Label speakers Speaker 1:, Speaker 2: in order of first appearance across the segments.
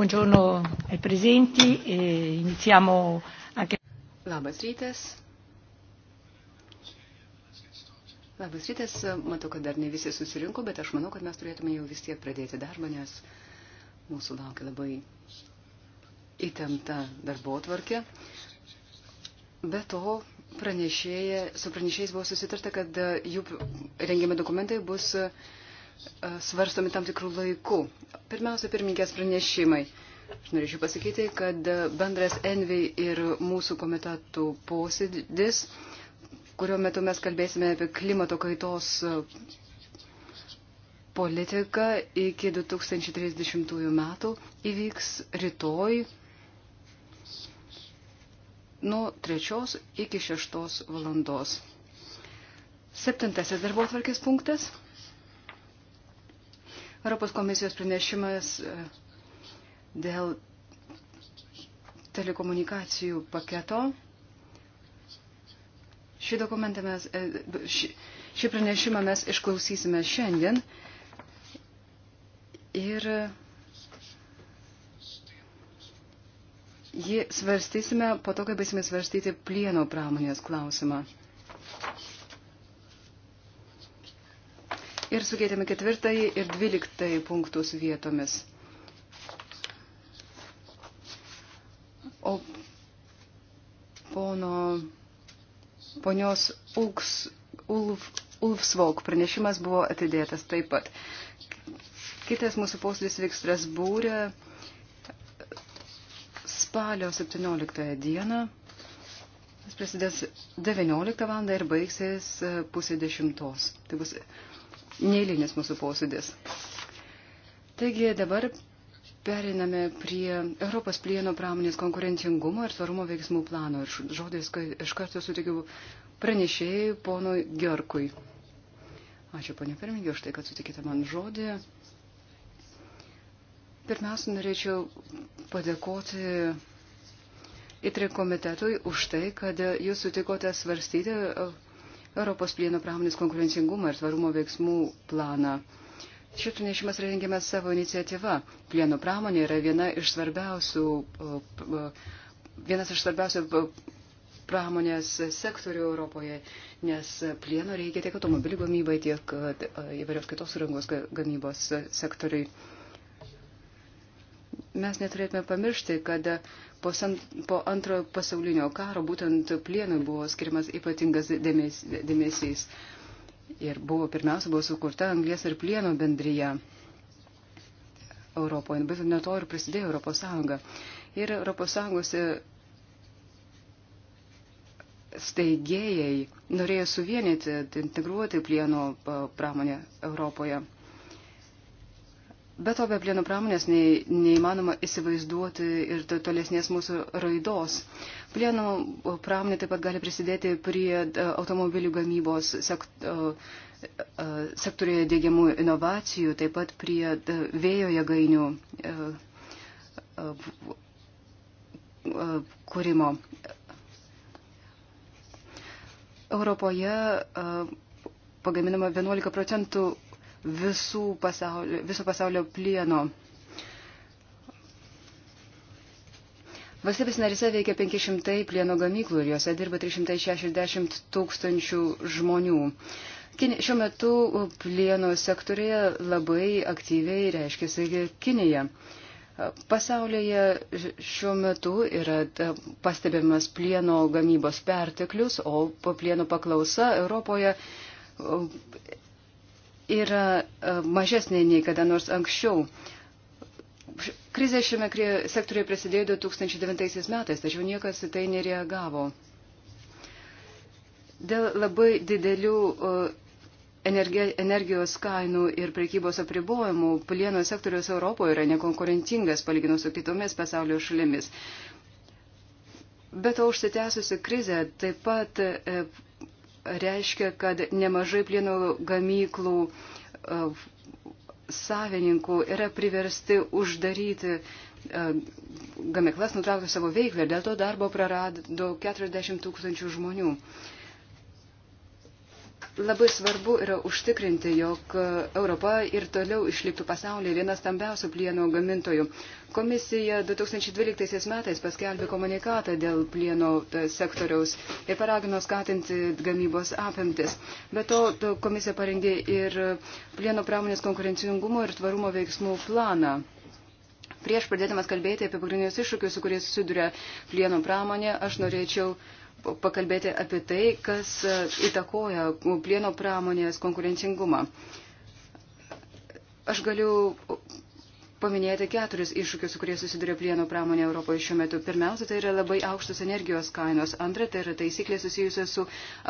Speaker 1: Buongiorno ai presenti e iniziamo anche.
Speaker 2: Labas rytas. Labas rytas, matau, kad dar ne visi susirinko, bet aš manau, kad mes turėtume jau vis tiek pradėti darbą, nes mūsų laukia labai įtempta darbo tvarkė. Be to, pranešėja, su pranešėjais buvo susitarta, kad jų rengiami dokumentai bus uh, E, svarstomi tam tikrų laikų. Pirmiausia, pirmininkės pranešimai. Aš norėčiau pasakyti, kad bendras Envi ir mūsų komitetų posėdis, kurio metu mes kalbėsime apie klimato kaitos politiką iki 2030 metų, įvyks rytoj nuo 3 iki 6 valandos. Septintasis darbo atvarkės punktas. Europos komisijos pranešimas e, dėl telekomunikacijų paketo. Šį dokumentą mes, e, šį, šį pranešimą mes išklausysime šiandien. Ir e, jį svarstysime po to, kai baisime svarstyti plieno pramonės klausimą. ir sukeitėme ketvirtąjį ir dvyliktąjį punktus vietomis. O pono, ponios Ulks, Ulf, Ulfsvolk pranešimas buvo atidėtas taip pat. Kitas mūsų posėdis vyks Strasbūrė spalio 17 dieną. Jis prasidės 19 val. ir baigsis e, pusė dešimtos. Tai bus neįlinis mūsų posėdis. Taigi dabar periname prie Europos plieno pramonės konkurencingumo ir tvarumo veiksmų plano. Ir žodis, kai iš karto sutikiu pranešėjai ponui Gerkui. Ačiū, ponė Pirmingė, už tai, kad sutikite man žodį. Pirmiausia, norėčiau padėkoti ITRI komitetui už tai, kad jūs sutikote svarstyti Europos plieno pramonės konkurencingumą ir tvarumo veiksmų planą. Šis pranešimas rengiamas savo iniciatyva. Plieno pramonė yra viena iš svarbiausių, vienas iš svarbiausių pramonės sektorių Europoje, nes plieno reikia tiek automobilių gamybai, tiek e, įvairios kitos rangos gamybos sektoriai mes neturėtume pamiršti, kad po, sant, po antrojo pasaulinio karo būtent plienui buvo skirimas ypatingas dėmes, dėmesys. Ir buvo pirmiausia, buvo sukurta anglės ir plieno bendryje Europoje, bet nuo to ir prasidėjo Europos Sąjunga. Ir Europos Sąjungos e, steigėjai norėjo suvienyti, integruoti plieno e, pramonę Europoje. Be to, be plieno pramonės nei, neįmanoma įsivaizduoti ir tolesnės mūsų raidos. Plieno pramonė taip pat gali prisidėti prie e, automobilių gamybos sekt, e, e, sektorėje dėgiamų inovacijų, taip pat prie vėjo jėgainių kūrimo. Europoje pagaminama 11 procentų pasaulio, viso pasaulio plieno. Valstybės narise veikia 500 plieno gamyklų ir juose dirba 360 tūkstančių žmonių. Šiuo metu plieno sektorėje labai aktyviai reiškia Kinija. Pasaulyje šiuo metu yra pastebimas plieno gamybos perteklius, o plieno paklausa Europoje yra e, mažesnė nei kada nors anksčiau. Krizė šiame sektoriuje prasidėjo 2009 metais, tačiau niekas į tai nereagavo. Dėl labai didelių e, energijos kainų ir prekybos apribojimų plieno sektorius Europoje yra nekonkurencingas palyginus su kitomis pasaulio šalimis. Bet to užsitęsusi krizė taip pat e, reiškia, kad nemažai plieno gamyklų e, savininkų yra priversti uždaryti e, gamyklas, nutraukti savo veiklą ir dėl to darbo prarado 40 tūkstančių žmonių. Labai svarbu yra užtikrinti, jog Europa ir toliau išliktų pasaulyje vienas stambiausių plieno gamintojų. Komisija 2012 metais paskelbė komunikatą dėl plieno e, sektoriaus ir paragino skatinti gamybos apimtis. Be to, komisija parengė ir plieno pramonės konkurencingumo ir tvarumo veiksmų planą. Prieš pradėdamas kalbėti apie pagrindinius iššūkius, su kuriais susiduria plieno pramonė, aš norėčiau pakalbėti apie tai, kas e, įtakoja plieno pramonės konkurencingumą. Aš galiu paminėti keturis iššūkius, su kurie susiduria plieno pramonė Europoje šiuo metu. Pirmiausia, tai yra labai aukštos energijos kainos. Antra, tai yra taisyklės susijusios su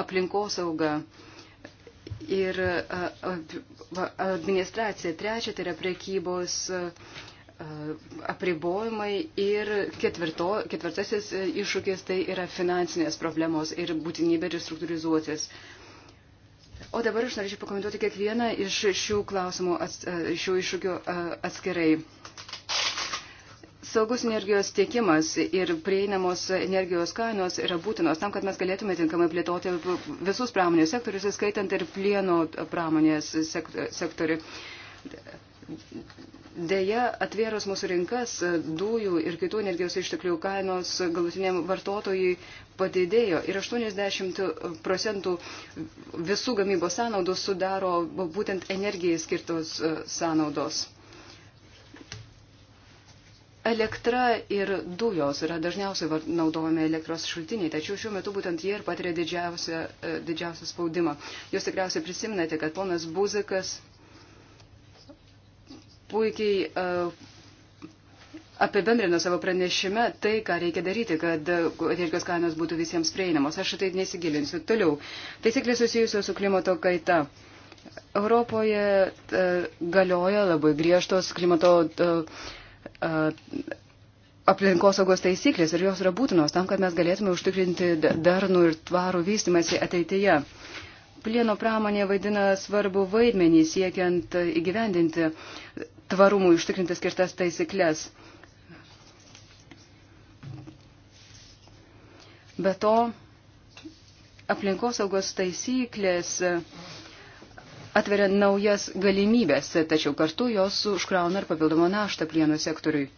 Speaker 2: aplinkosauga. Ir administracija. Trečia, tai yra priekybos apribojimai ir ketvirto, ketvirtasis iššūkis tai yra finansinės problemos ir būtinybė restruktūrizuotis. Uh, O dabar aš norėčiau pakomentuoti kiekvieną iš šių klausimų, e, šių iššūkių e, atskirai. Saugus energijos tiekimas ir prieinamos energijos kainos yra būtinos tam, kad mes galėtume tinkamai plėtoti visus pramonės sektorius, įskaitant ir plieno pramonės sektorių. Deja, atvėrus mūsų rinkas, dujų ir kitų energijos išteklių kainos galutiniam vartotojui padidėjo ir 80 procentų visų gamybos sąnaudų sudaro būtent energijai skirtos e, sąnaudos. Elektra ir dujos yra dažniausiai naudojami elektros šaltiniai, tačiau šiuo metu būtent jie ir patiria didžiausią, e, didžiausią spaudimą. Jūs tikriausiai prisiminate, kad ponas Buzikas puikiai e, apibendrino savo pranešime tai, ką reikia daryti, kad energijos kainos būtų visiems prieinamos. Aš tai nesigilinsiu. Toliau. Taisyklės susijusios su klimato kaita. Europoje e, galioja labai griežtos klimato e, aplinkosaugos taisyklės ir jos yra būtinos tam, kad mes galėtume užtikrinti darnų ir tvarų vystimąsi ateityje. Plieno pramonė vaidina svarbu vaidmenį siekiant įgyvendinti tvarumui užtikrinti skirtas taisyklės. Be to, aplinkosaugos taisyklės atveria naujas galimybės, tačiau kartu jos užkrauna ir papildomą naštą plieno sektoriui.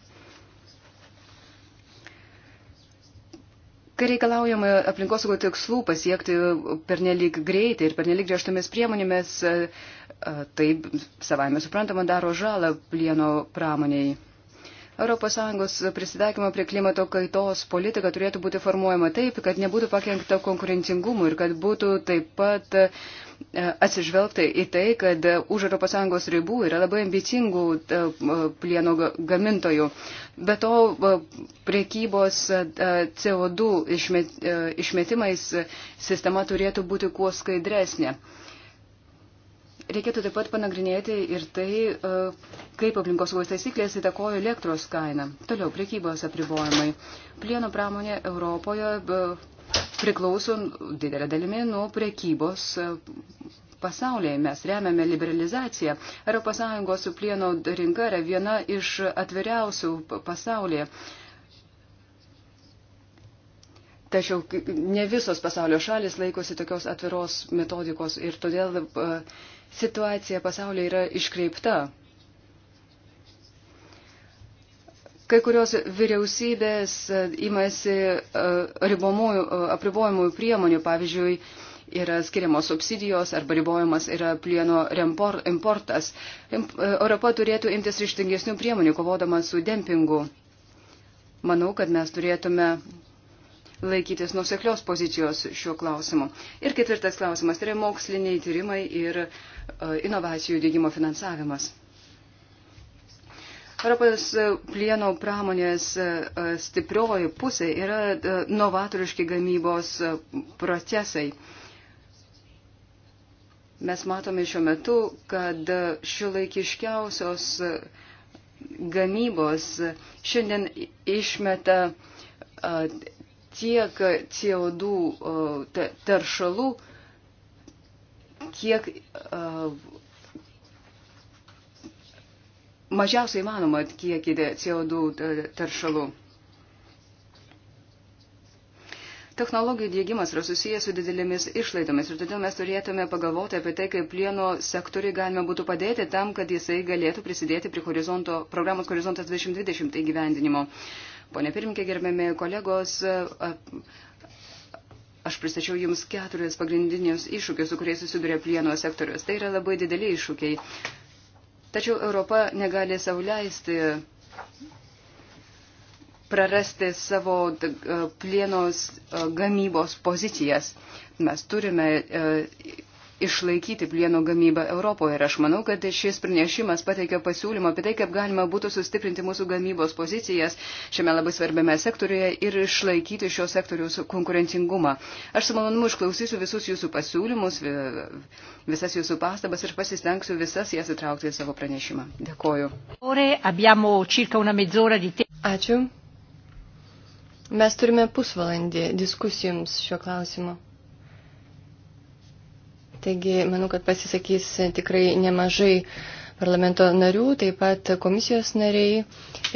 Speaker 2: Kai reikalaujama aplinkosaugų tikslų pasiekti pernelyg greitai ir pernelyg griežtomis priemonėmis, taip savame suprantama daro žalą plieno pramoniai. ES prisitaikymo prie klimato kaitos politika turėtų būti formuojama taip, kad nebūtų pakengta konkurencingumui ir kad būtų taip pat e, atsižvelgta į tai, kad už ES ribų yra labai ambicingų e, plieno gamintojų. Be to, e, priekybos CO2 išmetimais sistema turėtų būti kuo skaidresnė. Reikėtų taip pat panagrinėti ir tai, e, kaip aplinkosaugos taisyklės įtakojo elektros kainą. Toliau, priekybos apribojimai. Plieno pramonė Europoje e, priklauso didelė dalimi nuo priekybos e, pasaulyje. Mes remiame liberalizaciją. ES plieno rinka yra viena iš atviriausių pasaulyje. Tačiau ne visos pasaulio šalis laikosi tokios atviros metodikos ir todėl e, situacija pasaulyje yra iškreipta. Kai kurios vyriausybės e, imasi e, apribojimų priemonių, pavyzdžiui, yra skiriamos subsidijos arba ribojamas yra plieno importas. Europa turėtų imtis ryštingesnių priemonių, kovodama su dempingu. Manau, kad mes turėtume laikytis nuseklios pozicijos šiuo klausimu. Ir ketvirtas klausimas tai yra moksliniai tyrimai ir e, inovacijų dėgymo finansavimas. Europos plieno pramonės e, e, stiprioji pusė yra novatoriški gamybos procesai. Mes matome šiuo metu, kad šiuolaikiškiausios gamybos šiandien išmeta tiek CO2 e, taršalų, kiek e, mažiausiai manoma kiekį CO2 e, taršalų. Technologijų dėgymas yra susijęs su didelėmis išlaidomis ir todėl mes turėtume pagalvoti apie tai, kaip plieno sektoriui galime būtų padėti tam, kad jisai galėtų prisidėti prie horizonto, programos Horizontas 2020 įgyvendinimo. Tai Pone pirmininkė, gerbėmi kolegos, aš pristačiau Jums keturis pagrindinius iššūkius, su kuriais susiduria plieno sektorius. Tai yra labai dideliai iššūkiai. Tačiau Europa negali sauliaisti prarasti savo plienos gamybos pozicijas. Mes turime išlaikyti plieno gamybą Europoje. Ir aš manau, kad šis pranešimas pateikia pasiūlymą apie tai, kaip galima būtų sustiprinti mūsų gamybos pozicijas šiame labai svarbiame sektoriuje ir išlaikyti šio sektoriaus konkurencingumą. Aš su malonumu išklausysiu visus jūsų pasiūlymus, visas jūsų pastabas ir pasistengsiu visas jas įtraukti į savo pranešimą. Dėkoju.
Speaker 3: Ačiū. Mes turime pusvalandį diskusijoms šiuo klausimu. Taigi, manau, kad pasisakys tikrai nemažai parlamento narių, taip pat komisijos nariai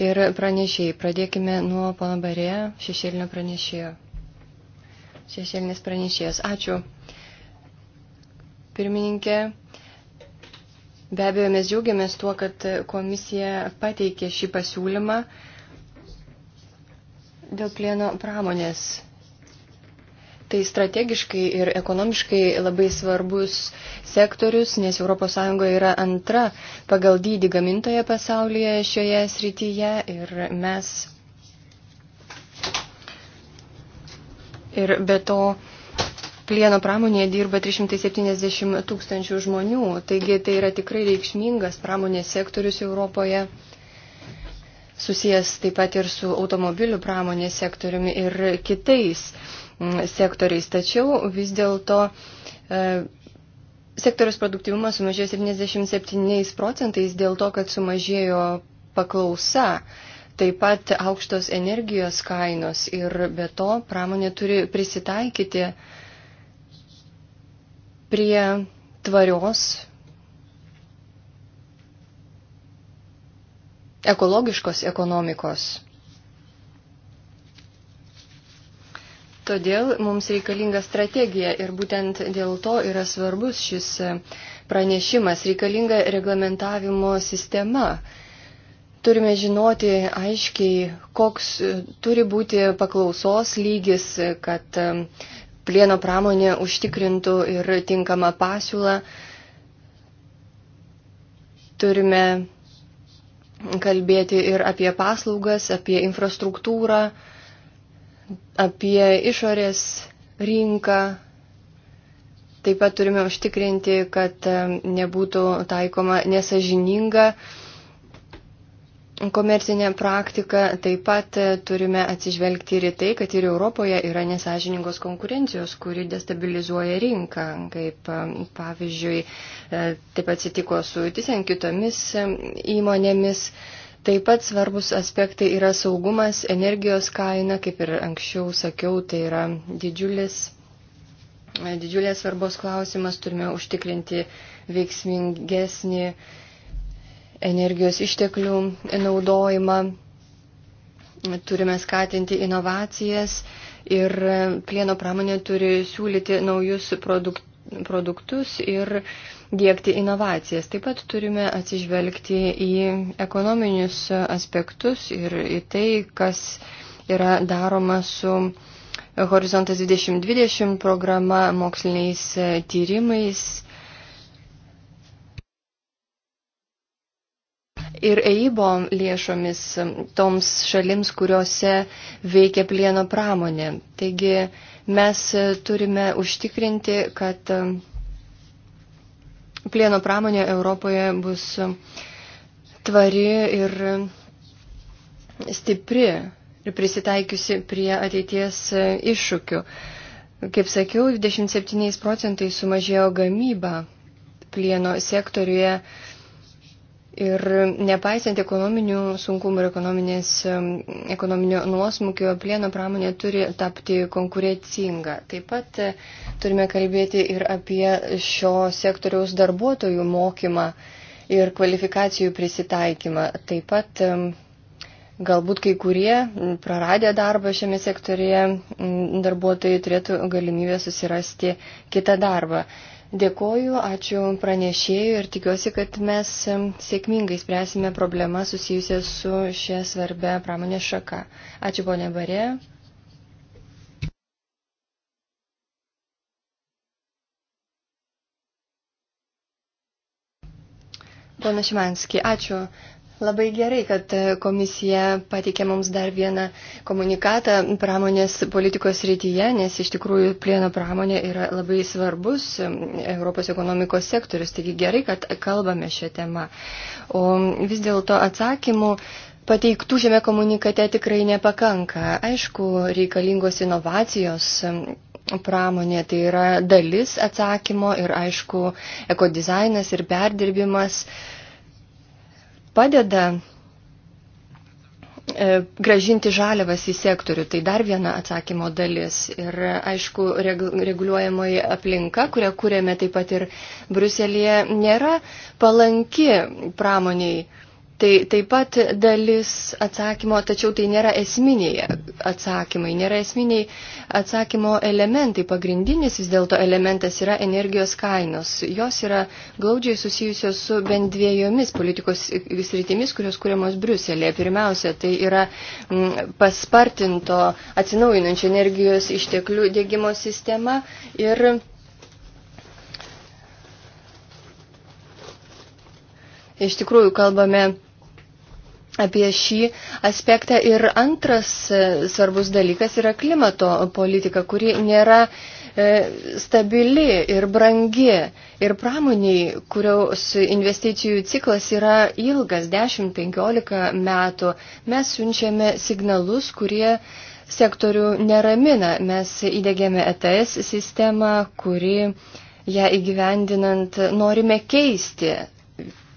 Speaker 3: ir pranešėjai. Pradėkime nuo pono Barė, šešėlinio pranešėjo. Šešėlinės pranešėjas. Ačiū. Pirmininkė. Be abejo, mes džiaugiamės tuo, kad komisija pateikė šį pasiūlymą dėl plieno pramonės Tai strategiškai ir ekonomiškai labai svarbus sektorius, nes ES yra antra pagal dydį gamintoje pasaulyje šioje srityje ir mes. Ir be to plieno pramonėje dirba 370 tūkstančių žmonių, taigi tai yra tikrai reikšmingas pramonės sektorius Europoje susijęs taip pat ir su automobilių pramonės sektoriumi ir kitais Mm, sektoriais. Tačiau vis dėlto e, sektoriaus produktyvumas sumažėjo 77 procentais dėl to, kad sumažėjo paklausa. Taip pat aukštos energijos kainos ir be to pramonė turi prisitaikyti prie tvarios ekologiškos ekonomikos. Todėl mums reikalinga strategija ir būtent dėl to yra svarbus šis e, pranešimas, reikalinga reglamentavimo sistema. Turime žinoti aiškiai, koks e, turi būti paklausos lygis, kad e, plieno pramonė užtikrintų ir tinkamą pasiūlą. Turime kalbėti ir apie paslaugas, apie infrastruktūrą apie išorės rinką. Taip pat turime užtikrinti, kad nebūtų taikoma nesažininga komercinė praktika. Taip pat e, turime atsižvelgti ir į tai, kad ir Europoje yra nesažiningos konkurencijos, kuri destabilizuoja rinką. Kaip pavyzdžiui, e, taip atsitiko su tisen kitomis įmonėmis Taip pat svarbus aspektai yra saugumas, energijos kaina, kaip ir anksčiau sakiau, tai yra didžiulis, didžiulės svarbos klausimas, turime užtikrinti veiksmingesnį energijos išteklių naudojimą, turime skatinti inovacijas ir plieno pramonė turi siūlyti naujus produkt, produktus ir dėkti inovacijas. Taip pat turime atsižvelgti į ekonominius aspektus ir į tai, kas yra daroma su Horizontas 2020 programa, moksliniais tyrimais. ir EIBO lėšomis toms šalims, kuriuose veikia plieno pramonė. Taigi Mes e, turime užtikrinti, kad e, plieno pramonė Europoje bus e, tvari ir stipri ir prisitaikiusi prie ateities iššūkių. Kaip sakiau, 27 procentai sumažėjo gamyba plieno sektoriuje Ir nepaisant ekonominių sunkumų ir ekonominio nuosmukio, plieno pramonė turi tapti konkurencinga. Taip pat e, turime kalbėti ir apie šio sektoriaus darbuotojų mokymą ir kvalifikacijų prisitaikymą. Taip pat galbūt kai kurie praradę darbą šiame sektorėje darbuotojai turėtų galimybę susirasti kitą darbą. Dėkoju, ačiū pranešėjui ir tikiuosi, kad mes sėkmingai spręsime problemą susijusią su šia svarbia pramonės šaka. Ačiū, ponė Barė. Pana Šimanski, ačiū. Labai gerai, kad komisija pateikė mums dar vieną komunikatą pramonės politikos rytyje, nes iš tikrųjų plieno pramonė yra labai svarbus Europos ekonomikos sektorius. Taigi gerai, kad kalbame šią temą. O vis dėlto atsakymų pateiktų šiame komunikate tikrai nepakanka. Aišku, reikalingos inovacijos pramonė tai yra dalis atsakymo ir aišku, ekodizainas ir perdirbimas padeda e, gražinti žaliavas į sektorių. Tai dar viena atsakymo dalis. Ir aišku, reguliuojamoji aplinka, kurią kūrėme taip pat ir Bruselėje, nėra palanki pramoniai Tai taip pat dalis atsakymo, tačiau tai nėra esminiai atsakymai, nėra esminiai atsakymo elementai. Pagrindinis vis dėlto elementas yra energijos kainos. Jos yra glaudžiai susijusios su bent dviejomis politikos sritimis, kurios kūriamos Briuselėje. Pirmiausia, tai yra mm, paspartinto atsinaujinančio energijos išteklių dėgymo sistema ir iš tikrųjų kalbame apie šį aspektą. Ir antras e, svarbus dalykas yra klimato politika, kuri nėra e, stabili ir brangi. Ir pramoniai, kurios investicijų ciklas yra ilgas 10-15 metų, mes siunčiame signalus, kurie sektorių neramina. Mes įdėgėme ETS sistemą, kuri ją įgyvendinant norime keisti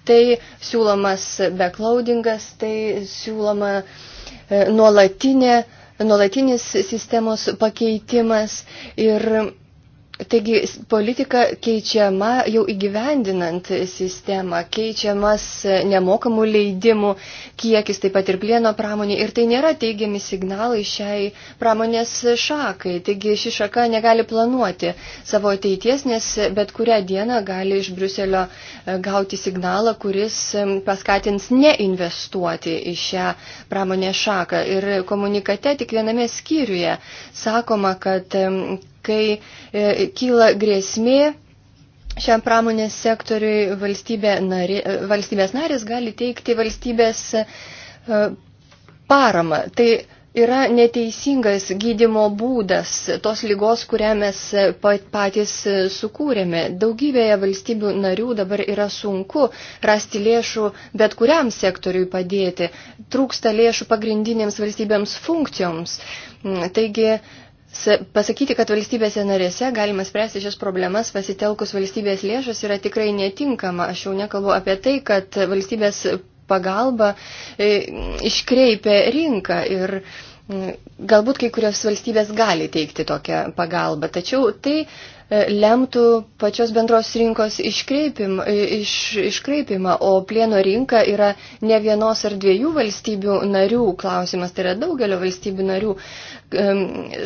Speaker 3: tai siūlomas backloadingas, tai siūloma e, nuolatinė, nuolatinis sistemos pakeitimas ir Taigi politika keičiama jau įgyvendinant sistemą, keičiamas e, nemokamų leidimų kiekis, taip pat ir plieno pramonė. Ir tai nėra teigiami signalai šiai pramonės šakai. Taigi ši šaka negali planuoti savo ateities, nes bet kurią dieną gali iš Briuselio e, gauti signalą, kuris e, paskatins neinvestuoti į šią pramonės šaką. Ir komunikate tik viename skyriuje sakoma, kad kai e, kyla grėsmė šiam pramonės sektoriui, valstybė nari, e, valstybės narės gali teikti valstybės e, paramą. Tai yra neteisingas gydimo būdas tos lygos, kurią mes patys sukūrėme. Daugybėje valstybių narių dabar yra sunku rasti lėšų bet kuriam sektoriui padėti. Trūksta lėšų pagrindinėms valstybėms funkcijoms. Mm, taigi Pasakyti, kad valstybėse narėse galima spręsti šias problemas pasitelkus valstybės lėšas yra tikrai netinkama. Aš jau nekalbu apie tai, kad valstybės pagalba e, iškreipia rinką ir galbūt kai kurios valstybės gali teikti tokią pagalbą. Tačiau tai lemtų pačios bendros rinkos iškreipimą, iš, iškreipimą, o plieno rinka yra ne vienos ar dviejų valstybių narių klausimas, tai yra daugelio valstybių narių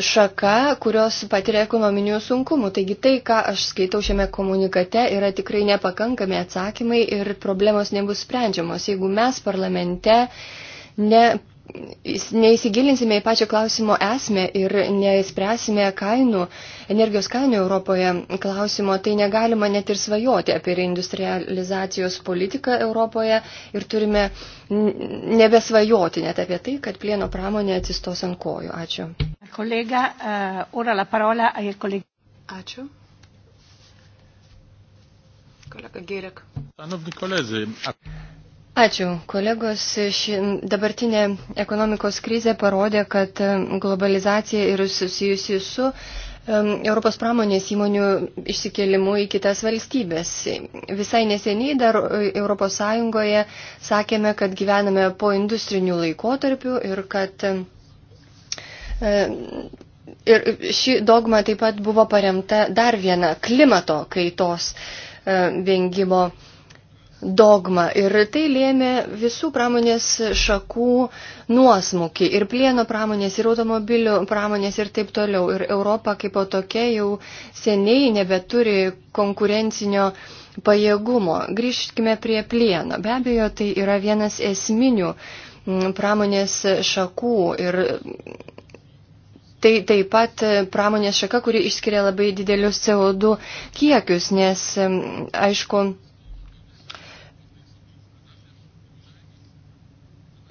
Speaker 3: šaka, kurios patiria ekonominių sunkumų. Taigi tai, ką aš skaitau šiame komunikate, yra tikrai nepakankami atsakymai ir problemos nebus sprendžiamos, jeigu mes parlamente ne neįsigilinsime į pačią klausimo esmę ir nespręsime kainų, energijos kainų Europoje klausimo, tai negalima net ir svajoti apie reindustrializacijos politiką Europoje ir turime nebesvajoti net apie tai, kad plieno pramonė atsistos ant kojų. Ačiū.
Speaker 1: Kolega, uh, ora la parola ai kolega. Ačiū. Kolega Girek.
Speaker 3: Szanowni koledzy, Ačiū, kolegos. Ši dabartinė ekonomikos krizė parodė, kad um, globalizacija yra susijusi su um, Europos pramonės įmonių išsikėlimu į kitas valstybės. Visai neseniai dar uh, ES sakėme, kad gyvename po industrinių laikotarpių ir kad um, ir ši dogma taip pat buvo paremta dar viena klimato kaitos vengimo dogma ir tai lėmė visų pramonės šakų nuosmukį ir plieno pramonės, ir automobilių pramonės ir taip toliau. Ir Europa kaip po tokia jau seniai nebeturi konkurencinio pajėgumo. Grįžkime prie plieno. Be abejo, tai yra vienas esminių mm, pramonės šakų ir Tai taip pat e, pramonės šaka, kuri išskiria labai didelius CO2 kiekius, nes mm, aišku,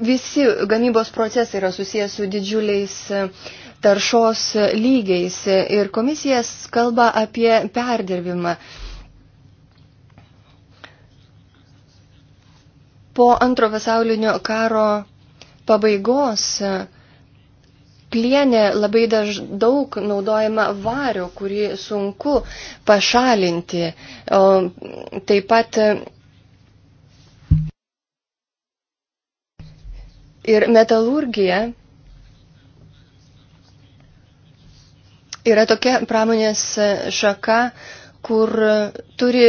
Speaker 3: visi gamybos procesai yra susijęs su didžiuliais e, taršos e, lygiais e, ir komisijas kalba apie perdirbimą. Po antro pasaulinio karo pabaigos plienė labai daž, daug naudojama vario, kurį sunku pašalinti. O, taip pat Ir metalurgija yra tokia pramonės šaka, kur turi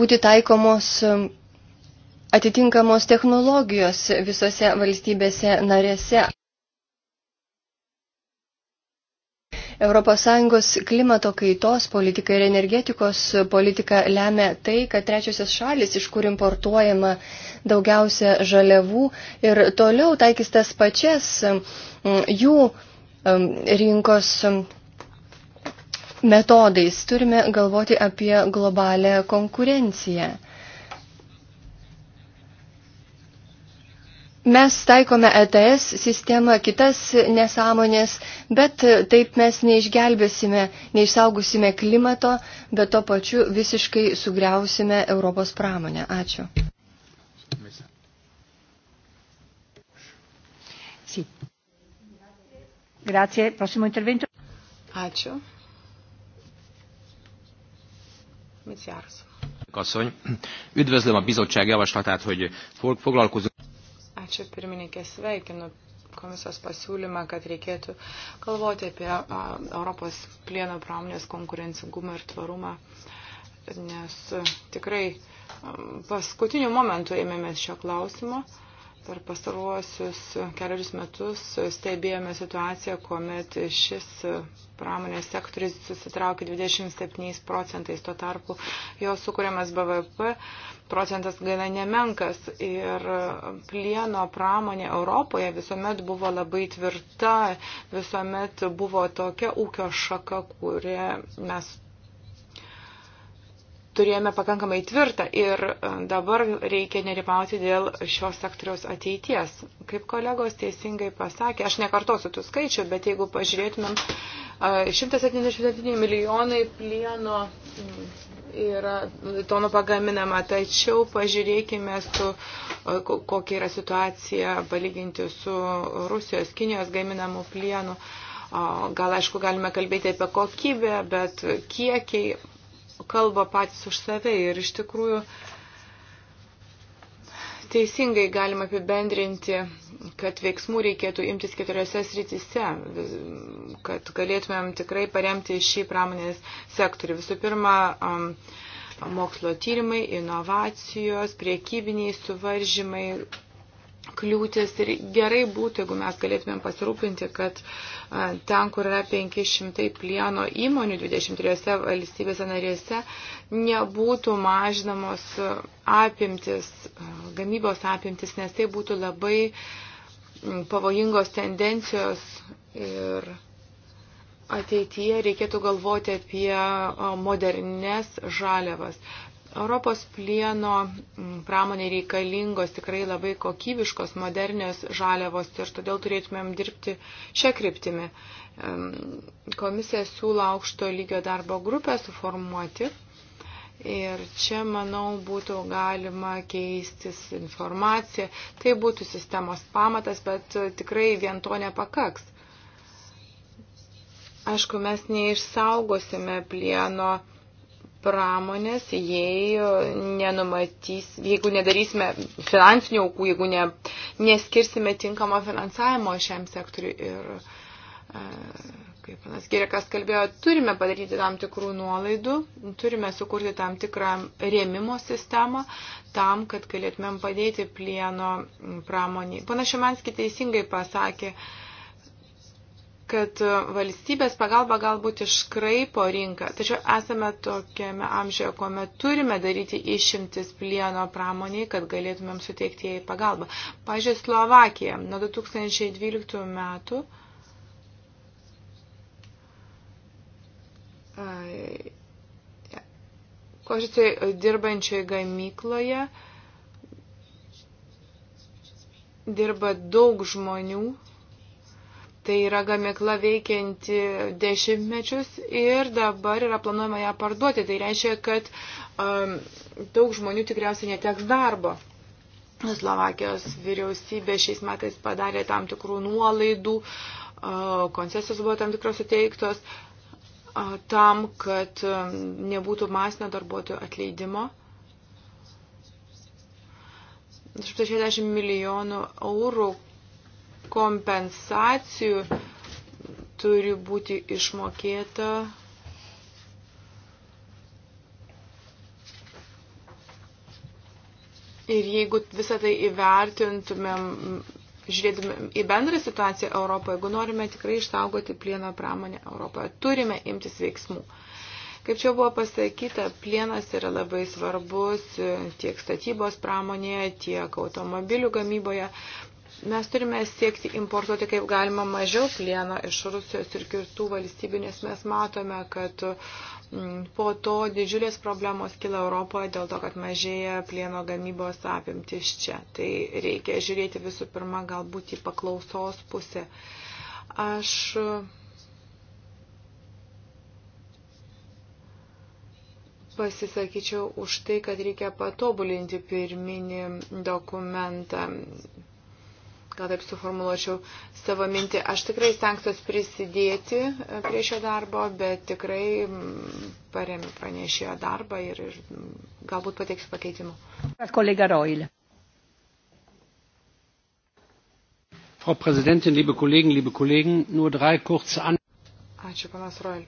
Speaker 3: būti taikomos atitinkamos technologijos visose valstybėse narėse. ES klimato kaitos politika ir energetikos politika lemia tai, kad trečiosios šalis, iš kur importuojama daugiausia žaliavų ir toliau taikys tas pačias jų rinkos metodais. Turime galvoti apie globalę konkurenciją. Mes taikome ETS sistemą, kitas nesąmonės, bet taip mes neišgelbėsime, neišsaugusime klimato, bet to pačiu visiškai sugriausime Europos pramonę. Ačiū. Grazie. Prossimo intervento.
Speaker 1: Ačiū. Mit jársz? Asszony, üdvözlöm a bizottság javaslatát, hogy foglalkozunk. Ačiū pirmininkė, sveikinu komisijos pasiūlymą, kad reikėtų galvoti apie Europos plieno pramonės konkurencingumą ir tvarumą, nes tikrai paskutiniu momentu ėmėmės šio klausimo. Per pastaruosius keliarius metus stebėjome situaciją, kuomet šis pramonės sektoris susitraukė 27 procentais, tuo tarpu jo sukūriamas BVP procentas gana nemenkas ir plieno pramonė Europoje visuomet buvo labai tvirta, visuomet buvo tokia ūkio šaka, kurią mes turėjome pakankamai tvirtą ir e, dabar reikia nerimauti dėl šios sektoriaus ateities. Kaip kolegos teisingai pasakė, aš nekartosiu tų skaičių, bet jeigu pažiūrėtumėm, 177 e, milijonai plieno mm, yra tonų pagaminama, tačiau pažiūrėkime, su, e, kokia yra situacija palyginti su Rusijos, Kinijos gaminamu plienu. Gal aišku galime kalbėti apie kokybę, bet kiekiai kalba patys už save ir iš tikrųjų teisingai galima apibendrinti, kad veiksmų reikėtų imtis keturiose srityse, kad galėtumėm tikrai paremti šį pramonės sektorių. Visų pirma, mokslo tyrimai, inovacijos, priekybiniai suvaržymai, kliūtis ir gerai būtų, jeigu mes galėtumėm pasirūpinti, kad ten, kur yra 500 plieno įmonių 23 valstybėse narėse, nebūtų mažinamos apimtis, gamybos apimtis, nes tai būtų labai pavojingos tendencijos ir ateityje reikėtų galvoti apie modernes žaliavas. Europos plieno mm, pramonė reikalingos tikrai labai kokybiškos, modernios žaliavos ir todėl turėtumėm dirbti šią kryptimį. Komisija siūlo aukšto lygio darbo grupę suformuoti ir čia, manau, būtų galima keistis informacija. Tai būtų sistemos pamatas, bet tikrai vien to nepakaks. Aišku, mes neišsaugosime plieno pramonės, jei nenumatys, jeigu nedarysime finansinių aukų, jeigu ne, neskirsime tinkamo finansavimo šiam sektoriu. Ir, e, kaip panas Gerikas kalbėjo, turime padaryti tam tikrų nuolaidų, turime sukurti tam tikrą rėmimo sistemą tam, kad galėtumėm padėti plieno pramoniai. Panašiai Manski teisingai pasakė, uh, kad e, valstybės pagalba galbūt iškraipo rinką. Tačiau esame tokiame amžiuje, kuomet turime daryti išimtis plieno pramoniai, kad galėtumėm suteikti jai pagalbą. Pavyzdžiui, Slovakija nuo 2012 metų kožitai dirbančioje gamykloje dirba daug žmonių Tai yra gamikla veikianti dešimtmečius ir dabar yra planuojama ją parduoti. Tai reiškia, kad um, daug žmonių tikriausiai neteks darbo. Slovakijos vyriausybė šiais metais padarė tam tikrų nuolaidų, uh, koncesijos buvo tam tikros suteiktos uh, tam, kad um, nebūtų masinio darbuotojų atleidimo. 160 milijonų eurų kompensacijų turi būti išmokėta ir jeigu visą tai įvertintumėm, žiūrėtumėm į bendrą situaciją Europoje, jeigu norime tikrai išsaugoti plieno pramonę Europoje, turime imtis veiksmų. Kaip čia buvo pasakyta, plienas yra labai svarbus tiek statybos pramonėje, tiek automobilių gamyboje. Mes turime siekti importuoti kaip galima mažiau plieno iš Rusijos ir kitų valstybių, nes mes matome, kad mm, po to didžiulės problemos kila Europoje dėl to, kad mažėja plieno gamybos apimtis čia. Tai reikia žiūrėti visų pirma galbūt į paklausos pusę. Aš pasisakyčiau už tai, kad reikia patobulinti pirminį dokumentą gal taip suformuluočiau savo mintį, aš tikrai stengsiuos prisidėti e, prie šio darbo, bet tikrai paremiu pranešėjo darbą ir, ir galbūt pateiksiu pakeitimų.
Speaker 2: Kolega Roil. Frau Präsidentin, liebe Kollegen, liebe Kollegen, nur drei kurze Anmerkungen.
Speaker 1: Ačiū, panas Roil.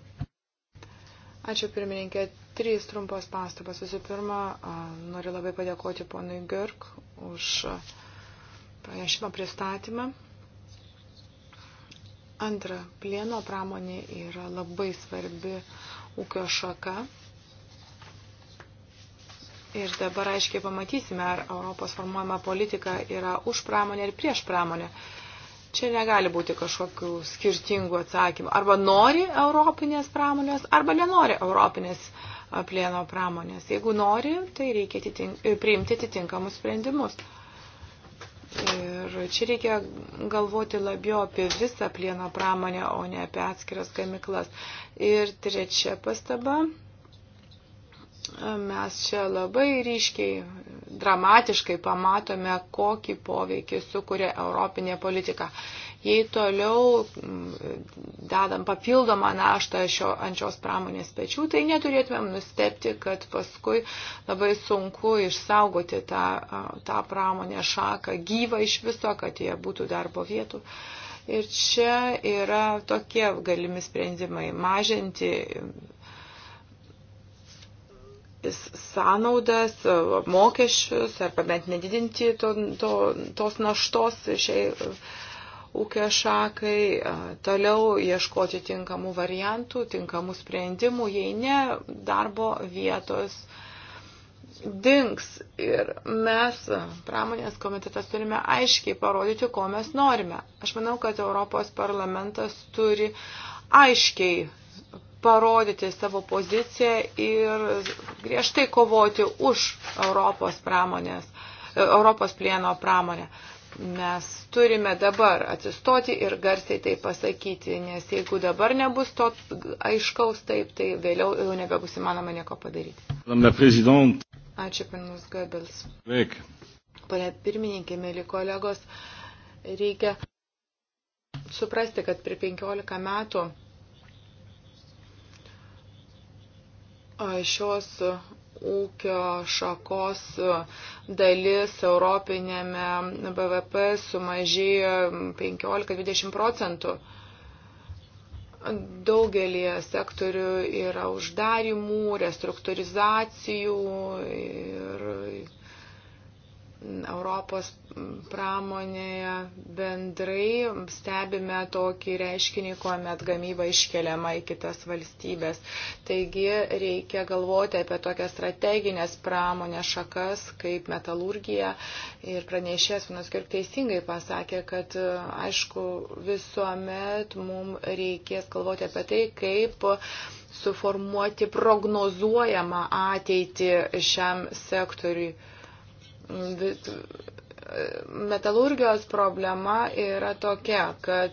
Speaker 1: Ačiū, pirmininkė. Trys trumpos pastabas. Visų pirma, noriu labai padėkoti ponui Girk už uh, pranešimo pristatymą. Antra, plieno pramonė yra labai svarbi ūkio šaka. Ir dabar aiškiai pamatysime, ar Europos formuojama politika yra už pramonę ir prieš pramonę. Čia negali būti kažkokių skirtingų atsakymų. Arba nori europinės pramonės, arba nenori europinės plieno pramonės. Jeigu nori, tai reikia atitin priimti atitinkamus sprendimus. Ir čia reikia galvoti labiau apie visą plieno pramonę, o ne apie atskiras gamiklas. Ir trečia pastaba. Mes čia labai ryškiai, dramatiškai pamatome, kokį poveikį sukuria Europinė politika jei toliau mm, dadam papildomą naštą šio, ant šios pramonės pečių, tai neturėtumėm nustepti, kad paskui labai sunku išsaugoti tą, tą pramonę šaką gyvą iš viso, kad jie būtų darbo vietų. Ir čia yra tokie galimi sprendimai - mažinti mm, sąnaudas, mokesčius arba bent nedidinti to, to, tos naštos šiai ūkio šakai, toliau ieškoti tinkamų variantų, tinkamų sprendimų, jei ne darbo vietos dings. Ir mes, pramonės komitetas, turime aiškiai parodyti, ko mes norime. Aš manau, kad Europos parlamentas turi aiškiai parodyti savo poziciją ir griežtai kovoti už Europos pramonės, Europos plieno pramonę mes turime dabar atsistoti ir garsiai tai pasakyti, nes jeigu dabar nebus to aiškaus taip, tai vėliau jau nebebus įmanoma nieko padaryti. Ačiū, panas Goebbels. Veik. Pane pirmininkė, mėly kolegos, reikia suprasti, kad per 15 metų šios ūkio šakos dalis europinėme BVP sumažėjo 15-20 procentų. Daugelį sektorių yra uždarimų, restruktūrizacijų ir Europos pramonėje bendrai stebime tokį reiškinį, kuomet gamyba iškeliama į kitas valstybės. Taigi reikia galvoti apie tokias strateginės pramonės šakas kaip metalurgija. Ir pranešės Vinas Kirk teisingai pasakė, kad aišku visuomet mums reikės galvoti apie tai, kaip suformuoti prognozuojamą ateitį šiam sektoriui metalurgijos problema yra tokia, kad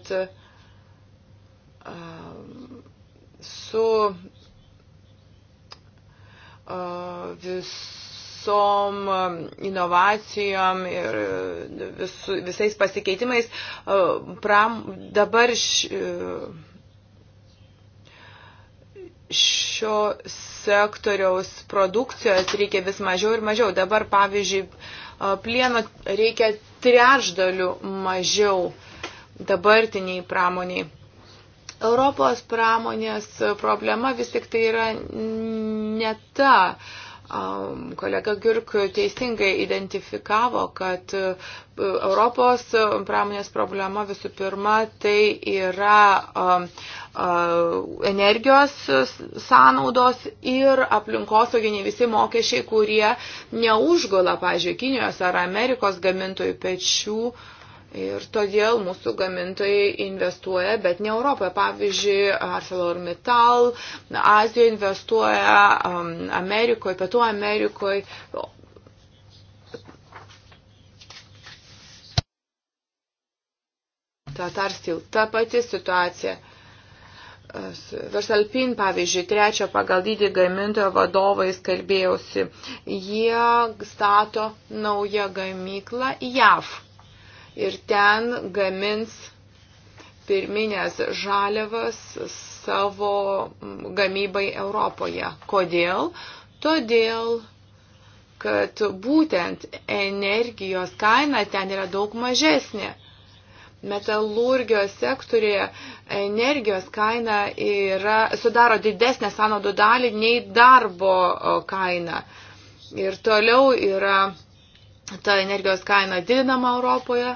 Speaker 1: su visom inovacijom ir e, vis, visais pasikeitimais pram, dabar š, šio sektoriaus produkcijos reikia vis mažiau ir mažiau. Dabar, pavyzdžiui, plieno reikia trečdalių mažiau dabartiniai pramoniai. Europos pramonės problema vis tik tai yra ne ta. Kolega Girk teisingai identifikavo, kad Europos pramonės problema visų pirma tai yra energijos sąnaudos ir aplinkosauginiai visi mokesčiai, kurie neužgula, pažiūrėjau, Kinijos ar Amerikos gamintojų pečių. Ir todėl mūsų gamintojai investuoja, bet ne Europoje. Pavyzdžiui, ArcelorMittal Azijoje investuoja, Amerikoje, Pietų Amerikoje, Tatar Steel. Ta pati situacija. Versalpin, pavyzdžiui, trečio pagal dydį gamintojo vadovais kalbėjausi, jie stato naują gamyklą JAV ir ten gamins pirminės žaliavas savo gamybai Europoje. Kodėl? Todėl, kad būtent energijos kaina ten yra daug mažesnė metalurgijos sektorėje energijos kaina yra, sudaro didesnę sąnaudų dalį nei darbo kaina. Ir toliau yra ta energijos kaina didinama Europoje.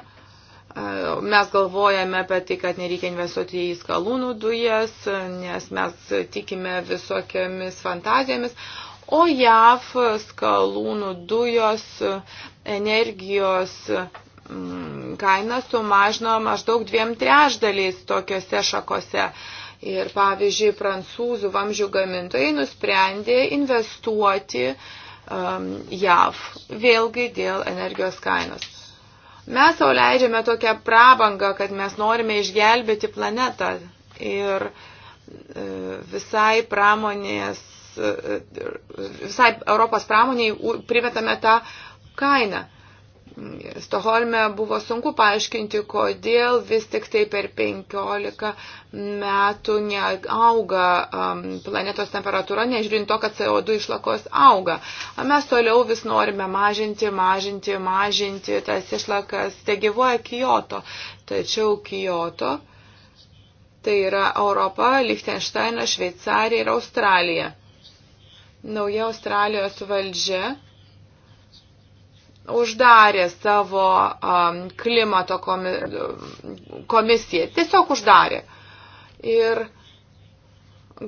Speaker 1: Mes galvojame apie tai, kad nereikia investuoti į skalūnų dujas, nes mes tikime visokiamis fantazijomis. O JAV skalūnų dujos energijos kaina sumažino maždaug dviem trešdaliais tokiuose šakose. Ir pavyzdžiui, prancūzų vamzdžių gamintojai nusprendė investuoti um, JAV vėlgi dėl energijos kainos. Mes savo leidžiame tokią prabangą, kad mes norime išgelbėti planetą ir e, visai pramonės, e, e, visai Europos pramoniai primetame tą kainą. Stoholme buvo sunku paaiškinti, kodėl vis tik tai per 15 metų neauga um, planetos temperatūra, nežiūrint to, kad CO2 išlakos auga. O mes toliau vis norime mažinti, mažinti, mažinti tas išlakas. Tai gyvoja Kyoto. Tačiau Kyoto tai yra Europa, Liechtensteinas, Šveicarija ir Australija. Nauja Australijos valdžia uždarė savo um, klimato komi komisiją. Tiesiog uždarė. Ir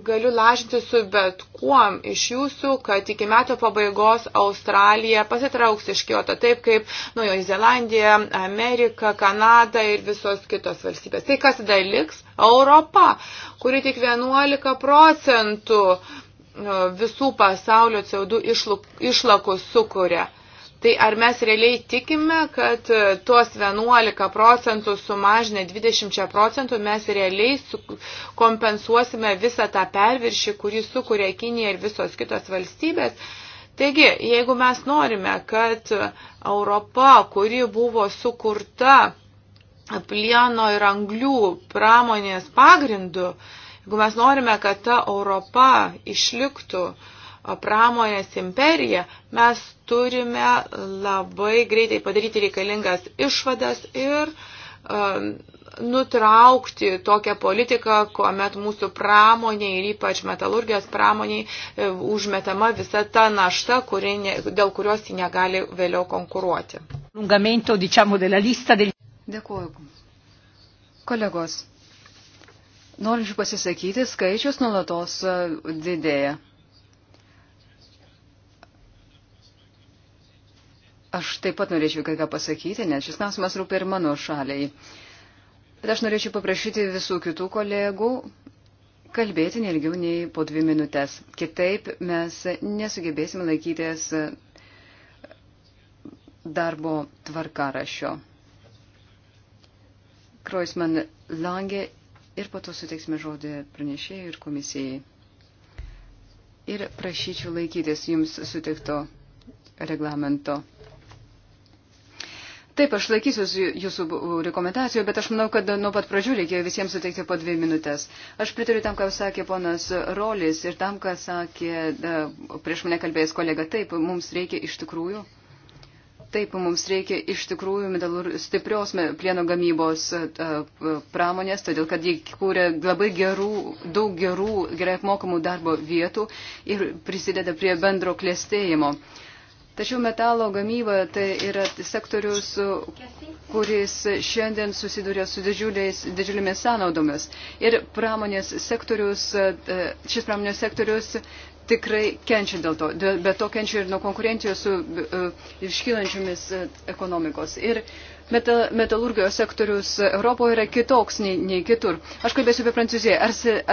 Speaker 1: galiu lažinti su bet kuom iš jūsų, kad iki metų pabaigos Australija pasitrauks iš Kyoto, taip kaip Naujoji Zelandija, Amerika, Kanada ir visos kitos valstybės. Tai kas tada liks? Europa, kuri tik 11 procentų e, visų pasaulio CO2 išlakų sukuria. Tai ar mes realiai tikime, kad tuos 11 procentų sumažinę 20 procentų mes realiai kompensuosime visą tą perviršį, kurį sukuria Kinija ir visos kitos valstybės? Taigi, jeigu mes norime, kad Europa, kuri buvo sukurta plieno ir anglių pramonės pagrindu, jeigu mes norime, kad ta Europa išliktų, uh, pramonės imperiją, mes turime labai greitai padaryti reikalingas išvadas ir um, nutraukti tokią politiką, kuomet mūsų pramoniai ir ypač metalurgijos pramoniai e, užmetama visa ta našta, kuri ne, dėl kurios ji negali vėliau konkuruoti.
Speaker 2: Dėkuoju. Kolegos, norinčių pasisakyti, skaičius nulatos e, didėja. Aš taip pat norėčiau kai ką pasakyti, nes šis klausimas rūpia ir mano šaliai. Bet aš norėčiau paprašyti visų kitų kolegų kalbėti nelgiau nei po dvi minutės. Kitaip mes nesugebėsime laikytis darbo tvarkarašio. Kroisman langė ir po to suteiksime žodį pranešėjai ir komisijai. Ir prašyčiau laikytis jums sutikto reglamento. Taip, aš laikysiu jūsų rekomendacijų, bet aš manau, kad nuo pat pradžių reikėjo visiems suteikti po dvi minutės. Aš pritariu tam, ką sakė ponas Rolis ir tam, ką sakė prieš mane kalbėjęs kolega. Taip, mums reikia iš tikrųjų. Taip, mums reikia iš tikrųjų medalur, stiprios plieno gamybos pramonės, todėl kad jie kūrė labai gerų, daug gerų, gerai apmokamų darbo vietų ir prisideda prie bendro klėstėjimo. Uh, Tačiau metalo gamyba tai yra sektorius, kuris šiandien susiduria su didžiulėmis sąnaudomis. Ir pramonės sektorius, e, šis pramonės sektorius tikrai kenčia dėl to, bet to kenčia ir nuo konkurencijos su e, iškylančiomis e, ekonomikos. Ir metal, metalurgijos sektorius Europoje yra kitoks nei, nei kitur. Aš kalbėsiu apie Prancūziją.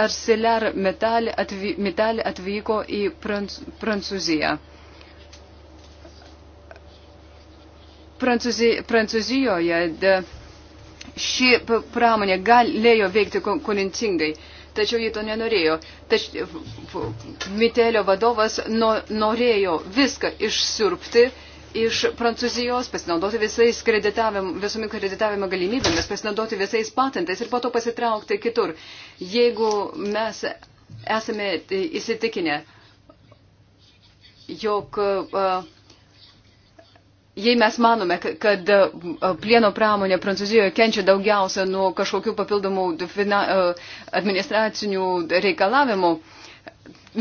Speaker 2: Arcelor metal atvyko į Prancūziją. Prancūzi, Prancūzijoje de, ši pramonė galėjo veikti konkurencingai, tačiau ji to nenorėjo. Tač, Mitelio vadovas no, norėjo viską išsirpti iš Prancūzijos, pasinaudoti visais kreditavim, visomis kreditavimo galimybėmis, pasinaudoti visais patentais ir po to pasitraukti kitur. Jeigu mes esame įsitikinę, jog uh, Jei mes manome, kad e, plieno pramonė Prancūzijoje kenčia daugiausia nuo kažkokių papildomų e, administracinių reikalavimų,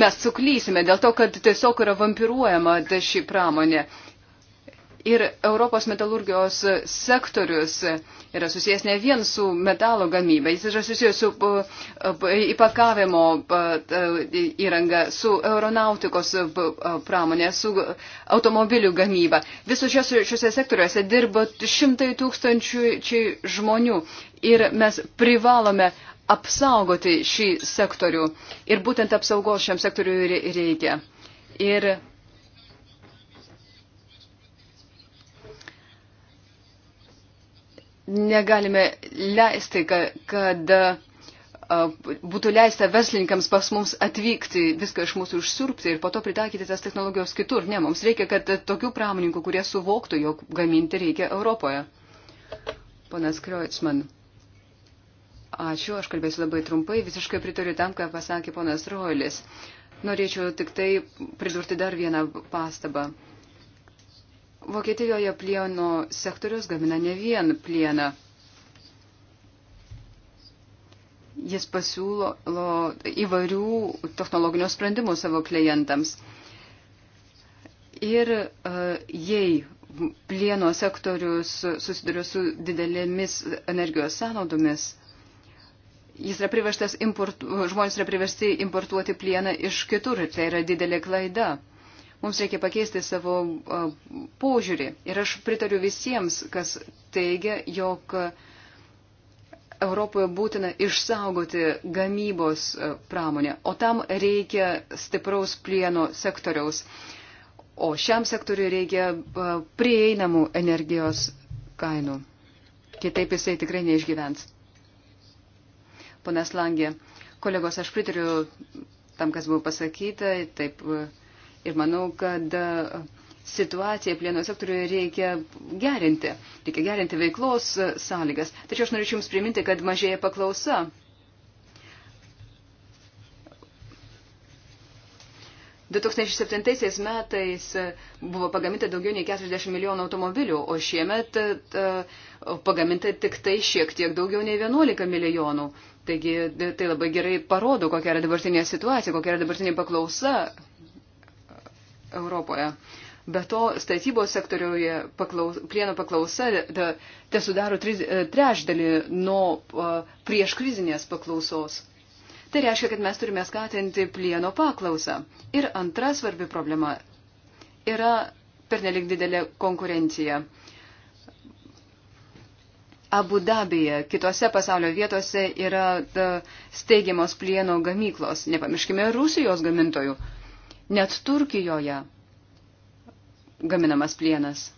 Speaker 2: mes suklysime dėl to, kad tiesiog yra vampiruojama ši pramonė ir Europos metalurgijos sektorius yra susijęs ne vien su metalo gamyba, jis yra susijęs su uh, uh, įpakavimo uh, įranga, su aeronautikos pramonė, su automobilių gamyba. Visus šiuose sektoriuose dirba šimtai tūkstančių žmonių ir mes privalome apsaugoti šį sektorių ir būtent apsaugos šiam sektoriui reikia. Ir negalime leisti, kad būtų leista verslininkams pas mums atvykti, viską iš mūsų užsirpti ir po to pritaikyti tas technologijos kitur. Ne, mums reikia, kad tokių pramoninkų, kurie suvoktų, jog gaminti reikia Europoje. Ponas Kreutzmann. Ačiū, aš kalbėsiu labai trumpai, visiškai pritariu tam, ką pasakė ponas Roilis. Norėčiau tik tai pridurti dar vieną pastabą. Vokietijoje plieno sektorius gamina ne vien plieną. Jis pasiūlo įvairių technologinių sprendimų savo klientams. Ir e, jei plieno sektorius susiduria su didelėmis energijos sąnaudomis, jis yra priverstas import, žmonės yra priversti importuoti plieną iš kitur ir tai yra didelė klaida. Mums reikia pakeisti savo požiūrį. Ir aš pritariu visiems, kas teigia, jog Europoje būtina išsaugoti gamybos pramonę, o tam reikia stipraus plieno sektoriaus. O šiam sektoriui reikia prieinamų energijos kainų. Kitaip jisai tikrai neišgyvens. Ponas Langė, kolegos, aš pritariu tam, kas buvo pasakyta, taip Ir manau, kad e, situaciją plieno sektoriuje reikia gerinti. Reikia gerinti veiklos e, sąlygas. Tačiau aš norėčiau Jums priminti, kad mažėja paklausa. Du 2007 metais e, buvo pagaminta daugiau nei 40 milijonų automobilių, o šiemet pagaminta tik tai šiek tiek daugiau nei 11 milijonų. Taigi tai labai gerai parodo, kokia yra dabartinė situacija, kokia yra dabartinė paklausa Europoje. Be to, statybos sektoriuje paklaus, plieno paklausa te sudaro e, trečdalį nuo e, prieš krizinės paklausos. Tai reiškia, kad mes turime skatinti plieno paklausą. Ir antra svarbi problema yra pernelik didelė konkurencija. Abu Dabija, kitose pasaulio vietose yra e, steigiamos plieno gamyklos, nepamirškime Rusijos gamintojų net Turkijoje gaminamas plienas.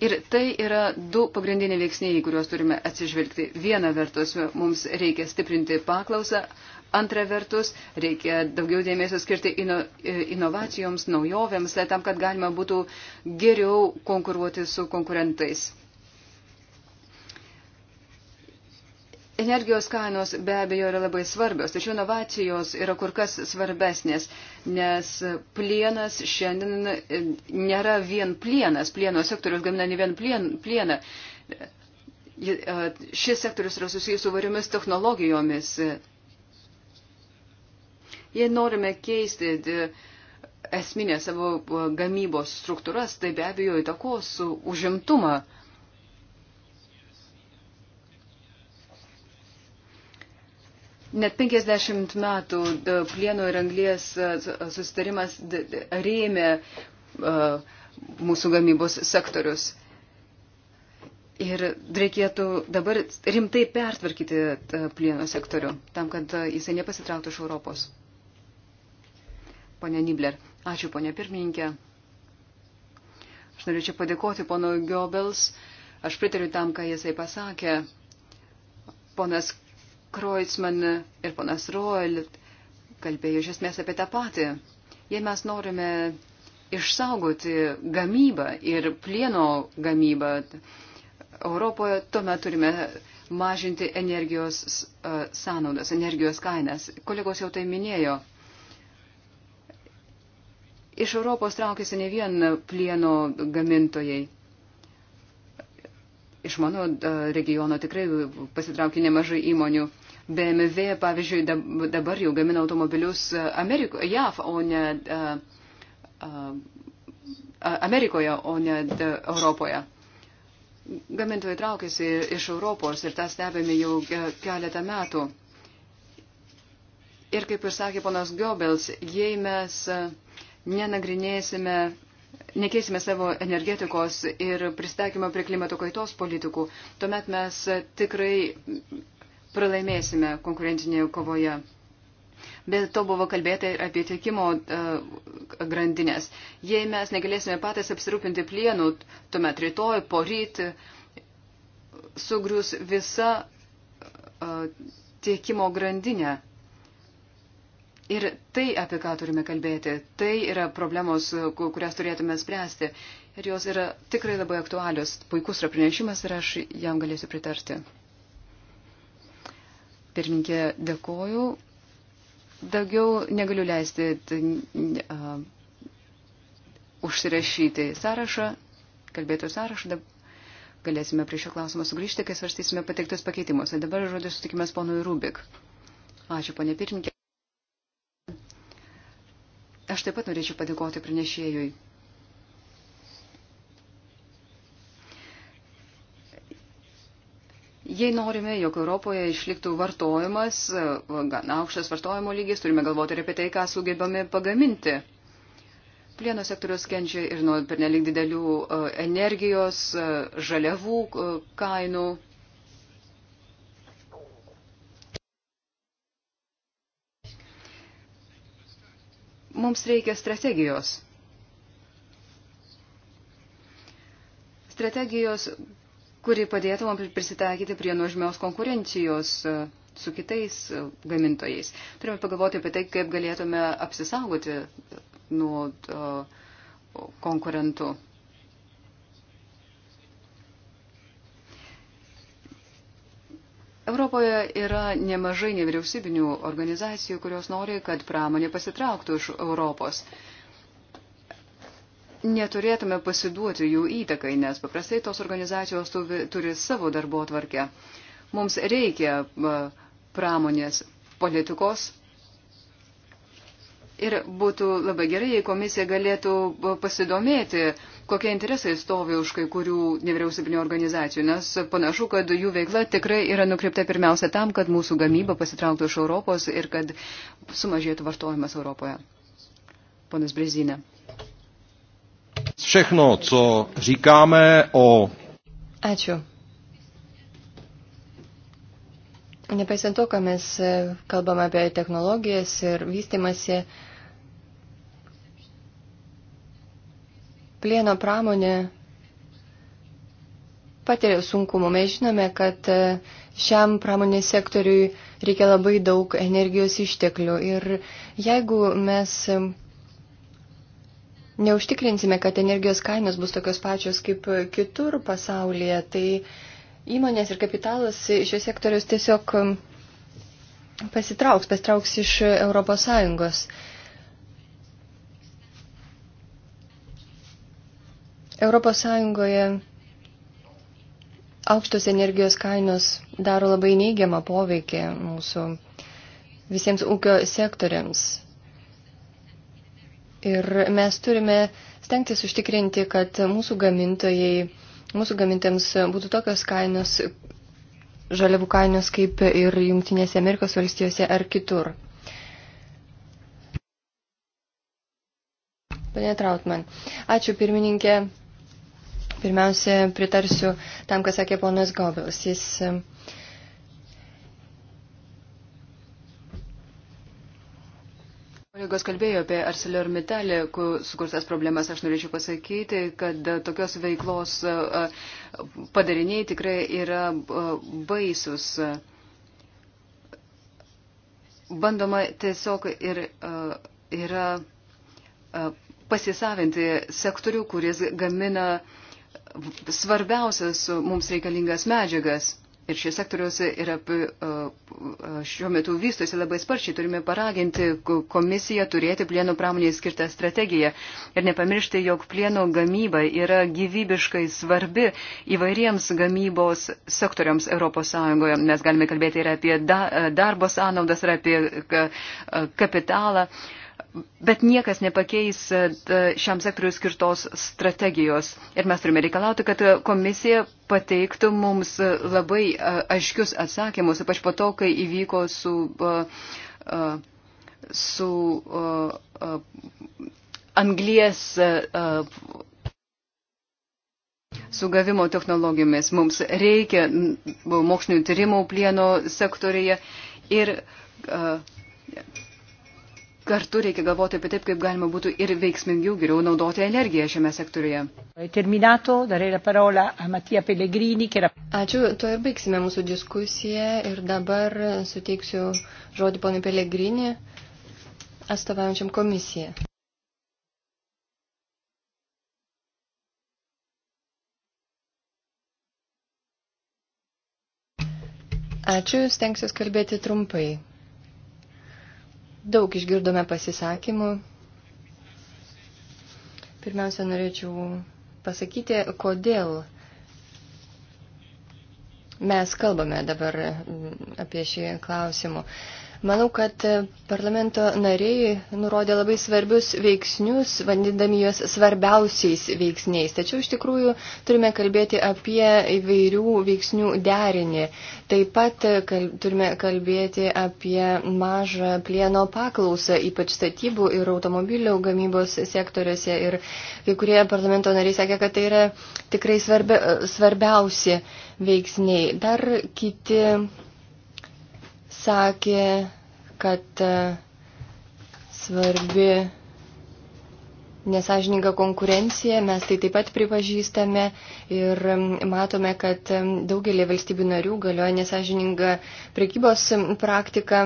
Speaker 2: Ir tai yra du pagrindiniai veiksniai, kuriuos turime atsižvelgti. Viena vertus, mums reikia stiprinti paklausą, antra vertus, reikia daugiau dėmesio skirti ino, e, inovacijoms, naujovėms, tam, kad galima būtų geriau konkuruoti su konkurentais. Energijos kainos be abejo yra labai svarbios, tačiau inovacijos yra kur kas svarbesnės, nes plienas šiandien nėra vien plienas, plieno sektorius gamina ne vien plien, plieną. Šis sektorius yra susijęs su variomis technologijomis. Jei norime keisti esminę savo gamybos struktūras, tai be abejo įtakos užimtumą. Net 50 metų e, plieno ir anglės e, e, susitarimas rėmė mūsų gamybos sektorius. Ir reikėtų dabar rimtai pertvarkyti plieno sektorių, tam, kad jisai nepasitrauktų iš Europos. Pone Nibler, ačiū ponė pirmininkė. Aš norėčiau padėkoti pono Giobels. Aš pritariu tam, ką jisai pasakė. Ponas Kreutzmann ir ponas Roel kalbėjo iš esmės apie tą patį. Jei mes norime išsaugoti gamybą ir plieno gamybą Europoje, tuomet turime mažinti energijos e, sąnaudas, energijos kainas. Kolegos jau tai minėjo. Iš Europos traukiasi ne vien plieno gamintojai. Iš mano e, regiono tikrai pasitraukė nemažai įmonių. BMW, pavyzdžiui, dabar jau gamina automobilius e, Ameriko, JAV, o ne e, Amerikoje, o ne Europoje. Gamintojai traukiasi iš Europos ir tą stebėme jau keletą metų. Ir kaip ir sakė ponas Goebbels, jei mes nenagrinėsime nekeisime savo energetikos ir pristatymo prie klimato kaitos politikų, tuomet mes tikrai pralaimėsime konkurencinėje kovoje. Bet to buvo kalbėta ir apie tiekimo e, grandinės. Jei mes negalėsime patys apsirūpinti plienų, tuomet rytoj, poryt sugrius visa e, tiekimo grandinė. Ir tai, apie ką turime kalbėti, tai yra problemos, kurias turėtume spręsti. Ir jos yra tikrai labai aktualios. Puikus yra pranešimas ir aš jam galėsiu pritarti. Pirminkė, dėkoju. Daugiau negaliu leisti uh, užsirašyti sąrašą, kalbėtojų sąrašą. Dab... Galėsime prie šio klausimo sugrįžti, kai svarstysime pateiktus pakeitimus. O tai dabar žodis sutikimas ponui Rubik. Ačiū, ponė pirmininkė. Aš taip pat norėčiau padėkoti pranešėjui. Jei norime, jog Europoje išliktų vartojimas, gan aukštas vartojimo lygis, turime galvoti ir apie tai, ką sugebame pagaminti. Plieno sektorius kenčia ir nuo pernelik didelių e, energijos, e, žaliavų e, kainų. Mums reikia strategijos. Strategijos, kuri padėtų mums prisitaikyti prie nuožmios konkurencijos e, su kitais e, gamintojais. Turime pagalvoti apie tai, kaip galėtume apsisaugoti nuo e, konkurentų. Europoje yra nemažai nevyriausybinių organizacijų, kurios nori, kad pramonė pasitrauktų iš Europos. Neturėtume pasiduoti jų įtakai, nes paprastai tos organizacijos turi savo darbo tvarkę. Mums reikia pramonės politikos, Ir būtų labai gerai, jei komisija galėtų e, pasidomėti, kokie interesai stovi už kai kurių nevyriausybinio organizacijų, nes panašu, kad jų veikla tikrai yra nukreipta pirmiausia tam, kad mūsų gamyba pasitrauktų iš Europos ir kad sumažėtų vartojimas Europoje. Ponas Brezinė.
Speaker 1: Všechno, co říkáme o.
Speaker 3: Ačiū. Nepaisant to, ką mes e, kalbame apie technologijas ir vystimasi, plieno pramonė patiria sunkumų. Mes žinome, kad e, šiam pramonės sektoriui reikia labai daug energijos išteklių. Ir jeigu mes e, neužtikrinsime, kad energijos kainos bus tokios pačios kaip kitur pasaulyje, tai Įmonės ir kapitalas iš šios sektorius tiesiog um, pasitrauks, pasitrauks iš Europos Sąjungos. Europos Sąjungoje aukštos energijos kainos daro labai neigiamą poveikį mūsų visiems ūkio sektoriams. Ir mes turime stengtis užtikrinti, kad mūsų gamintojai mūsų gamintėms būtų tokios kainos, žaliavų kainos kaip ir Junktinėse Amerikos valstijose ar kitur. Pane Trautman, ačiū pirmininkė. Pirmiausia, pritarsiu tam, ką sakė ponas Gobelis. Jis
Speaker 2: Kolegos kalbėjo apie ArcelorMittal sukurtas problemas. Aš norėčiau pasakyti, kad e, tokios veiklos e, e, padariniai tikrai yra baisus bandoma tiesiog ir yra pasisavinti sektorių, kuris gamina svarbiausias mums reikalingas medžiagas ir šis sektorius yra, šiuo metu vystosi labai sparčiai. Turime paraginti komisiją turėti plieno pramonėje skirtą strategiją ir nepamiršti, jog plieno gamyba yra gyvybiškai svarbi įvairiems gamybos sektoriams ES. Mes galime kalbėti ir apie darbo sąnaudas, ir apie kapitalą. Bet niekas nepakeis e, šiam sektoriu skirtos strategijos. Ir mes turime reikalauti, kad komisija pateiktų mums labai e, aiškius atsakymus, ypač po to, kai įvyko su, e, su anglies sugavimo technologijomis. Mums reikia mokslinių tyrimų plieno sektorėje ir uh, kartu reikia galvoti apie taip, kaip galima būtų ir veiksmingiau geriau naudoti energiją šiame sektoriuje.
Speaker 3: Terminato, darė la parola a Matija Pellegrini. Era... Ačiū, tuo ir baigsime mūsų diskusiją ir dabar suteiksiu žodį ponui Pellegrini, atstovaujančiam komisiją. Ačiū, stengsiuos kalbėti trumpai. Daug išgirdome pasisakymų. Pirmiausia, norėčiau pasakyti, kodėl mes kalbame dabar apie šį klausimą. Manau, kad e, parlamento nariai nurodė labai svarbius veiksnius, vandindami juos svarbiausiais veiksniais. Tačiau iš tikrųjų turime kalbėti apie įvairių veiksnių derinį. Taip pat e, kal turime kalbėti apie mažą plieno paklausą, ypač statybų ir automobilių gamybos sektoriuose. Ir kai kurie parlamento nariai sakė, kad tai yra tikrai svarbia e, svarbiausi veiksniai. Dar kiti sakė, kad e, svarbi nesažininga konkurencija, mes tai taip pat pripažįstame ir matome, kad daugelį valstybių narių galioja nesažininga prekybos praktika.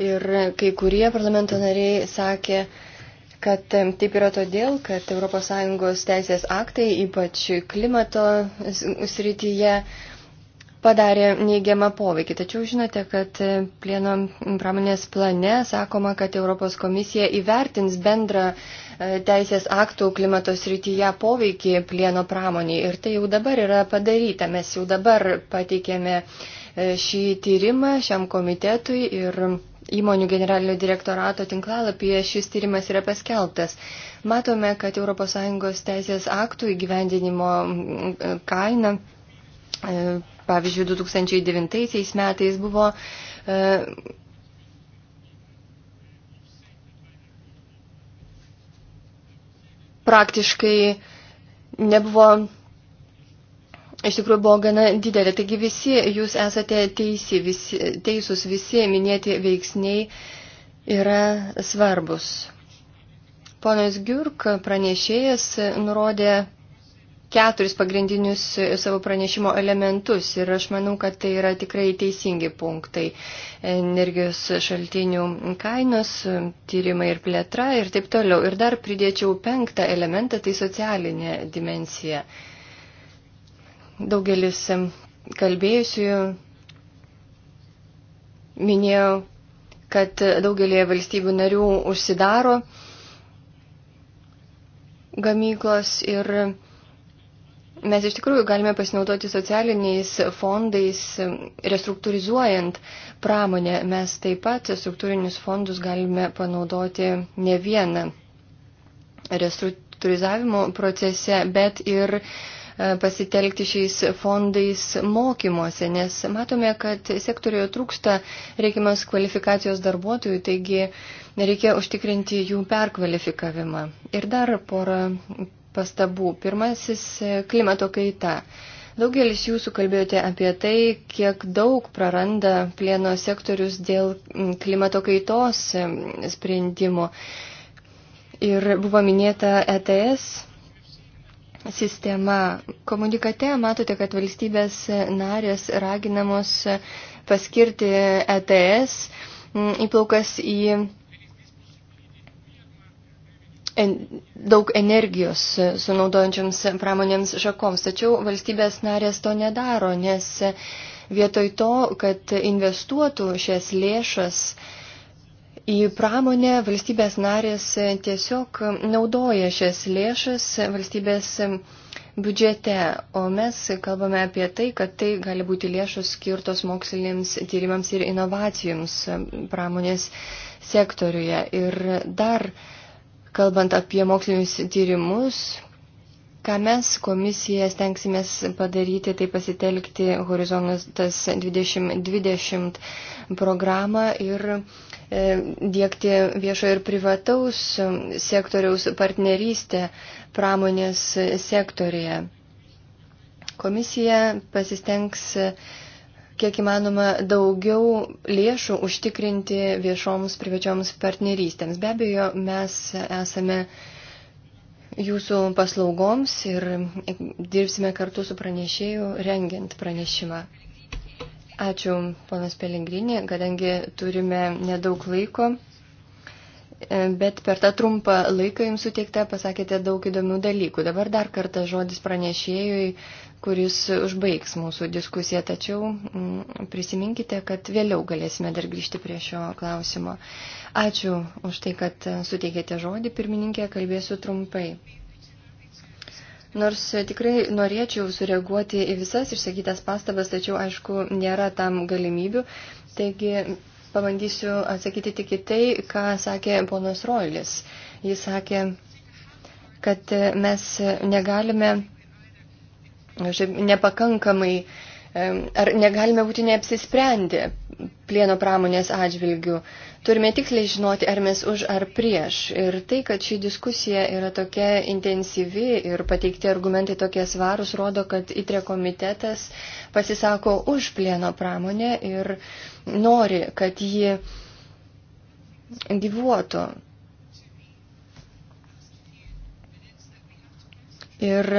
Speaker 3: Ir kai kurie parlamento nariai sakė, kad taip yra todėl, kad ES teisės aktai, ypač klimato srityje, padarė neigiamą poveikį. Tačiau žinote, kad plieno pramonės plane sakoma, kad Europos komisija įvertins bendrą e, teisės aktų klimato srityje poveikį plieno pramoniai. Ir tai jau dabar yra padaryta. Mes jau dabar pateikėme e, šį tyrimą šiam komitetui ir įmonių generalinio direktorato tinklalapyje šis tyrimas yra paskelbtas. Matome, kad ES teisės aktų įgyvendinimo kaina e, Pavyzdžiui, 2009 metais buvo e, praktiškai nebuvo, iš tikrųjų buvo gana didelė. Taigi visi jūs esate teisi, visi, teisūs, visi minėti veiksniai yra svarbus. Ponas Giurk pranešėjas nurodė keturis pagrindinius e, savo pranešimo elementus ir aš manau, kad tai yra tikrai teisingi punktai. Energijos šaltinių kainos, e, tyrimai ir plėtra ir taip toliau. Ir dar pridėčiau penktą elementą, tai socialinė dimensija. Daugelis e, kalbėjusių minėjo, kad daugelie valstybių narių užsidaro gamyklos ir Mes iš tikrųjų galime pasinaudoti socialiniais fondais, restruktūrizuojant pramonę. Mes taip pat struktūrinius fondus galime panaudoti ne vieną restruktūrizavimo procese, bet ir e, pasitelkti šiais fondais mokymuose, nes matome, kad sektorijoje trūksta reikimas kvalifikacijos darbuotojų, taigi reikia užtikrinti jų perkvalifikavimą. Ir dar porą pastabų. Pirmasis e, - klimato kaita. Daugelis jūsų kalbėjote apie tai, kiek daug praranda plieno sektorius dėl klimato kaitos sprendimo. Ir buvo minėta ETS sistema. Komunikate matote, kad valstybės narės raginamos paskirti ETS įplaukas į daug energijos e, sunaudojančiams pramonėms šakoms. Tačiau valstybės narės to nedaro, nes e, vietoj to, kad investuotų šias lėšas į pramonę, valstybės narės e, tiesiog naudoja šias lėšas valstybės biudžete, o mes kalbame apie tai, kad tai gali būti lėšos skirtos moksliniams tyrimams ir inovacijoms pramonės sektoriuje. Ir dar kalbant apie mokslinius tyrimus, ką mes komisija stengsimės padaryti, tai pasitelkti Horizontas 2020 programą ir e, dėkti viešo ir privataus sektoriaus partnerystę pramonės sektorėje. Komisija pasistengs kiek įmanoma daugiau lėšų užtikrinti viešoms privačioms partnerystėms. Be abejo, mes esame jūsų paslaugoms ir dirbsime kartu su pranešėju rengiant pranešimą. Ačiū, ponas Pelingrinė, kadangi turime nedaug laiko, bet per tą trumpą laiką jums suteikta pasakėte daug įdomių dalykų. Dabar dar kartą žodis pranešėjui kuris užbaigs mūsų diskusiją, tačiau mm, prisiminkite, kad vėliau galėsime dar grįžti prie šio klausimo. Ačiū už tai, kad suteikėte žodį, pirmininkė, kalbėsiu trumpai. Nors tikrai norėčiau sureaguoti į visas išsakytas pastabas, tačiau aišku, nėra tam galimybių. Taigi pabandysiu atsakyti tik į tai, ką sakė ponas Roilis. Jis sakė, kad mes negalime nepakankamai ar negalime būti neapsisprendę plieno pramonės atžvilgių. Turime tiksliai žinoti, ar mes už ar prieš. Ir tai, kad ši diskusija yra tokia intensyvi ir pateikti argumentai tokie svarūs, rodo, kad ITRE komitetas pasisako už plieno pramonę ir nori, kad ji gyvuotų. Ir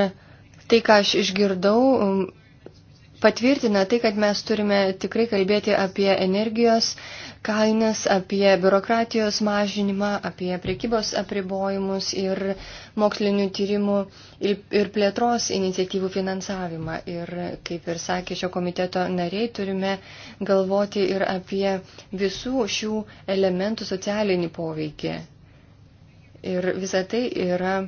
Speaker 3: tai, ką aš išgirdau, um, patvirtina tai, kad mes turime tikrai kalbėti apie energijos kainas, apie biurokratijos mažinimą, apie priekybos apribojimus ir mokslinių tyrimų ir plėtros iniciatyvų finansavimą. Ir kaip ir sakė šio komiteto nariai, turime galvoti ir apie visų šių elementų socialinį poveikį. Ir visa tai yra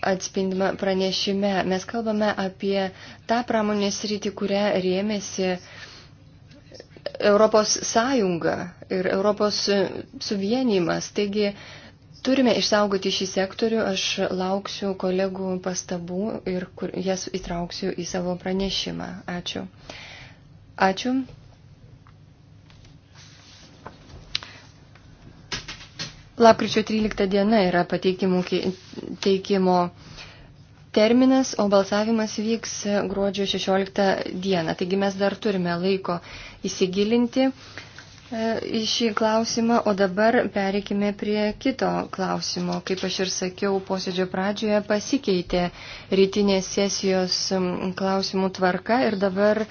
Speaker 3: atspindima pranešime. Mes kalbame apie tą pramonės rytį, kurią rėmėsi Europos sąjunga ir Europos suvienimas. Taigi turime išsaugoti šį sektorių. Aš lauksiu kolegų pastabų ir kur, jas įtrauksiu į savo pranešimą. Ačiū. Ačiū. Lapkričio 13 diena yra pateikimų teikimo terminas, o balsavimas vyks gruodžio 16 dieną. Taigi mes dar turime laiko įsigilinti e, į šį klausimą, o dabar pereikime prie kito klausimo. Kaip aš ir sakiau, posėdžio pradžioje pasikeitė rytinės sesijos klausimų tvarka ir dabar e,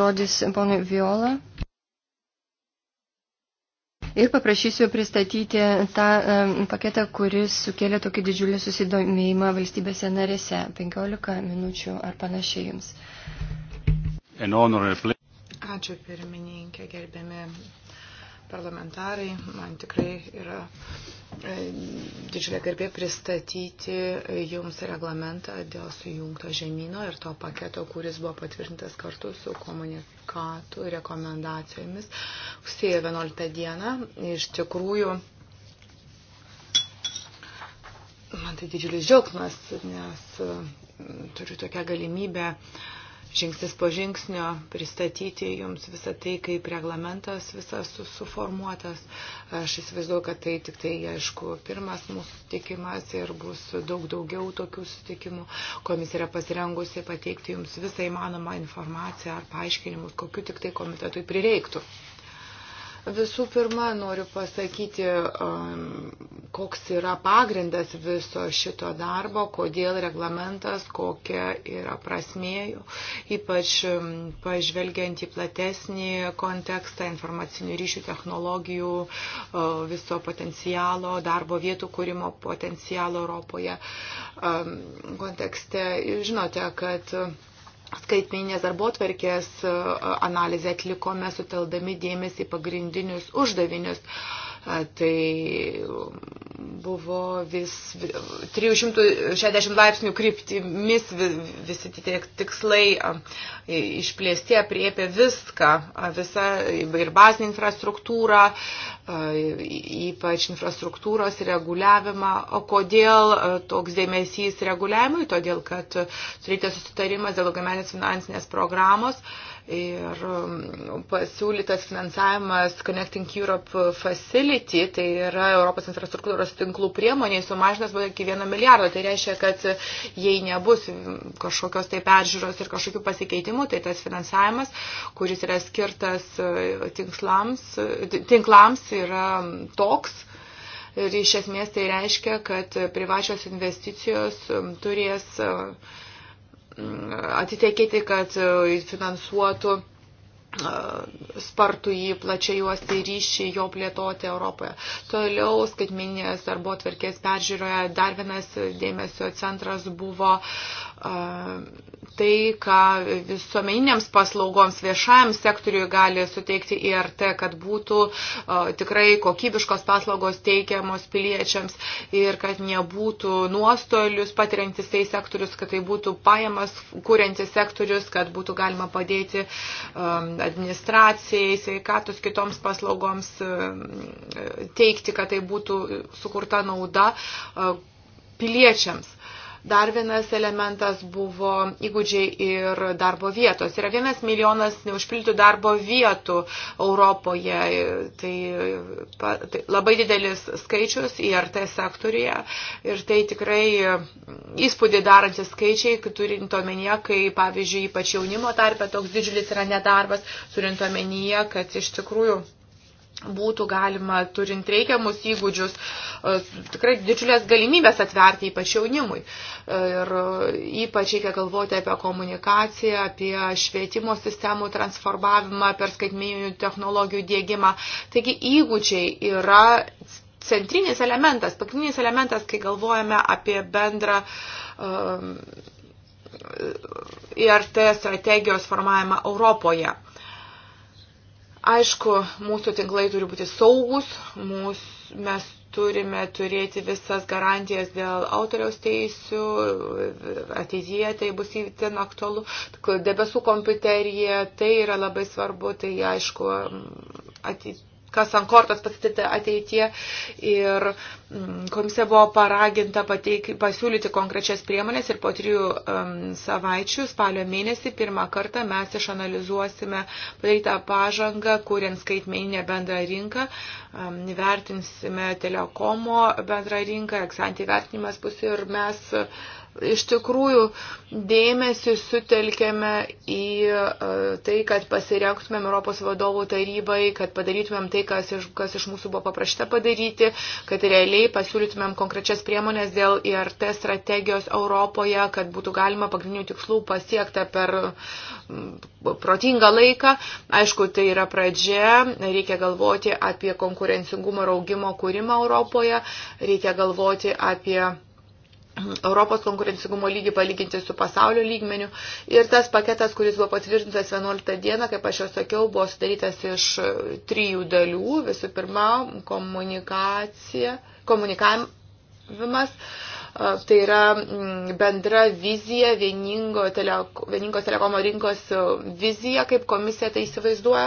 Speaker 3: žodis ponui Viola ir paprašysiu pristatyti tą paketą, kuris sukėlė tokį didžiulį susidomėjimą valstybėse narėse. 15 minučių ar panašiai jums.
Speaker 1: Ačiū pirmininkė, gerbiami parlamentarai, man tikrai yra e, didžiulė garbė pristatyti jums reglamentą dėl sujungto žemynų ir to paketo, kuris buvo patvirtintas kartu su komunikatų rekomendacijomis. Užsėjo 11 dieną. Iš tikrųjų, man tai didžiulis džiaugsmas, nes e, turiu tokią galimybę uh, žingsnis po žingsnio pristatyti jums visą tai, kaip reglamentas visas suformuotas. Aš įsivaizduoju, kad tai tik tai, aišku, pirmas mūsų sutikimas ir bus daug daugiau tokių sutikimų. Komisija yra pasirengusi pateikti jums visą įmanomą informaciją ar paaiškinimus, kokiu tik tai komitetui prireiktų. Visų pirma, noriu pasakyti, um, koks yra pagrindas viso šito darbo, kodėl reglamentas, kokia yra prasmėjų, ypač um, pažvelgiant į platesnį kontekstą informacinių ryšių technologijų, viso potencialo, darbo vietų kūrimo potencialo Europoje um, kontekste. Žinote, kad skaitmeninės darbotvarkės e, analizę atlikome suteldami dėmesį pagrindinius uždavinius tai um, buvo vis 360 laipsnių kryptimis visi tie tikslai išplėsti apriepė viską, visą ir bazinę infrastruktūrą, ypač infrastruktūros reguliavimą. O kodėl toks dėmesys reguliavimui? Todėl, kad turite susitarimas dėl ilgamenės finansinės programos Ir um, pasiūlytas finansavimas Connecting Europe Facility, tai yra Europos infrastruktūros tinklų priemonė, sumažinas beveik 1 milijardo. Tai reiškia, kad jei nebus kažkokios tai peržiūros ir kažkokių pasikeitimų, tai tas finansavimas, kuris yra skirtas uh, tinklams, tinklams yra um, toks, Ir iš esmės tai reiškia, kad privačios investicijos um, turės uh, atitekėti, kad e, finansuotų e, spartų į plačiai juostį ryšį jo plėtoti Europoje. Toliau skaitminės darbo tvarkės peržiūroje dar vienas dėmesio centras buvo uh, tai, ką visuomeniniams paslaugoms viešajam sektoriui gali suteikti IRT, kad būtų tikrai kokybiškos paslaugos teikiamos piliečiams ir kad nebūtų nuostolius patiriantis tai sektorius, kad tai būtų pajamas kūriantis sektorius, kad būtų galima padėti administracijai, sveikatos kitoms paslaugoms teikti, kad tai būtų sukurta nauda piliečiams. Dar vienas elementas buvo įgūdžiai ir darbo vietos. Yra vienas milijonas neužpildytų darbo vietų Europoje. Tai, tai labai didelis skaičius IRT sektoriuje. Ir tai tikrai įspūdį darantis skaičiai, turint omenyje, kai pavyzdžiui ypač jaunimo tarpe toks didžiulis yra nedarbas, turint omenyje, kad iš tikrųjų būtų galima, turint reikiamus įgūdžius, e, tikrai didžiulės galimybės atverti ypač jaunimui. E, ir e, ypač reikia galvoti apie komunikaciją, apie švietimo sistemų transformavimą, per skaitmeninių technologijų dėgymą. Taigi įgūdžiai yra centrinis elementas, pagrindinis elementas, kai galvojame apie bendrą um, IRT strategijos formavimą Europoje. Aišku, mūsų tinklai turi būti saugus, mūs, mes turime turėti visas garantijas dėl autoriaus teisių, ateityje tai bus įtin aktualu, debesų kompiuterija, tai yra labai svarbu, tai aišku, ateit, kas ant kortos pasitikti ateitie. Ir mm, komisija buvo paraginta pateik, pasiūlyti konkrečias priemonės ir po trijų um, savaičių, spalio mėnesį, pirmą kartą mes išanalizuosime padarytą pažangą, kuriant skaitmeninę bendrą rinką, um, vertinsime telekomo bendrą rinką, eksantį vertinimas bus ir mes. Uh, iš tikrųjų dėmesį sutelkėme į e, tai, kad pasirenktumėm Europos vadovų tarybai, kad padarytumėm tai, kas iš, kas iš mūsų buvo paprašta padaryti, kad realiai pasiūlytumėm konkrečias priemonės dėl IRT strategijos Europoje, kad būtų galima pagrindinių tikslų pasiekta per protingą laiką. Aišku, tai yra pradžia, reikia galvoti apie konkurencingumo ir augimo kūrimą Europoje, reikia galvoti apie Europos konkurencingumo lygį palyginti su pasaulio lygmeniu. Ir tas paketas, kuris buvo patvirtintas 11 dieną, kaip aš jau sakiau, buvo sudarytas iš trijų dalių. Visų pirma, komunikacija, komunikavimas Tai yra mm, bendra vizija, vieningo teleko, vieningos telekomo rinkos e, vizija, kaip komisija tai įsivaizduoja,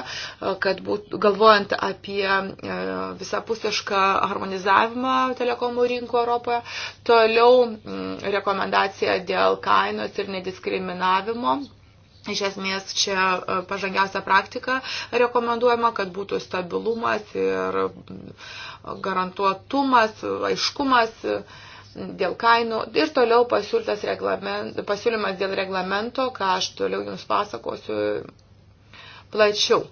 Speaker 1: kad būt, galvojant apie e, visapusišką harmonizavimą telekomų rinkų Europoje. Toliau mm, rekomendacija dėl kainos ir nediskriminavimo. Iš esmės čia e, pažangiausia praktika rekomenduojama, kad būtų stabilumas ir mm, garantuotumas, aiškumas dėl kainų ir toliau pasiūlytas pasiūlymas dėl reglamento, ką aš toliau jums pasakosiu plačiau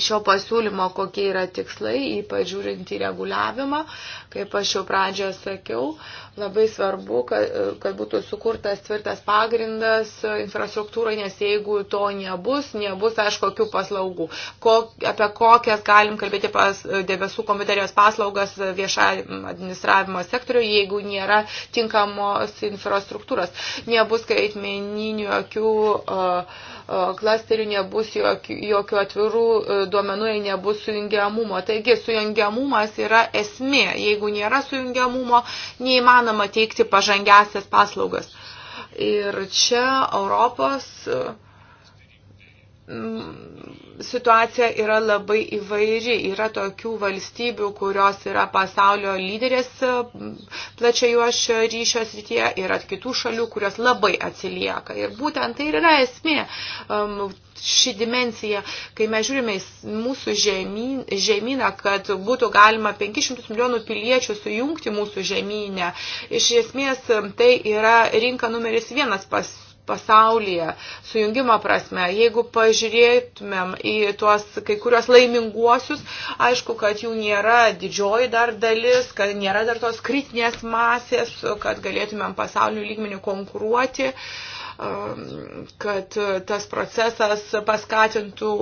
Speaker 1: šio pasiūlymo, kokie yra tikslai, ypač žiūrint į reguliavimą, kaip aš jau pradžioje sakiau, labai svarbu, kad, kad būtų sukurtas tvirtas pagrindas infrastruktūrai, nes jeigu to nebus, nebus, aišku, kokių paslaugų. Ko, apie kokias galim kalbėti pas debesų kompiuterijos paslaugas viešą administravimo sektoriu, jeigu nėra tinkamos infrastruktūros. Nebus skaitmeninių akių. Uh, klasterių nebus jokių atvirų e, duomenų, jei nebus sujungiamumo. Taigi sujungiamumas yra esmė. Jeigu nėra sujungiamumo, neįmanoma teikti pažangiasias paslaugas. Ir čia Europos situacija yra labai įvairi. Yra tokių valstybių, kurios yra pasaulio lyderės e, plačiajuošio ryšio srityje, yra kitų šalių, kurios labai atsilieka. Ir būtent tai yra esmė. Um, ši dimensija, kai mes žiūrime į mūsų žemyn, žemyną, kad būtų galima 500 milijonų piliečių sujungti mūsų žemynę. Iš esmės um, tai yra rinka numeris vienas pas pasaulyje, sujungimo prasme. Jeigu pažiūrėtumėm į tuos kai kurios laiminguosius, aišku, kad jų nėra didžioji dar dalis, kad nėra dar tos kritinės masės, kad galėtumėm pasaulių lygmenių konkuruoti um, kad tas procesas paskatintų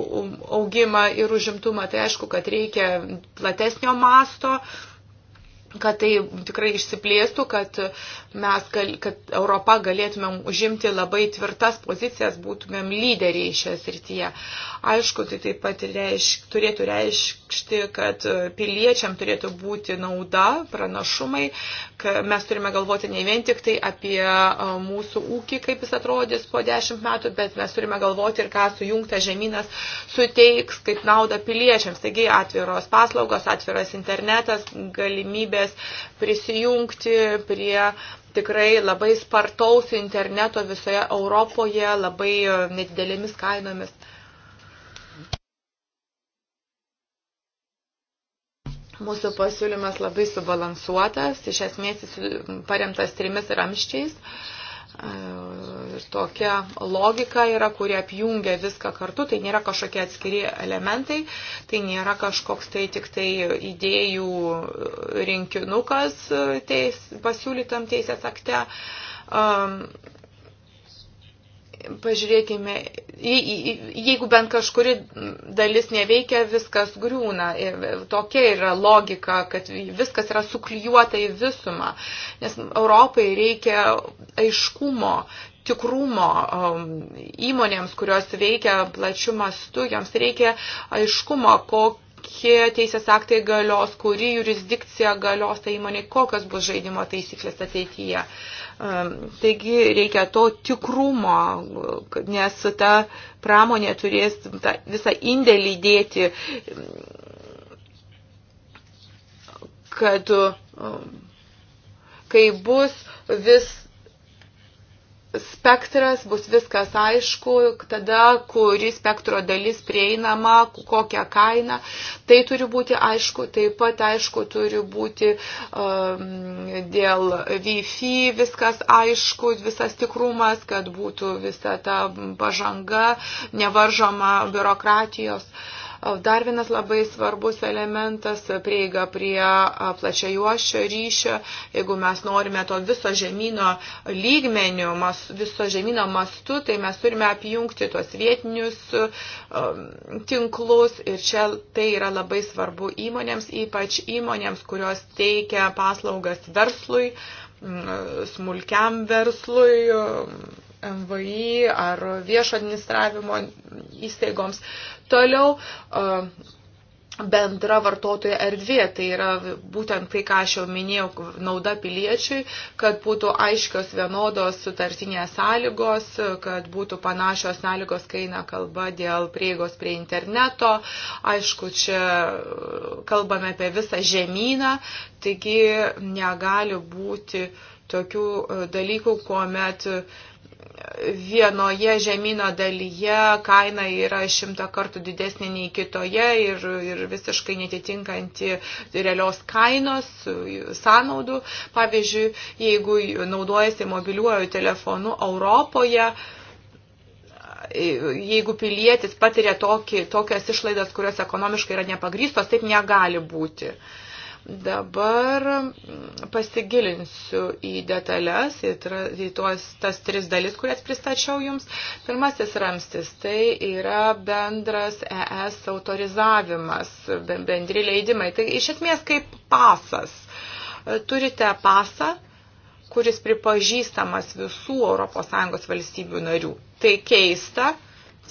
Speaker 1: augimą ir užimtumą. Tai aišku, kad reikia platesnio masto, uh, kad tai tikrai išsiplėstų, kad mes, gal, kad Europa galėtumėm užimti labai tvirtas pozicijas, būtumėm lyderiai šioje srityje. Aišku, tai taip pat reišk, turėtų reikšti, kad piliečiam turėtų būti nauda, pranašumai, kad mes turime galvoti ne vien tik tai apie mūsų ūkį, kaip jis atrodys po dešimt metų, bet mes turime galvoti ir ką sujungta žemynas suteiks kaip naudą piliečiams. Taigi atviros paslaugos, atviras internetas, galimybė galimybės prisijungti prie tikrai labai spartaus interneto visoje Europoje, labai e, nedidelėmis kainomis. Mūsų pasiūlymas labai subalansuotas, iš esmės jis paremtas trimis ramščiais. Uh, Ir e, tokia logika yra, kuri apjungia viską kartu, tai nėra kažkokie atskiri elementai, tai nėra kažkoks tai tik tai idėjų rinkinukas teis, pasiūlytam teisės akte. Um, pažiūrėkime, jeigu bent kažkuri dalis neveikia, viskas griūna. Tokia yra logika, kad viskas yra suklijuota į visumą. Nes Europai reikia aiškumo, tikrumo um, įmonėms, kurios veikia plačių mastų, joms reikia aiškumo, kokio kokie teisės aktai galios, kuri jurisdikcija galios tai įmonė, kokios bus žaidimo taisyklės ateityje. Ehm, taigi reikia to tikrumo, nes ta pramonė turės tą visą indėlį dėti, kad ehm, kai bus vis spektras, bus viskas aišku, tada kuri spektro dalis prieinama, kokią kainą. Tai turi būti aišku, taip pat aišku turi būti um, dėl Wi-Fi viskas aišku, visas tikrumas, kad būtų visa ta pažanga, nevaržoma biurokratijos. Uh, Dar vienas labai svarbus elementas - prieiga prie plačiajuošio ryšio. Jeigu mes norime to viso žemino lygmenių, mas, viso žemino mastu, tai mes turime apjungti tuos vietinius um, tinklus ir čia tai yra labai svarbu įmonėms, ypač įmonėms, kurios teikia paslaugas verslui smulkiam verslui, MVI ar viešo administravimo įstaigoms. Toliau bendra vartotojo erdvė, tai yra būtent tai, ką aš jau minėjau, nauda piliečiui, kad būtų aiškios vienodos sutartinės sąlygos, kad būtų panašios sąlygos, kai eina kalba dėl prieigos prie interneto. Aišku, čia kalbame apie visą žemyną, taigi negali būti tokių e, dalykų, kuomet uh, vienoje žemino dalyje kaina yra šimta kartų didesnė nei kitoje ir, ir visiškai netitinkanti realios kainos, sąnaudų. Pavyzdžiui, jeigu naudojasi mobiliuoju telefonu Europoje, jeigu pilietis patiria tokį, tokias išlaidas, kurios ekonomiškai yra nepagrystos, taip negali būti. Uh, Dabar mm, pasigilinsiu į detalės, į, į tuos, tas tris dalis, kurias pristačiau jums. Pirmasis ramstis - tai yra bendras ES autorizavimas, bendri leidimai. Tai iš esmės kaip pasas. Turite pasą, kuris pripažįstamas visų ES valstybių narių. Tai keista,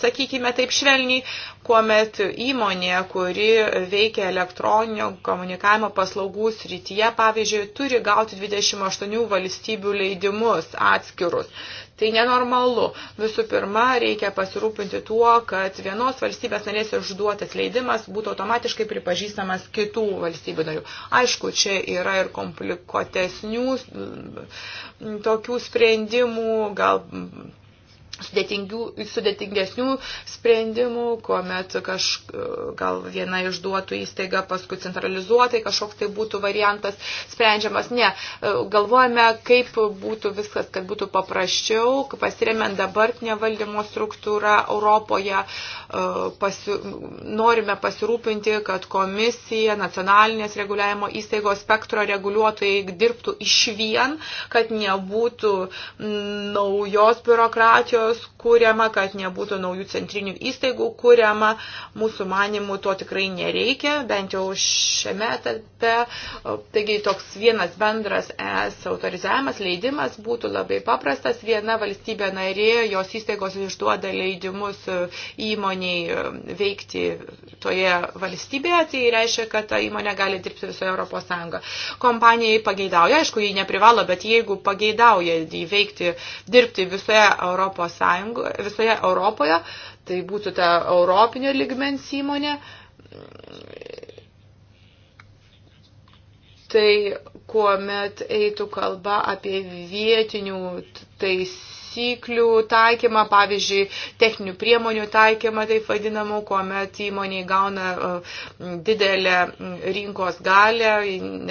Speaker 1: sakykime taip švelniai, kuomet įmonė, kuri veikia elektroninio komunikavimo paslaugų srityje, pavyzdžiui, turi gauti 28 valstybių leidimus atskirus. Tai nenormalu. Visų pirma, reikia pasirūpinti tuo, kad vienos valstybės narės išduotas leidimas būtų automatiškai pripažįstamas kitų valstybių narių. Aišku, čia yra ir komplikuotesnių tokių sprendimų, gal sudėtingesnių sprendimų, kuomet kaž, gal viena išduotų įstaiga, paskui centralizuotai kažkoks tai būtų variantas sprendžiamas. Ne, galvojame, kaip būtų viskas, kad būtų paprasčiau, pasiremiant dabartinę valdymo struktūrą Europoje, pasi, norime pasirūpinti, kad komisija, nacionalinės reguliavimo įstaigos spektro reguliuotojai dirbtų iš vien, kad nebūtų naujos biurokratijos kūriama, kad nebūtų naujų centrinių įstaigų kūriama. Mūsų manimų to tikrai nereikia, bent jau šiame etape. Taigi toks vienas bendras ES autorizavimas, leidimas būtų labai paprastas. Viena valstybė narė, jos įstaigos išduoda leidimus įmonė įmoniai e, veikti toje valstybėje, tai reiškia, kad ta įmonė gali dirbti visoje Europos Sąjungoje. Kompanijai pageidauja, aišku, jie neprivalo, bet jeigu pageidauja veikti, dirbti visoje Europos Sąjungoje, visoje Europoje, tai būtų ta europinio ligmens įmonė, tai kuomet eitų kalba apie vietinių taisyklių taisyklių taikymą, pavyzdžiui, techninių priemonių taikymą, taip vadinamų, kuomet įmonė gauna e, didelę rinkos galę,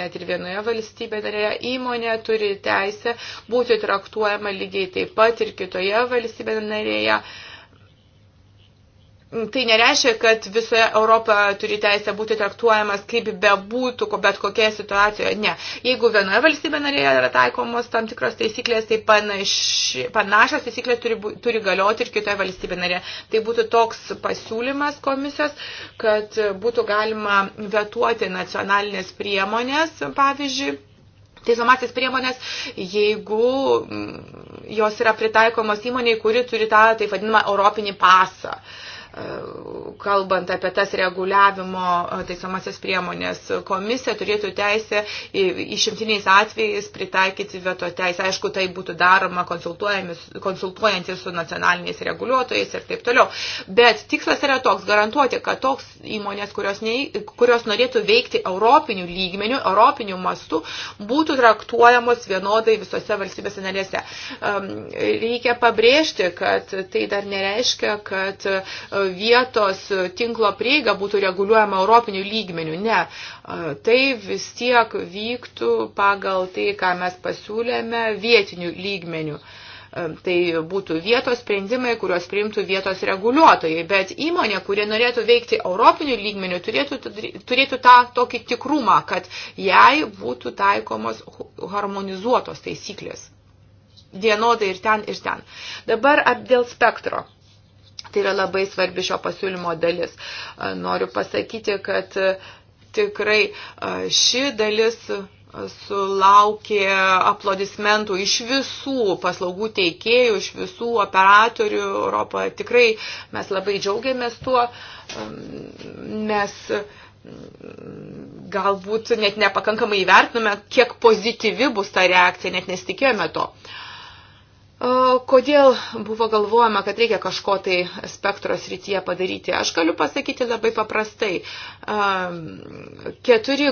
Speaker 1: net ir vienoje valstybėje narėje, įmonė turi teisę būti traktuojama lygiai taip pat ir kitoje valstybėje narėje. Tai nereiškia, kad visoje Europoje turi teisę būti traktuojamas kaip bebūtų, bet kokioje situacijoje. Ne. Jeigu vienoje valstybė narėje yra taikomos tam tikros taisyklės, tai panaši, panašios taisyklės turi, turi galioti ir kitoje valstybė narėje. Tai būtų toks pasiūlymas komisijos, kad būtų galima vetuoti nacionalinės priemonės, pavyzdžiui, Teisomasias priemonės, jeigu mm, jos yra pritaikomos įmoniai, kuri turi tą taip vadinamą europinį pasą. Uh, kalbant apie tas reguliavimo taisomasias priemonės. Komisija turėtų teisę išimtiniais atvejais pritaikyti veto teisę. Aišku, tai būtų daroma konsultuojant ir su nacionaliniais reguliuotojais ir taip toliau. Bet tikslas yra toks - garantuoti, kad toks įmonės, kurios, nei, kurios norėtų veikti europinių lygmenių, europinių mastų, būtų traktuojamos vienodai visose valstybėse narėse. Ehm, reikia pabrėžti, kad tai dar nereiškia, kad vietos tinklo prieiga būtų reguliuojama europinių lygmenių. Ne, tai vis tiek vyktų pagal tai, ką mes pasiūlėme vietinių lygmenių tai būtų vietos sprendimai, kuriuos priimtų vietos reguliuotojai, bet įmonė, kurie norėtų veikti europinių lygmenių, turėtų, turėtų tą tokį tikrumą, kad jai būtų taikomos harmonizuotos taisyklės. Vienodai ir ten, ir ten. Dabar dėl spektro. Tai yra labai svarbi šio pasiūlymo dalis. Noriu pasakyti, kad tikrai ši dalis sulaukė aplodismentų iš visų paslaugų teikėjų, iš visų operatorių Europoje. Tikrai mes labai džiaugiamės tuo, nes galbūt net nepakankamai įvertinome, kiek pozityvi bus ta reakcija, net nesitikėjome to. Uh, Kodėl buvo galvojama, kad reikia kažko tai spektro srityje padaryti? Aš galiu pasakyti labai paprastai. 4G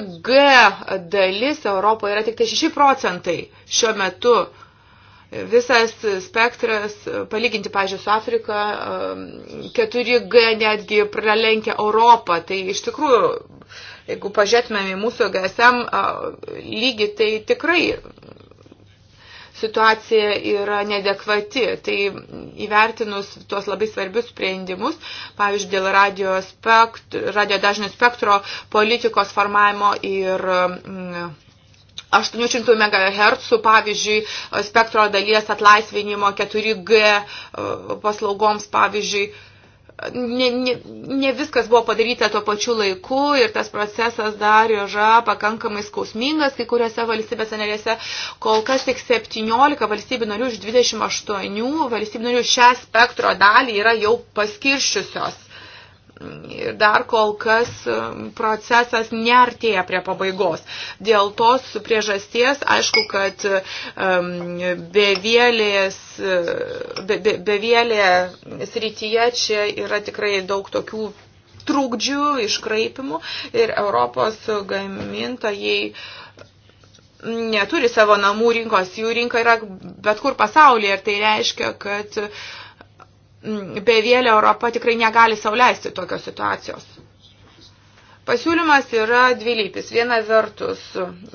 Speaker 1: dalis Europoje yra tik tai 6 procentai šiuo metu. Visas spektras, palyginti, pažiūrėjau, su Afrika, 4G netgi pralenkia Europą. Tai iš tikrųjų, jeigu pažiūrėtumėm į mūsų GSM lygį, tai tikrai situacija yra nedekvati. Tai įvertinus tuos labai svarbius sprendimus, pavyzdžiui, dėl radio, spektro, radio dažnio spektro politikos formavimo ir. Mm, 800 MHz, pavyzdžiui, spektro dalies atlaisvinimo 4G e, paslaugoms, pavyzdžiui, ne, ne, ne viskas buvo padaryta tuo pačiu laiku ir tas procesas dar yra pakankamai skausmingas kai kuriuose valstybėse narėse. Kol kas tik 17 valstybių narių iš 28 valstybių narių šią spektro dalį yra jau paskirščiusios. Ir dar kol kas um, procesas neartėja prie pabaigos. Dėl tos priežasties, aišku, kad um, bevėlės, be, be, bevėlė srityje čia yra tikrai daug tokių trūkdžių, iškraipimų ir Europos gamintojai neturi savo namų rinkos, jų rinka yra bet kur pasaulyje ir tai reiškia, kad uh, Mm, bevėlė Europa tikrai negali sauliaisti tokios situacijos. Pasiūlymas yra dvilypis. Viena vertus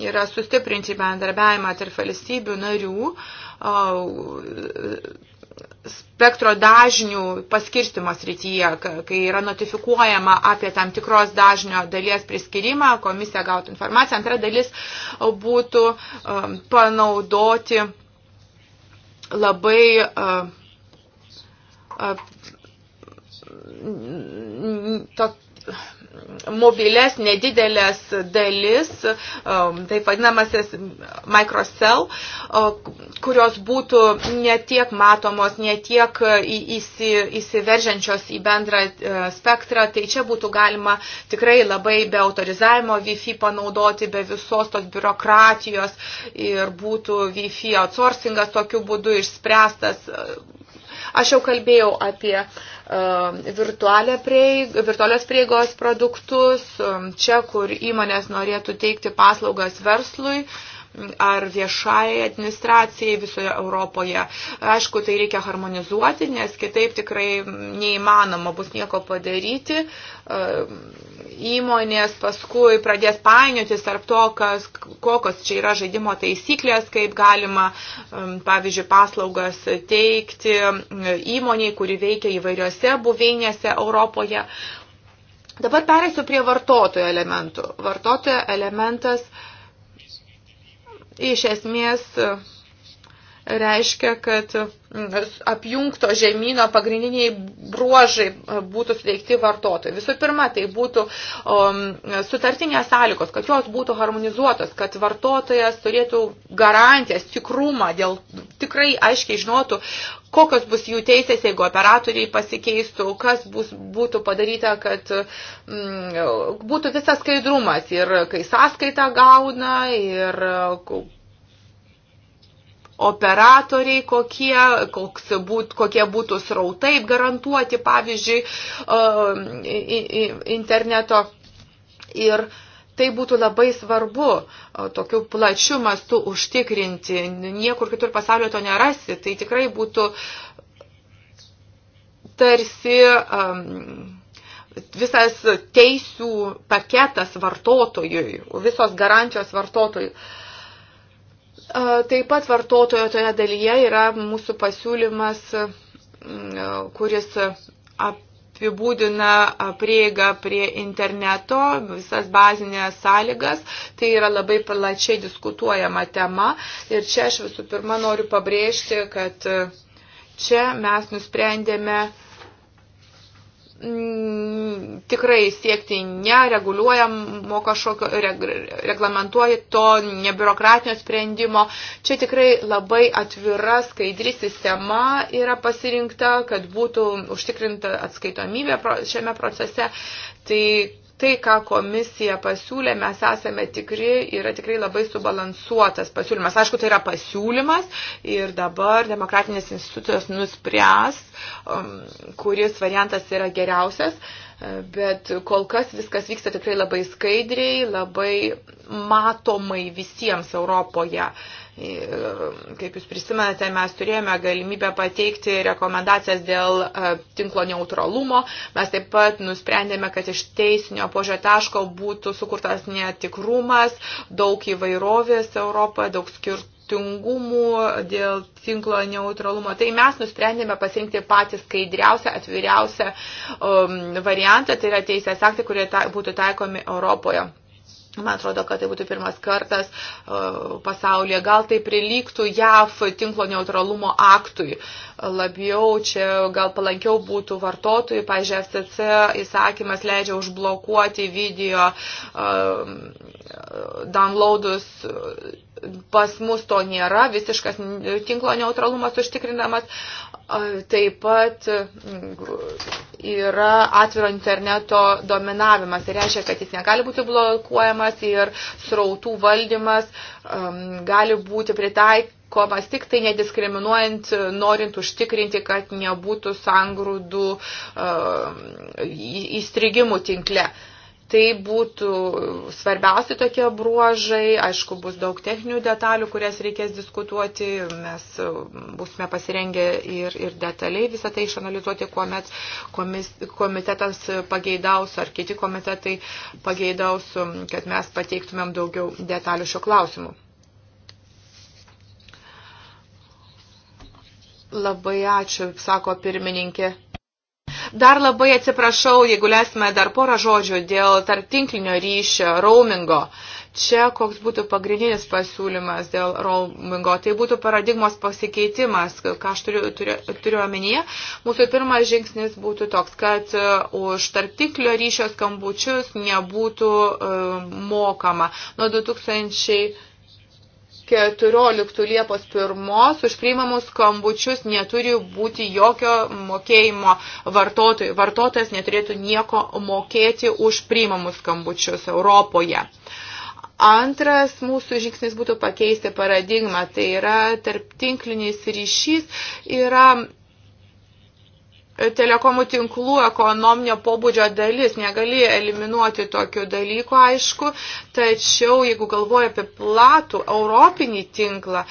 Speaker 1: yra sustiprinti bendarbiavimą tarp valstybių narių, spektro dažnių paskirstimo srityje, kai yra notifikuojama apie tam tikros dažnio dalies priskirimą, komisija gautų informaciją. Antra dalis būtų um, panaudoti labai uh, to, mobiles nedidelės dalis, um, taip vadinamasis microcell, kurios būtų netiek matomos, netiek įsiveržiančios į bendrą e, spektrą, tai čia būtų galima tikrai labai be autorizavimo Wi-Fi panaudoti, be visos tos biurokratijos ir būtų Wi-Fi outsourcingas tokiu būdu išspręstas Aš jau kalbėjau apie e, prieig, virtualios prieigos produktus, e, čia, kur įmonės norėtų teikti paslaugas verslui, ar viešai administracijai visoje Europoje. Aišku, tai reikia harmonizuoti, nes kitaip tikrai neįmanoma bus nieko padaryti. Ehm, įmonės paskui pradės painiotis tarp to, kas, kokios čia yra žaidimo taisyklės, kaip galima, ehm, pavyzdžiui, paslaugas teikti ehm, įmoniai, kuri veikia įvairiose buveinėse Europoje. Dabar perėsiu prie vartotojo elementų. Vartotojo elementas uh, iš esmės reiškia, kad apjungto žemyno pagrindiniai bruožai būtų suteikti vartotojai. Visų pirma, tai būtų um, sutartinės sąlygos, kad jos būtų harmonizuotos, kad vartotojas turėtų garantijas, tikrumą dėl tikrai aiškiai žinotų, kokios bus jų teisės, jeigu operatoriai pasikeistų, kas bus, būtų padaryta, kad mm, būtų visas skaidrumas ir kai sąskaita gauna ir operatoriai kokie, koks būt, kokie būtų srautai garantuoti, pavyzdžiui, e, interneto. Ir uh, Tai būtų labai svarbu tokiu plačiu mastu užtikrinti. Niekur kitur pasaulio to nerasi. Tai tikrai būtų tarsi um, visas teisų paketas vartotojui, visos garantijos vartotojui. Taip pat vartotojo toje dalyje yra mūsų pasiūlymas, kuris ap apibūdina prieigą prie interneto, visas bazinės sąlygas. Tai yra labai plačiai diskutuojama tema. Ir čia aš visų pirma noriu pabrėžti, kad čia mes nusprendėme uh, m, mm, tikrai siekti nereguliuojamo kažkokio reglamentuoto, nebiurokratinio sprendimo. Čia tikrai labai atvira, skaidri sistema yra pasirinkta, kad būtų užtikrinta atskaitomybė šiame procese. Tai tai, ką komisija pasiūlė, mes esame tikri, yra tikrai labai subalansuotas pasiūlymas. Aišku, tai yra pasiūlymas ir dabar demokratinės institucijos nuspręs, um, kuris variantas yra geriausias, bet kol kas viskas vyksta tikrai labai skaidriai, labai matomai visiems Europoje. Uh, Kaip jūs prisimenate, mes turėjome galimybę pateikti rekomendacijas dėl e, tinklo neutralumo. Mes taip pat nusprendėme, kad iš teisinio požio taško būtų sukurtas netikrumas, daug įvairovės Europoje, daug skirtų skirtingumų, dėl tinklo neutralumo. Tai mes nusprendėme pasirinkti patį skaidriausią, atviriausią um, variantą, tai yra teisės aktai, kurie ta, būtų taikomi Europoje. Man atrodo, kad tai būtų pirmas kartas e, pasaulyje. Gal tai prilygtų JAF tinklo neutralumo aktui. Labiau čia gal palankiau būtų vartotojai. Pavyzdžiui, FCC įsakymas leidžia užblokuoti video e, downloadus. Pas mus to nėra, visiškas tinklo neutralumas užtikrindamas. Taip pat mm, yra atviro interneto dominavimas. Tai reiškia, kad jis negali būti blokuojamas ir srautų valdymas um, gali būti pritaikomas tik tai nediskriminuojant, norint užtikrinti, kad nebūtų sangrūdų um, įstrigimų tinkle. Uh, Tai būtų svarbiausi tokie bruožai, aišku, bus daug techninių detalių, kurias reikės diskutuoti, mes būsime pasirengę ir, ir detaliai visą tai išanalizuoti, kuomet komis, komitetas pageidaus ar kiti komitetai pageidaus, kad mes pateiktumėm daugiau detalių šio klausimu. Labai ačiū, sako pirmininkė. Dar labai atsiprašau, jeigu leisime dar porą žodžių dėl tartinklinio ryšio, roamingo. Čia koks būtų pagrindinis pasiūlymas dėl roamingo. Tai būtų paradigmos pasikeitimas, ką aš turiu, turiu, turiu omenyje. Mūsų pirmas žingsnis būtų toks, kad uh, už tartiklio ryšio skambučius nebūtų uh, mokama. Nuo 2000 14 Liepos 1 už priimamus skambučius neturi būti jokio mokėjimo vartotojui. Vartotojas neturėtų nieko mokėti už priimamus skambučius Europoje. Antras mūsų žingsnis būtų pakeisti paradigmą, tai yra tarptinklinis ryšys yra telekomų tinklų ekonominio pobūdžio dalis. Negali eliminuoti tokių dalykų, aišku, tačiau jeigu galvoji apie platų europinį tinklą,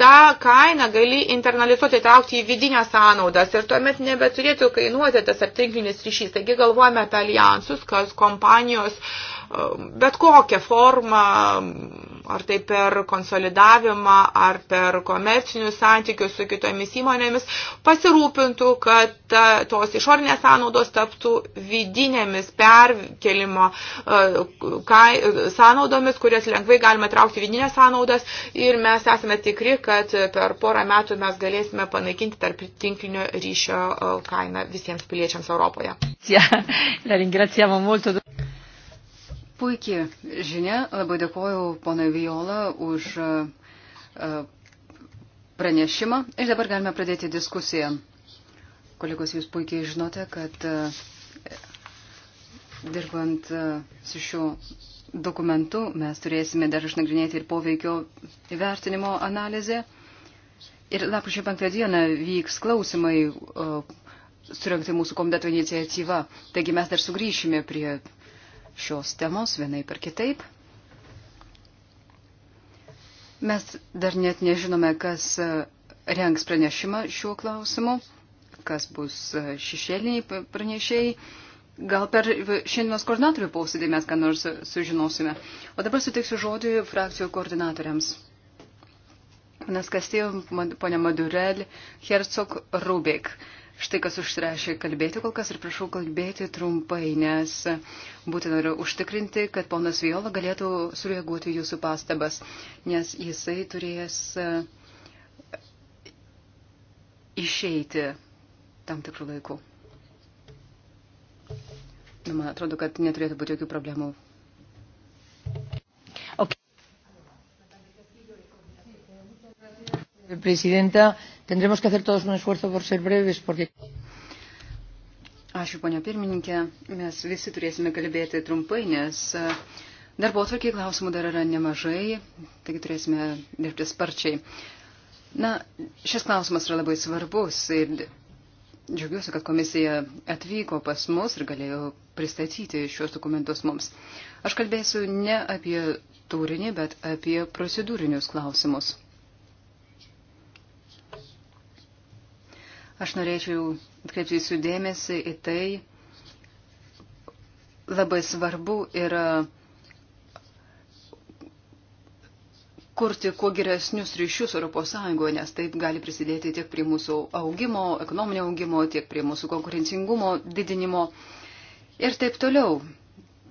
Speaker 1: tą kainą gali internalizuoti, traukti į vidinės sąnaudas ir tuomet nebeturėtų kainuoti tas aptinklinis ryšys. Taigi galvojame apie alijansus, kas kompanijos uh, bet kokią formą, ar tai per konsolidavimą, ar per komercinius santykius su kitomis įmonėmis, pasirūpintų, kad ta, tos išorinės sąnaudos taptų vidinėmis perkelimo e, kai, sąnaudomis, kurias lengvai galime traukti vidinės sąnaudas ir mes esame tikri, kad per porą metų mes galėsime panaikinti tarp tinklinio ryšio e, kainą visiems piliečiams Europoje. Ja,
Speaker 3: la ringraziamo molto
Speaker 1: puikiai žinia. Labai dėkoju ponai
Speaker 2: Viola už e, e, pranešimą. Ir dabar galime pradėti diskusiją. Kolegos, jūs puikiai žinote, kad e, dirbant su šiuo dokumentu mes turėsime dar išnagrinėti ir poveikio įvertinimo analizę. Ir lapkričio penktą dieną vyks klausimai surinkti mūsų komiteto iniciatyva. Taigi mes dar sugrįšime prie šios temos vienai per kitaip. Mes dar net nežinome, kas e, rengs pranešimą šiuo klausimu, kas bus e, šešėliniai pranešėjai. Gal per šiandienos koordinatorių posėdį mes ką nors e, sužinosime. O dabar suteiksiu žodį frakcijų koordinatoriams. Panas Kastėjo, ponia Madurel, Herzog Rubik. Štai kas užsirašė kalbėti kol kas ir prašau kalbėti trumpai, nes būtent noriu užtikrinti, kad ponas Viola galėtų sureaguoti jūsų pastabas, nes jisai turės e, išeiti tam tikrų laikų. Nu, man atrodo, kad neturėtų būti jokių problemų
Speaker 3: presidenta. Tendremos que hacer todos un esfuerzo por ser breves, porque.
Speaker 2: Ačiū, ponia pirmininkė. Mes visi turėsime kalbėti trumpai, nes e, darbo atvarkiai klausimų dar yra nemažai, taigi turėsime dirbti sparčiai. Na, šis klausimas yra labai svarbus ir džiaugiuosi, kad komisija atvyko pas mus ir galėjo pristatyti šios dokumentus mums. Aš kalbėsiu ne apie turinį, bet apie procedūrinius klausimus. Aš norėčiau atkreipti jūsų dėmesį į tai, labai svarbu yra kurti kuo geresnius ryšius ES, nes taip gali prisidėti tiek prie mūsų augimo, ekonominio augimo, tiek prie mūsų konkurencingumo didinimo ir taip toliau.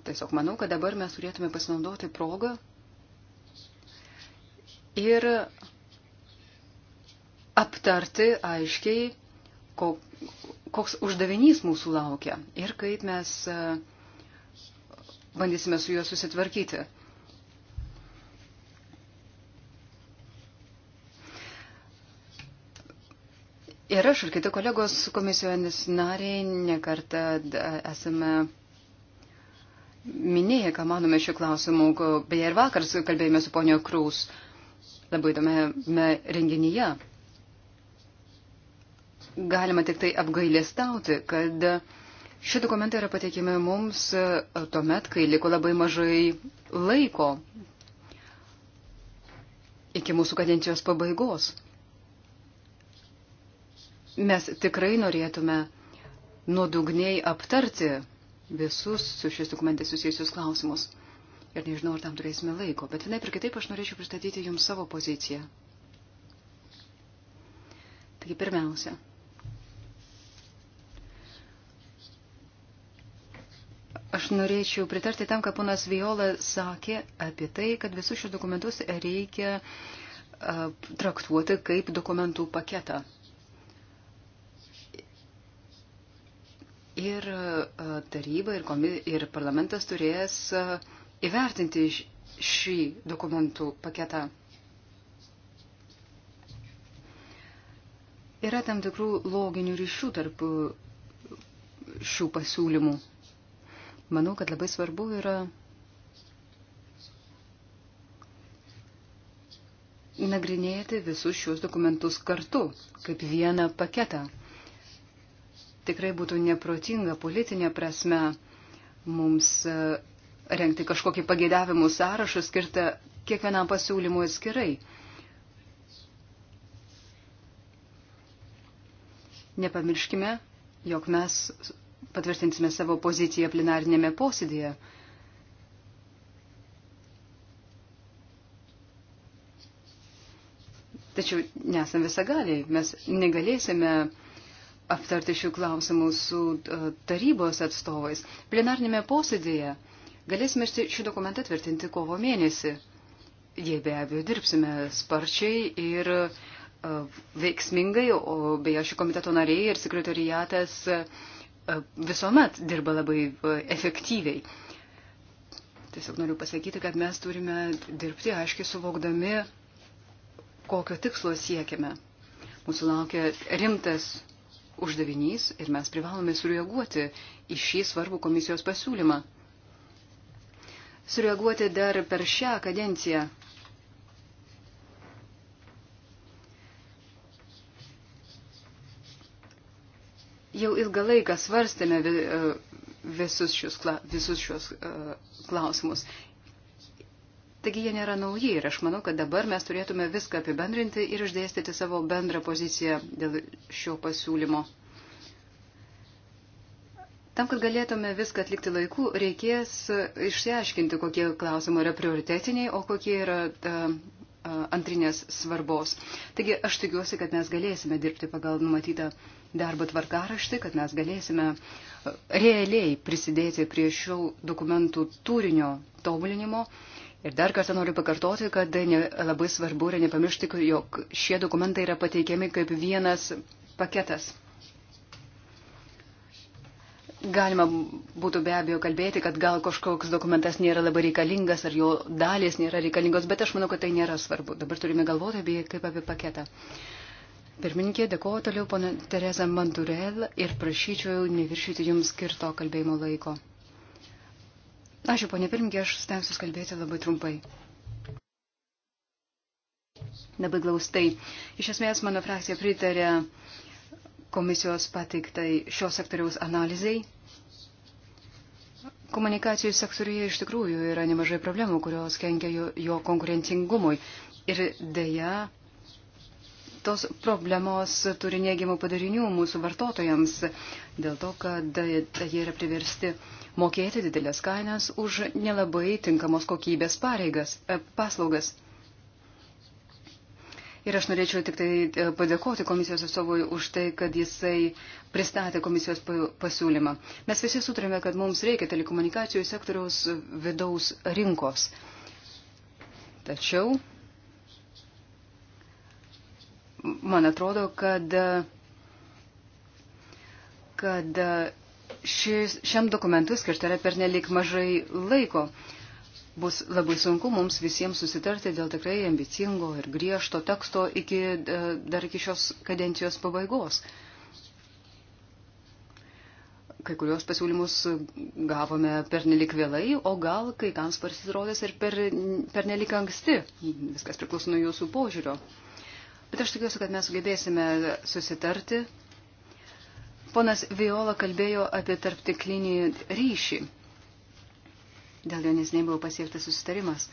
Speaker 2: Tiesiog manau, kad dabar mes turėtume pasinaudoti progą ir aptarti aiškiai koks uždavinys mūsų laukia ir kaip mes e, bandysime su juo susitvarkyti. Ir aš ir kiti kolegos komisijonis nariai nekartą esame minėję, ką manome šiuo klausimu. Beje, ir vakar kalbėjome su ponio Krūs labai įdomiame renginyje galima tik tai apgailėstauti, kad šie dokumentai yra pateikimi mums e, tuomet, kai liko labai mažai laiko iki mūsų kadencijos pabaigos. Mes tikrai norėtume nuodugniai aptarti visus su šiais dokumentais susijusius klausimus. Ir nežinau, ar tam turėsime laiko, bet vienaip ir kitaip aš norėčiau pristatyti Jums savo poziciją. Taigi pirmiausia, Aš norėčiau pritarti tam, ką ponas Viola sakė apie tai, kad visus šios dokumentus reikia a, traktuoti kaip dokumentų paketą. Ir a, taryba ir, komi, ir parlamentas turės a, įvertinti šį dokumentų paketą. Yra tam tikrų loginių ryšių tarp šių pasiūlymų manau, kad labai svarbu yra nagrinėti visus šios dokumentus kartu, kaip vieną paketą. Tikrai būtų neprotinga politinė prasme mums e, renkti kažkokį pageidavimų sąrašą skirtą kiekvienam pasiūlymui atskirai. Nepamirškime, jog mes patvirtinsime savo poziciją plenarinėme posėdėje. Tačiau nesam visagaliai, mes negalėsime aptarti šių klausimų su e, tarybos atstovais. Plenarnėme posėdėje galėsime šį dokumentą tvirtinti kovo mėnesį. Jie be abejo dirbsime sparčiai ir e, veiksmingai, o beje, šio komiteto nariai ir sekretariatas E, visuomet dirba labai e, efektyviai. Tiesiog noriu pasakyti, kad mes turime dirbti aiškiai suvokdami, kokio tikslo siekiame. Mūsų laukia rimtas uždavinys ir mes privalome sureaguoti į šį svarbų komisijos pasiūlymą. Sureaguoti dar per šią kadenciją jau ilgą laiką svarstėme e, visus šios, visus šios e, klausimus. Taigi jie nėra nauji ir aš manau, kad dabar mes turėtume viską apibendrinti ir išdėstyti savo bendrą poziciją dėl šio pasiūlymo. Tam, kad galėtume viską atlikti laiku, reikės e, išsiaiškinti, kokie klausimai yra prioritetiniai, o kokie yra antrinės svarbos. Taigi aš tikiuosi, kad mes galėsime dirbti pagal numatytą darbo tvarkaraštį, kad mes galėsime e, realiai prisidėti prie šių dokumentų turinio tobulinimo. Ir dar kartą noriu pakartoti, kad ne, labai svarbu yra nepamiršti, jog šie dokumentai yra pateikiami kaip vienas paketas. Galima būtų be abejo kalbėti, kad gal kažkoks dokumentas nėra labai reikalingas ar jo dalis nėra reikalingos, bet aš manau, kad tai nėra svarbu. Dabar turime galvoti apie kaip apie paketą. Uh, Pirmininkė, dėkuoju toliau pana Teresa Mandurel ir prašyčiau neviršyti jums skirto kalbėjimo laiko. Ačiū, ponė pirmininkė, aš stengsiu kalbėti labai trumpai. Labai glaustai. Iš esmės mano frakcija pritarė komisijos pateiktai šio sektoriaus analizai. Komunikacijų sektoriuje iš tikrųjų yra nemažai problemų, kurios kenkia jo, jo konkurencingumui. Ir dėja, tos problemos turi neigiamų padarinių mūsų vartotojams, dėl to, kad jie yra priversti mokėti didelės kainas už nelabai tinkamos kokybės pareigas, e, paslaugas. Ir aš norėčiau tik tai e, padėkoti komisijos atstovui už tai, kad jisai pristatė komisijos pasiūlymą. Mes visi sutarėme, kad mums reikia telekomunikacijų sektoriaus vidaus rinkos. Tačiau man atrodo, kad, kad šis, šiam dokumentui skirta yra pernelik mažai laiko. Bus labai sunku mums visiems susitarti dėl tikrai ambicingo ir griežto teksto iki, e, dar iki šios kadencijos pabaigos. Kai kurios pasiūlymus gavome pernelik vėlai, o gal kai kams pasirodės ir per, pernelik anksti. Viskas priklauso nuo jūsų požiūrio. Bet aš tikiuosi, kad mes sugebėsime susitarti. Ponas Viola kalbėjo apie tarptiklinį ryšį. Dėl jo nesiniai buvo pasiektas susitarimas.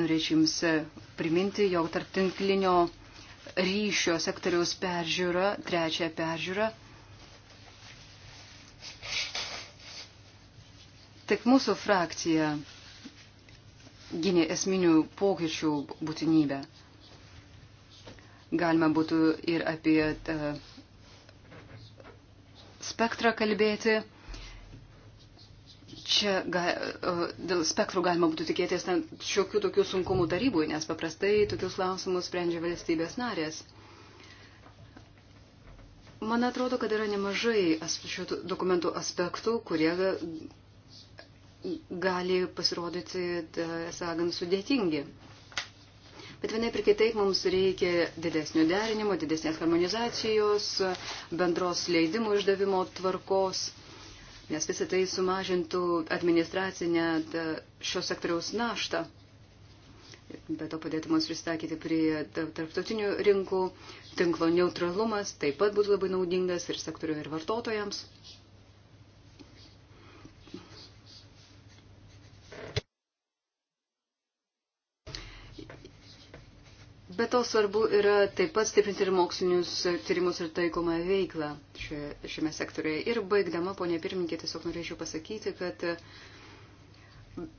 Speaker 2: Norėčiau Jums priminti, jog tarptinklinio ryšio sektoriaus peržiūra, trečia peržiūra, tik mūsų frakcija gynė esminių pokyčių būtinybę. Galima būtų ir apie e, spektrą kalbėti. Čia ga, e, dėl spektrų galima būtų tikėtis šiokių tokių sunkumų tarybui, nes paprastai tokius klausimus sprendžia valstybės narės. Man atrodo, kad yra nemažai šių dokumentų aspektų, kurie gali pasirodyti, esą, gan sudėtingi. Bet vienai per kitaip mums reikia didesnio derinimo, didesnės harmonizacijos, bendros leidimų išdavimo tvarkos, nes visą tai sumažintų administracinę šio sektoriaus naštą. Be to padėtų mums pristakyti prie tarptautinių rinkų, tinklo neutralumas taip pat būtų labai naudingas ir sektoriui, ir vartotojams. Bet to svarbu yra taip pat stiprinti ir mokslinius tyrimus ir taikomą veiklą šioje, šiame sektoriuje. Ir baigdama, ponė pirmininkė, tiesiog norėčiau pasakyti, kad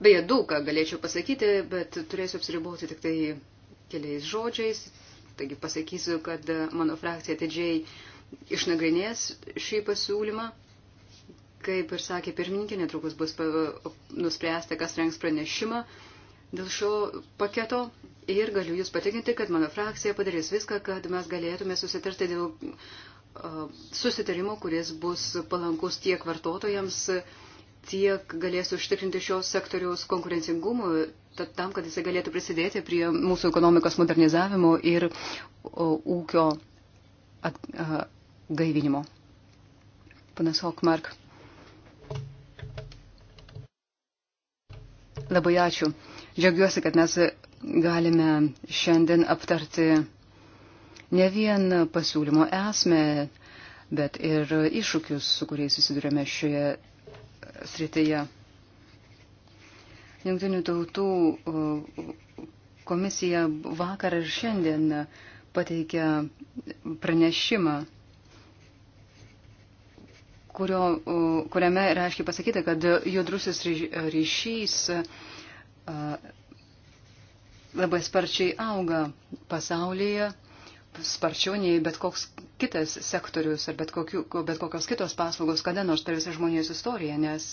Speaker 2: beje, daug ką galėčiau pasakyti, bet turėsiu apsiriboti tik tai keliais žodžiais. Taigi pasakysiu, kad mano frakcija atidžiai išnagrinės šį pasiūlymą. Kaip ir sakė pirmininkė, netrukus bus nuspręsta, kas rengs pranešimą dėl šio paketo ir galiu Jūs patikinti, kad mano frakcija padarys viską, kad mes galėtume susitarti dėl uh, susitarimo, kuris bus palankus tiek vartotojams, tiek galės užtikrinti šios sektoriaus konkurencingumų, tam, kad jisai galėtų prisidėti prie mūsų ekonomikos modernizavimo ir uh, ūkio at, uh, gaivinimo. Panas Hokmark. Labai ačiū. Džiaugiuosi, kad mes galime šiandien aptarti ne vien pasiūlymo esmę, bet ir iššūkius, su kuriais susidurėme šioje srityje. Junktinių tautų uh, komisija vakar ir šiandien pateikė pranešimą, kurio, uh, kuriame reiškia pasakyti, kad judrusis ryšys, ryšys labai sparčiai auga pasaulyje, sparčiau nei bet koks kitas sektorius ar bet, kokiu, bet kokios kitos paslaugos kada nors per visą žmonijos istoriją, nes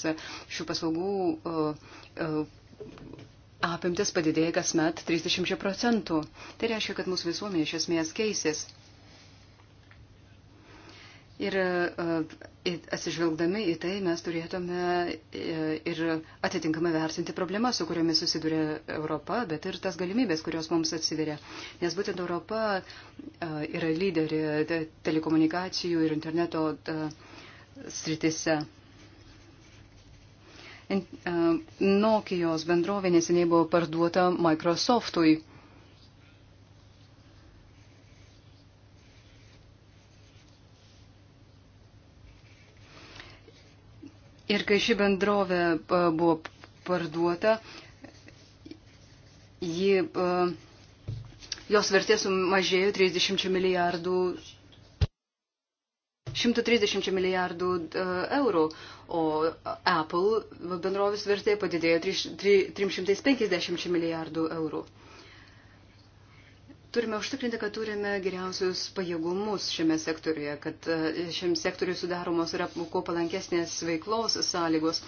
Speaker 2: šių paslaugų apimtis padidėja kasmet 30 procentų. Tai reiškia, kad mūsų visuomenė iš esmės keisės. Ir e, atsižvelgdami į tai mes turėtume e, ir atitinkamai vertinti problemas, su kuriomis susiduria Europa, bet ir tas galimybės, kurios mums atsiveria. Nes būtent Europa e, yra lyderė telekomunikacijų ir interneto sritise. Nokijos bendrovė neseniai buvo parduota Microsoftui. Ir kai ši bendrovė buvo parduota, ji, jos vertė sumažėjo 30 milijardų 130 milijardų e, eurų, o Apple bendrovės vertė padidėjo 350 milijardų eurų turime užtikrinti, kad turime geriausius pajėgumus šiame sektoriuje, kad e, šiam sektoriui sudaromos yra kuo palankesnės veiklos sąlygos.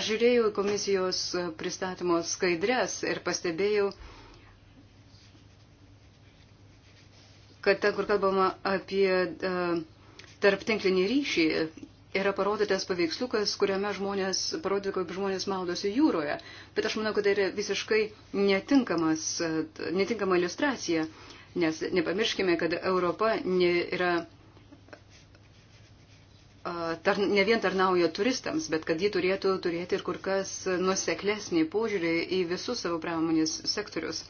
Speaker 2: Aš žiūrėjau komisijos pristatymo skaidrės ir pastebėjau, kad ten, kur kalbama apie e, tarptinklinį ryšį, yra parodytas paveiksliukas, kuriame žmonės parodė, kaip žmonės maldosi jūroje. Bet aš manau, kad tai yra visiškai netinkama iliustracija, nes nepamirškime, kad Europa ne, yra, tar, ne vien tarnauja turistams, bet kad ji turėtų turėti ir kur kas nuseklesnį požiūrį į visus savo pramonės sektorius.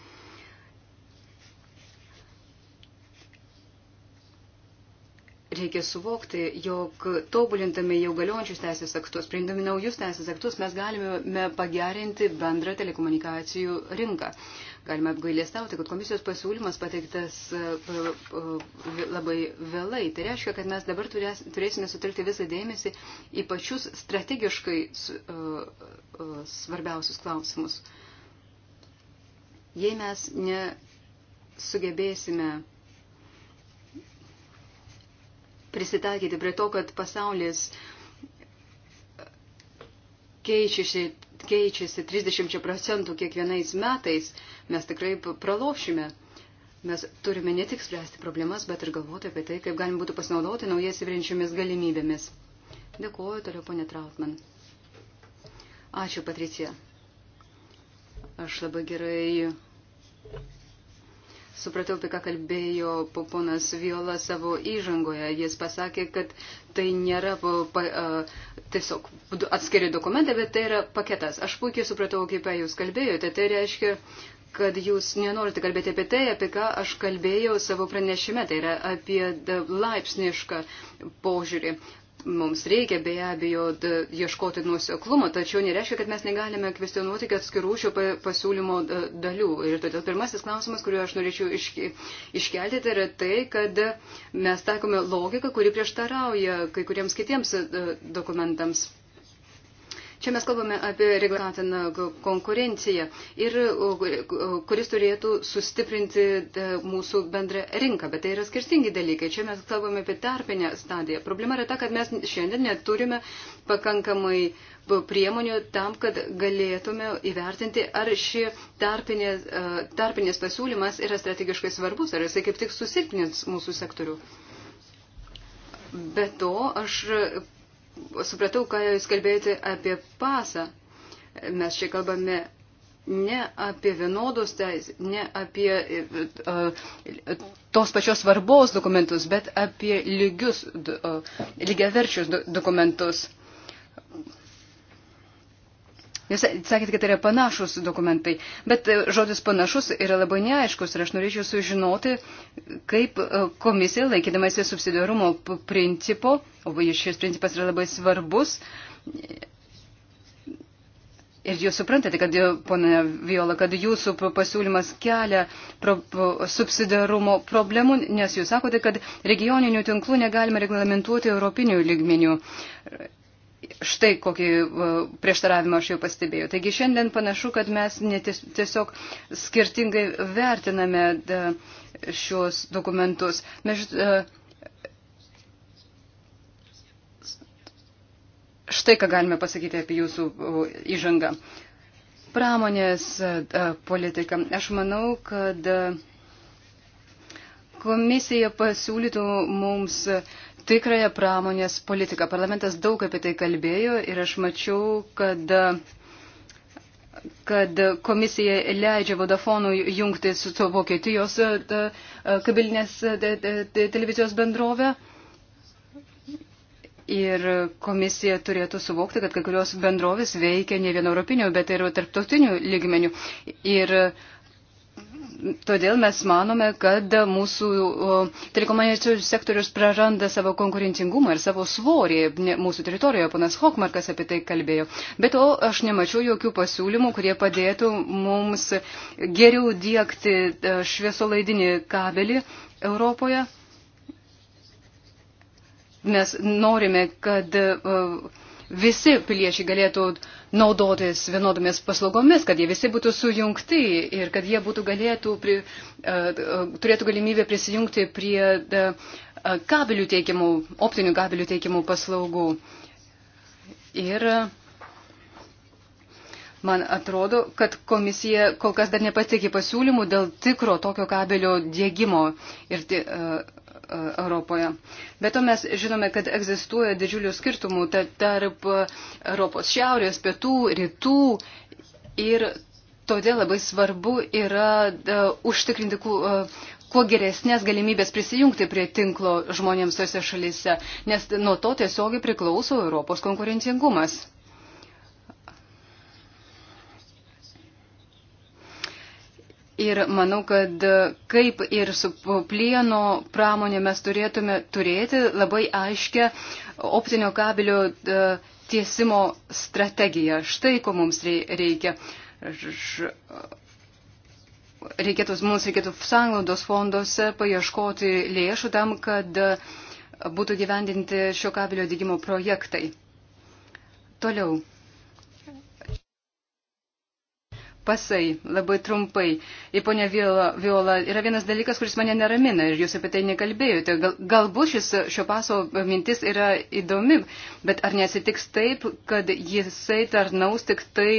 Speaker 2: reikia suvokti, jog tobulintami jau galiojančius teisės aktus, priimdami naujus teisės aktus, mes galime pagerinti bendrą telekomunikacijų rinką. Galime apgailėstauti, kad komisijos pasiūlymas pateiktas e, e, e, labai vėlai. Tai reiškia, kad mes dabar turėsime sutelkti visą dėmesį į pačius strategiškai svarbiausius klausimus. Jei mes nesugebėsime prisitaikyti prie to, kad pasaulis keičiasi, keičiasi 30 procentų kiekvienais metais, mes tikrai pralošime. Mes turime ne tik spręsti problemas, bet ir galvoti apie tai, kaip galima būtų pasinaudoti naujas įvrenčiomis galimybėmis. Dėkuoju toliau, ponė Trautman. Ačiū, Patricija. Aš labai gerai supratau, apie ką kalbėjo ponas Viola savo įžangoje. Jis pasakė, kad tai nėra pa, a, tiesiog atskiri dokumentai, bet tai yra paketas. Aš puikiai supratau, kaip jūs kalbėjote. Tai reiškia, kad jūs nenorite kalbėti apie tai, apie ką aš kalbėjau savo pranešime, tai yra apie laipsnišką požiūrį mums reikia be abejo ieškoti nuoseklumo, tačiau nereiškia, kad mes negalime kvestionuoti atskirų šio pasiūlymo dalių. Ir todėl pirmasis klausimas, kurį aš norėčiau iškelti, tai yra tai, kad mes taikome logiką, kuri prieštarauja kai kuriems kitiems dokumentams. Čia mes kalbame apie reglamentinę konkurenciją, ir, kuris turėtų sustiprinti e, mūsų bendrą rinką, bet tai yra skirtingi dalykai. Čia mes kalbame apie tarpinę stadiją. Problema yra ta, kad mes šiandien neturime pakankamai e, priemonių tam, kad galėtume įvertinti, ar ši tarpinės, e, tarpinės pasiūlymas yra strategiškai svarbus, ar jisai kaip tik susilpnins mūsų sektorių. Be to, aš supratau, ką jūs kalbėjote apie pasą. Mes čia kalbame ne apie vienodus teisės, ne apie uh, tos pačios svarbos dokumentus, bet apie lygius, uh, lygiaverčius dokumentus. Jūs sakėte, kad tai yra panašus dokumentai, bet e, žodis panašus yra labai neaiškus ir aš norėčiau sužinoti, kaip e, komisija, laikydamasi subsidiarumo principo, o šis principas yra labai svarbus, Ir jūs suprantate, kad, e, pana Viola, kad jūsų pasiūlymas kelia pro, subsidarumo problemų, nes jūs sakote, kad regioninių tinklų negalima reglamentuoti europinių lygmenių. Štai kokį e, prieštaravimą aš jau pastebėjau. Taigi šiandien panašu, kad mes tiesiog skirtingai vertiname e, šios dokumentus. Mes e, štai ką galime pasakyti apie jūsų įžangą. Pramonės politika. Aš manau, kad komisija pasiūlytų mums uh, tikrąją pramonės politiką. Parlamentas daug apie tai kalbėjo ir aš mačiau, kad kad komisija leidžia Vodafonui jungti su Vokietijos e, e, kabelinės e, televizijos bendrovė. Ir komisija turėtų suvokti, kad kai kurios bendrovės veikia ne vieno europinio, bet ir tarptautinių lygmenių. Ir uh, todėl mes manome, kad mūsų telekomunikacijų sektorius praranda savo konkurencingumą ir savo svorį mūsų teritorijoje. Panas Hokmarkas apie tai kalbėjo. Bet o aš nemačiau jokių pasiūlymų, kurie padėtų mums geriau dėkti e, šviesolaidinį kabelį Europoje. Mes norime, kad e, visi piliečiai galėtų uh, naudotis vienodomis paslaugomis, kad jie visi būtų sujungti ir kad jie būtų galėtų, pri, e, e, turėtų galimybę prisijungti prie e, kabelių teikimų, optinių kabelių teikimų paslaugų. Ir man atrodo, kad komisija kol kas dar nepateikė pasiūlymų dėl tikro tokio kabelio dėgymo ir, E, Europoje. Bet to mes žinome, kad egzistuoja didžiulių skirtumų tarp Europos šiaurės, pietų, rytų ir todėl labai svarbu yra e, užtikrinti e, kuo geresnės galimybės prisijungti prie tinklo žmonėms tose šalyse, nes nuo to tiesiogiai priklauso Europos konkurencingumas. Ir manau, kad kaip ir su plieno pramonė mes turėtume turėti labai aiškę optinio kabelio e, tiesimo strategiją. Štai ko mums reikia. Reikėtų, mums reikėtų sąnglaudos fondose paieškoti lėšų tam, kad būtų gyvendinti šio kabelio dygimo projektai. Toliau. pasai, labai trumpai. Į ponę Viola yra vienas dalykas, kuris mane neramina ir jūs apie tai nekalbėjote. Gal, galbūt šis šio paso mintis yra įdomi, bet ar nesitiks taip, kad jisai tarnaus tik tai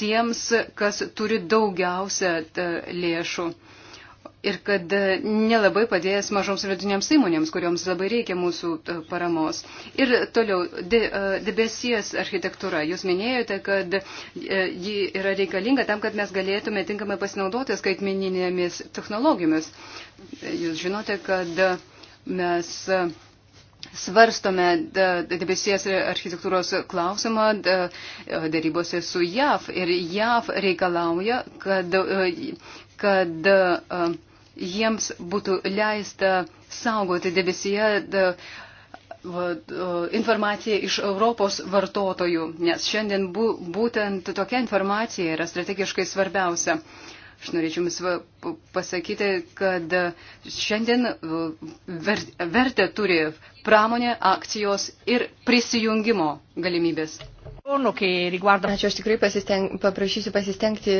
Speaker 2: tiems, kas turi daugiausia lėšų? Uh, ir kad e, nelabai padės mažoms ir vidinėms įmonėms, kurioms labai reikia mūsų e, paramos. Ir toliau, e, debesies architektūra. Jūs minėjote, kad ji yra reikalinga tam, kad mes galėtume tinkamai pasinaudoti skaitmeninėmis technologijomis. Jūs žinote, kad mes svarstome debesies architektūros klausimą darybose su JAV ir JAV reikalauja, kad, kad jiems būtų leista saugoti debesyje informaciją iš Europos vartotojų, nes šiandien būtent tokia informacija yra strategiškai svarbiausia. Aš norėčiau Jums pasakyti, kad šiandien vertę turi pramonė, akcijos ir prisijungimo galimybės.
Speaker 3: Ačiū, aš tikrai pasisteng, paprašysiu pasistengti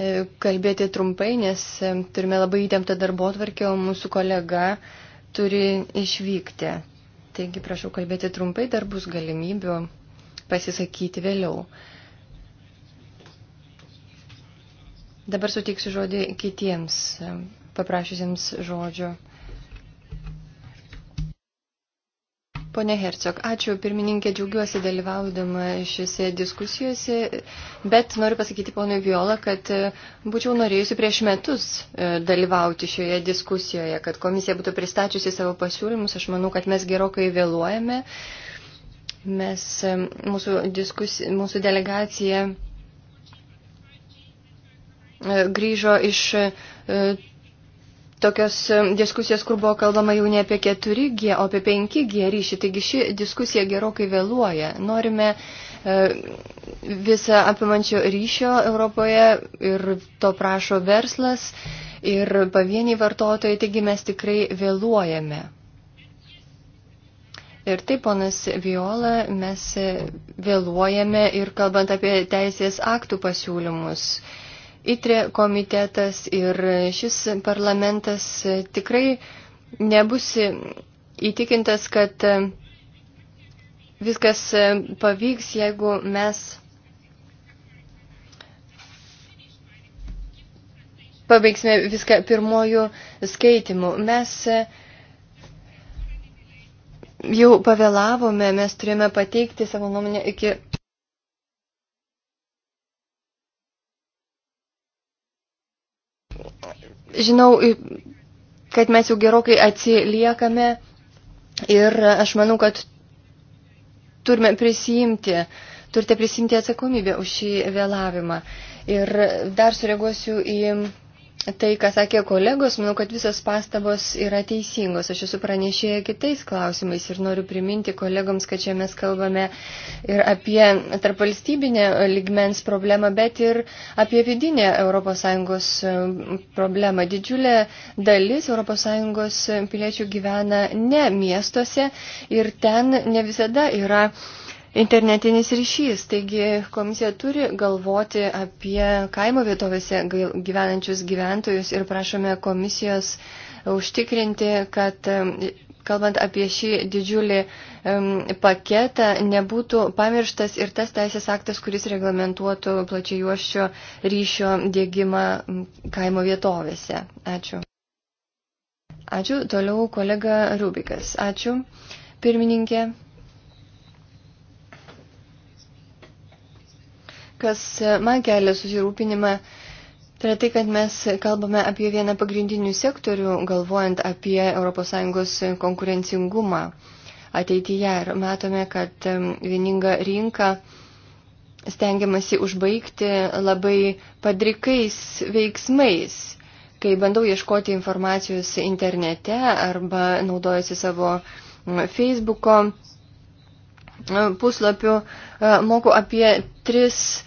Speaker 3: E, kalbėti trumpai, nes e, turime labai įtemptą darbo atvarkę, o mūsų kolega turi išvykti. Taigi prašau kalbėti trumpai, dar bus galimybių pasisakyti vėliau. Dabar suteiksiu žodį kitiems e, paprašysiems žodžio. Pone Hercog, ačiū pirmininkė, džiaugiuosi dalyvaudama šiuose diskusijose, bet noriu pasakyti ponui Viola, kad e, būčiau norėjusi prieš metus e, dalyvauti šioje diskusijoje, kad komisija būtų pristačiusi savo pasiūlymus, aš manau, kad mes gerokai vėluojame. Mes, e, mūsų, diskusi, mūsų delegacija grįžo iš tokios diskusijos, kur buvo kalbama jau ne apie 4G, o apie 5G ryšį. Taigi ši diskusija gerokai vėluoja. Norime e, visą apimančio ryšio Europoje ir to prašo verslas ir pavieniai vartotojai, taigi mes tikrai vėluojame. Ir taip, ponas Viola, mes vėluojame ir kalbant apie teisės aktų pasiūlymus. ITRE komitetas ir šis parlamentas tikrai nebus įtikintas, kad viskas pavyks, jeigu mes pabaigsime viską pirmojų skaitimų. Mes jau pavėlavome, mes turėjome pateikti savo nuomonę iki žinau, kad mes jau gerokai atsiliekame ir aš manau, kad turime prisijimti, turite prisimti atsakomybę už šį vėlavimą. Ir dar sureaguosiu į tai, ką sakė kolegos, manau, kad visos pastabos yra teisingos. Aš esu pranešėję kitais klausimais ir noriu priminti kolegoms, kad čia mes kalbame ir apie tarpvalstybinę ligmens problemą, bet ir apie vidinę ES problemą. Didžiulė dalis ES piliečių gyvena ne miestuose ir ten ne visada yra internetinis ryšys. Taigi komisija turi galvoti apie kaimo vietovėse gyvenančius gyventojus ir prašome komisijos užtikrinti, kad e, kalbant apie šį didžiulį paketą, nebūtų pamirštas ir tas teisės aktas, kuris reglamentuotų plačiajuoščio ryšio dėgymą kaimo vietovėse. Ačiū. Ačiū. Toliau kolega Rubikas. Ačiū. Pirmininkė. kas man kelia susirūpinimą, tai yra tai, kad mes kalbame apie vieną pagrindinių sektorių, galvojant apie ES konkurencingumą ateityje. Ir matome, kad vieninga rinka stengiamasi užbaigti labai padrikais veiksmais. Kai bandau ieškoti informacijos internete arba naudojasi savo Facebook'o puslapiu, e, moku apie tris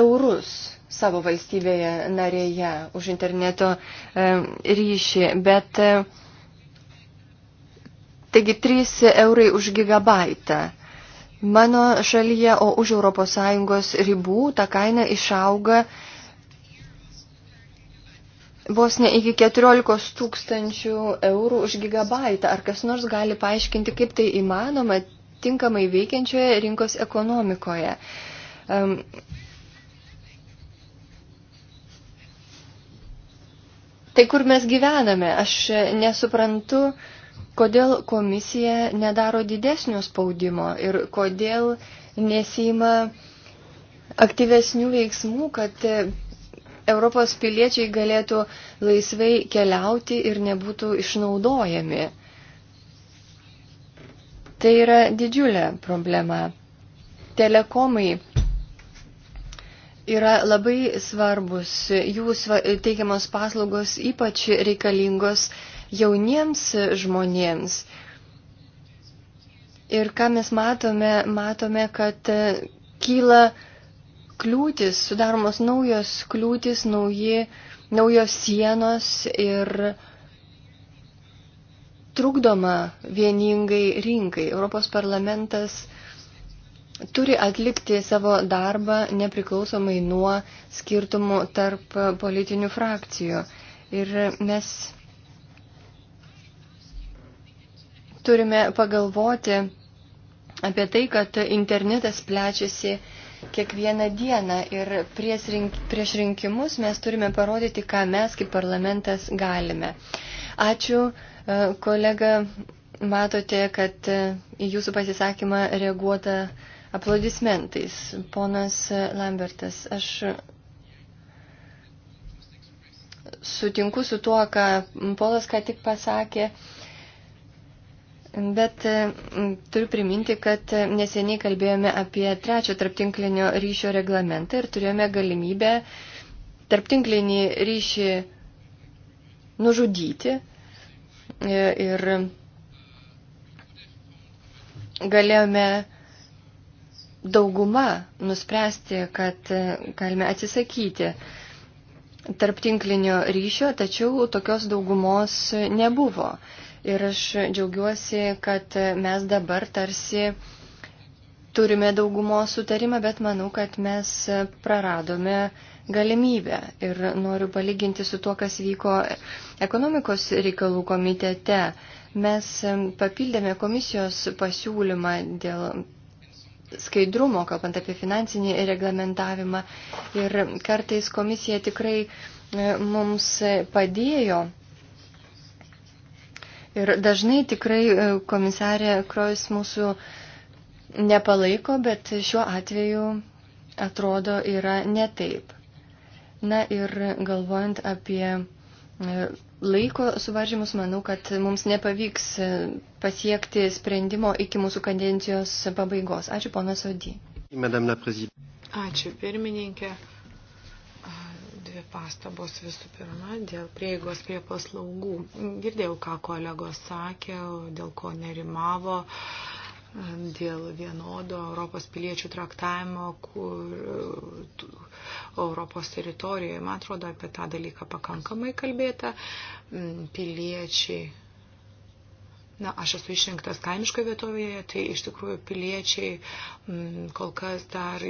Speaker 3: eurus savo valstybėje narėje už interneto e, ryšį, bet e, taigi 3 eurai už gigabaitą. Mano šalyje, o už ES ribų, ta kaina išauga vos ne iki 14 tūkstančių eurų už gigabaitą. Ar kas nors gali paaiškinti, kaip tai įmanoma tinkamai veikiančioje rinkos ekonomikoje? Um, Tai kur mes gyvename? Aš nesuprantu, kodėl komisija nedaro didesnio spaudimo ir kodėl nesima aktyvesnių veiksmų, kad Europos piliečiai galėtų laisvai keliauti ir nebūtų išnaudojami. Tai yra didžiulė problema. Telekomai yra labai svarbus. Jų teikiamos paslaugos ypač reikalingos jauniems žmonėms. Ir ką mes matome, matome, kad e, kyla kliūtis, sudaromos naujos kliūtis, nauji, naujos sienos ir trukdoma vieningai rinkai. Europos parlamentas turi atlikti savo darbą nepriklausomai nuo skirtumų tarp politinių frakcijų. Ir mes turime pagalvoti apie tai, kad internetas plečiasi kiekvieną dieną ir prieš, rink, prieš rinkimus mes turime parodyti, ką mes kaip parlamentas galime. Ačiū, e, kolega, matote, kad į jūsų pasisakymą reaguota aplodismentais. Ponas Lambertas, aš sutinku su tuo, ką Polas ką tik pasakė. Bet e, turiu priminti, kad neseniai kalbėjome apie trečią tarptinklinio ryšio reglamentą ir turėjome galimybę tarptinklinį ryšį nužudyti e, ir galėjome dauguma nuspręsti, kad e, galime atsisakyti tarptinklinio ryšio, tačiau tokios daugumos nebuvo. Ir aš džiaugiuosi, kad mes dabar tarsi turime daugumos sutarimą, bet manau, kad mes praradome galimybę. Ir noriu palyginti su tuo, kas vyko ekonomikos reikalų komitete. Mes papildėme komisijos pasiūlymą dėl skaidrumo, kalbant apie finansinį reglamentavimą. Ir kartais komisija tikrai e, mums padėjo. Ir dažnai tikrai e, komisarė Krois mūsų nepalaiko, bet šiuo atveju atrodo yra ne taip. Na ir galvojant apie e, laiko suvaržymus, manau, kad mums nepavyks e, pasiekti sprendimo iki mūsų kadencijos pabaigos. Ačiū, ponas Odį.
Speaker 1: Ačiū, pirmininkė. Dvi pastabos visų pirma dėl prieigos prie paslaugų. Girdėjau, ką kolegos sakė, dėl ko nerimavo dėl vienodo Europos piliečių traktavimo, kur Europos teritorijoje. Man atrodo, apie tą dalyką pakankamai kalbėta. Mm, piliečiai. Na, aš esu išrinktas kaimiškoje vietovėje, tai iš tikrųjų piliečiai mm, kol kas dar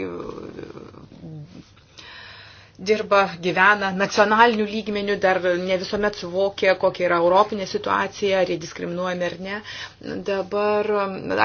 Speaker 1: dirba, gyvena nacionalinių lygmenių, dar ne visuomet suvokia, kokia yra europinė situacija, ar jie diskriminuojami ar ne. Dabar,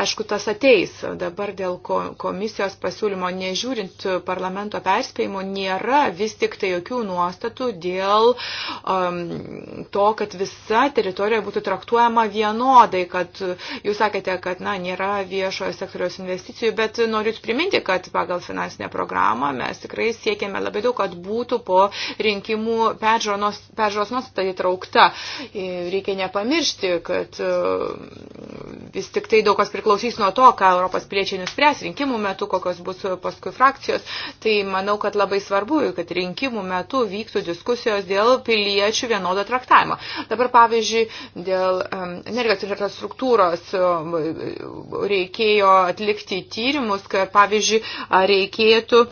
Speaker 1: aišku, tas ateis. Dabar dėl komisijos pasiūlymo, nežiūrint parlamento perspėjimo, nėra vis tik tai jokių nuostatų dėl um, to, kad visa teritorija būtų traktuojama vienodai, kad jūs sakėte, kad na, nėra viešojo sektoriaus investicijų, bet noriu priminti, kad pagal finansinę programą mes tikrai siekėme labai daug, kad būtų po rinkimų peržiūros nuostata įtraukta. E, reikia nepamiršti, kad e, vis tik tai daug kas priklausys nuo to, ką Europos piliečiai nuspręs rinkimų metu, kokios bus paskui frakcijos. Tai manau, kad labai svarbu, kad rinkimų metu vyktų diskusijos dėl piliečių vienodo traktavimo. Dabar, pavyzdžiui, dėl energijos infrastruktūros e, reikėjo atlikti tyrimus, kad, pavyzdžiui, reikėtų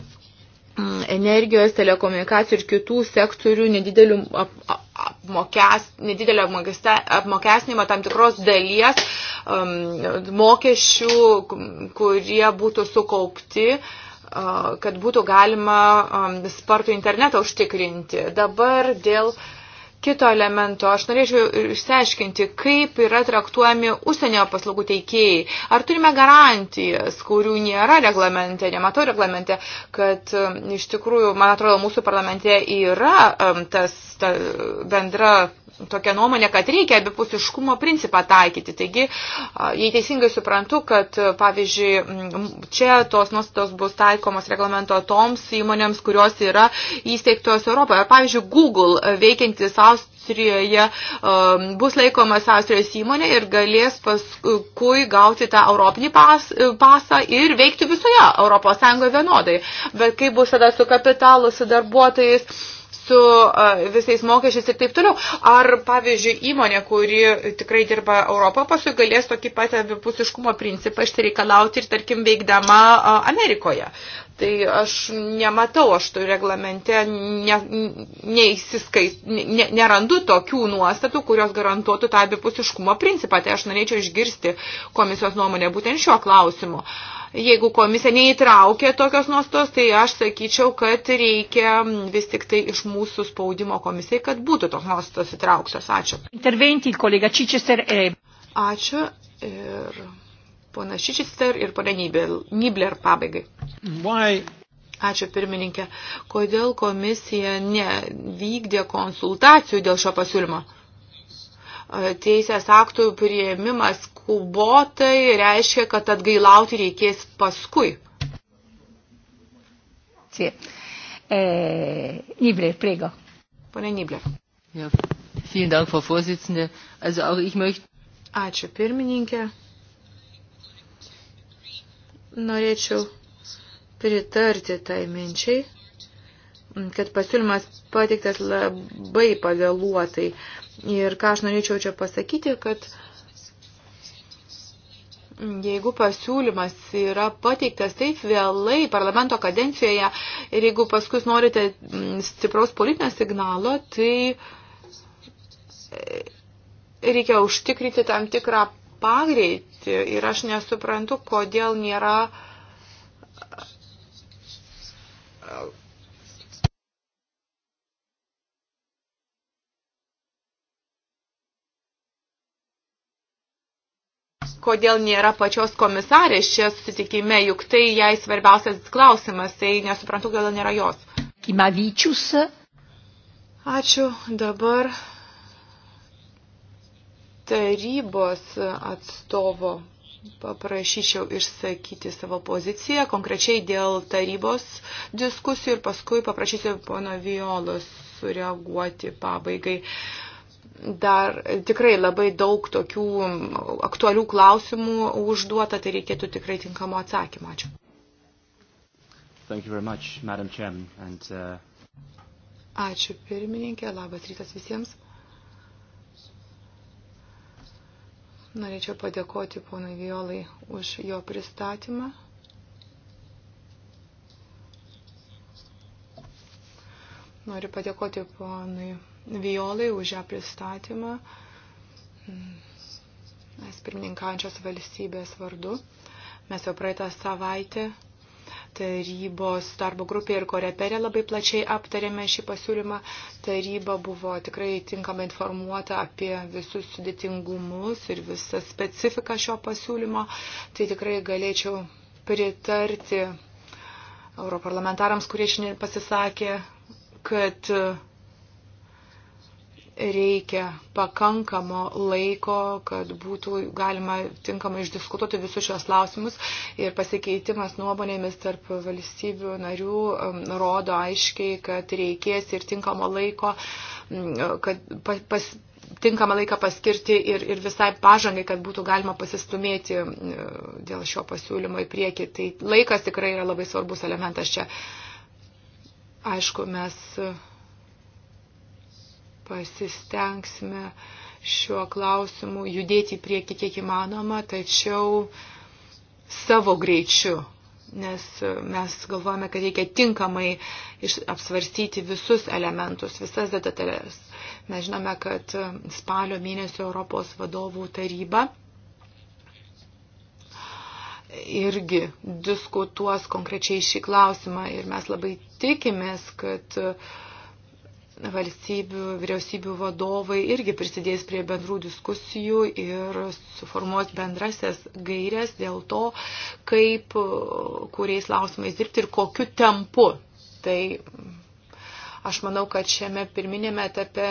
Speaker 1: Mm, energijos, telekomunikacijų ir kitų sektorių nedidelių ap, ap, apmokes, nedidelio apmokesnimo tam tikros dalies um, mokesčių, kurie būtų sukaupti uh, kad būtų galima um, spartų internetą užtikrinti. Dabar dėl uh, kito elemento. Aš norėčiau išsiaiškinti, kaip yra traktuojami užsienio paslaugų teikėjai. Ar turime garantijas, kurių nėra reglamente, nematau reglamente, kad um, iš tikrųjų, man atrodo, mūsų parlamente yra um, tas ta bendra tokia nuomonė, kad reikia abipusiškumo principą taikyti. Taigi, jei teisingai suprantu, kad, pavyzdžiui, čia tos nuostatos bus taikomos reglamento toms įmonėms, kurios yra įsteigtos Europoje. Pavyzdžiui, Google veikiantis Austrijoje bus laikomas Austrijos įmonė ir galės paskui gauti tą europinį pas, pasą ir veikti visoje Europos Sąjungoje vienodai. Bet kaip bus tada su kapitalu, su darbuotojais? su visais mokesčiais ir taip toliau. Ar, pavyzdžiui, įmonė, kuri tikrai dirba Europą, paskui galės tokį pat abipusiškumo principą išsireikalauti ir, tarkim, veikdama Amerikoje. Tai aš nematau, aš tu reglamente ne, neįsiskais, ne, nerandu tokių nuostatų, kurios garantuotų tą abipusiškumo principą. Tai aš norėčiau išgirsti komisijos nuomonę būtent šiuo klausimu. Uh, Jeigu komisija neįtraukė tokios nuostos, tai aš sakyčiau, kad reikia vis tik tai iš mūsų spaudimo komisijai, kad būtų tos nuostos įtrauktos. Ačiū. Interventi, kolega Čičester. E- Ačiū ir pona Čičester ir pona Nibler pabaigai. Why? Ačiū pirmininkė. Kodėl komisija nevykdė konsultacijų dėl šio pasiūlymo? teisės aktų prieimimas skubotai reiškia, kad atgailauti reikės paskui. Sì. Eh, Nibler, prego. Pone Nibler. Ja. Vielen Dank, Frau Vorsitzende. Also auch ich möchte. Ačiū pirmininkė. Norėčiau pritarti tai minčiai, kad pasiūlymas pateiktas labai pavėluotai. Ir ką aš norėčiau čia pasakyti, kad uh, jeigu pasiūlymas yra pateiktas taip vėlai parlamento kadencijoje ir jeigu paskui norite mm, stipraus politinio signalo, tai e, reikia užtikrinti tam tikrą pagreitį ir aš nesuprantu, kodėl nėra kodėl nėra pačios komisarės čia susitikime, juk tai jai svarbiausias klausimas, tai nesuprantu, kodėl nėra jos. Kimavyčius. Ačiū. Dabar tarybos atstovo paprašyčiau išsakyti savo poziciją, konkrečiai dėl tarybos diskusijų ir paskui paprašysiu pono Violos sureaguoti pabaigai. Uh, dar tikrai labai daug tokių aktualių klausimų užduota, tai reikėtų tikrai tinkamo atsakymo. Ačiū.
Speaker 2: Much,
Speaker 3: Chairman, and, uh...
Speaker 1: Ačiū pirmininkė, labas rytas visiems. Norėčiau padėkoti ponai Violai už jo pristatymą. Noriu padėkoti ponui Violai už ją pristatymą mes pirmininkaujančios valstybės vardu. Mes jau praeitą savaitę tarybos darbo grupė ir koreperė labai plačiai aptarėme šį pasiūlymą. Taryba buvo tikrai tinkamai informuota apie visus sudėtingumus ir visą specifiką šio pasiūlymo. Tai tikrai galėčiau pritarti europarlamentarams, kurie šiandien pasisakė, kad uh, reikia pakankamo laiko, kad būtų galima tinkamai išdiskutuoti visus šios klausimus ir pasikeitimas nuomonėmis tarp valstybių narių um, rodo aiškiai, kad reikės ir tinkamo laiko, um, kad pas, tinkamą laiką paskirti ir, ir visai pažangai, kad būtų galima pasistumėti um, dėl šio pasiūlymo į priekį. Tai laikas tikrai yra labai svarbus elementas čia. Aišku, mes pasistengsime šiuo klausimu judėti į priekį kiek įmanoma, tačiau savo greičiu, nes e, mes galvojame, kad reikia tinkamai apsvarstyti visus elementus, visas detalės. Mes žinome, kad e, spalio mėnesio Europos vadovų taryba irgi diskutuos konkrečiai šį klausimą ir mes labai tikimės, kad uh, valstybių, vyriausybių vadovai irgi prisidės prie bendrų diskusijų ir suformuos bendrasias gairias dėl to, kaip, kuriais klausimais dirbti ir kokiu tempu. Tai aš manau, kad šiame pirminėme etape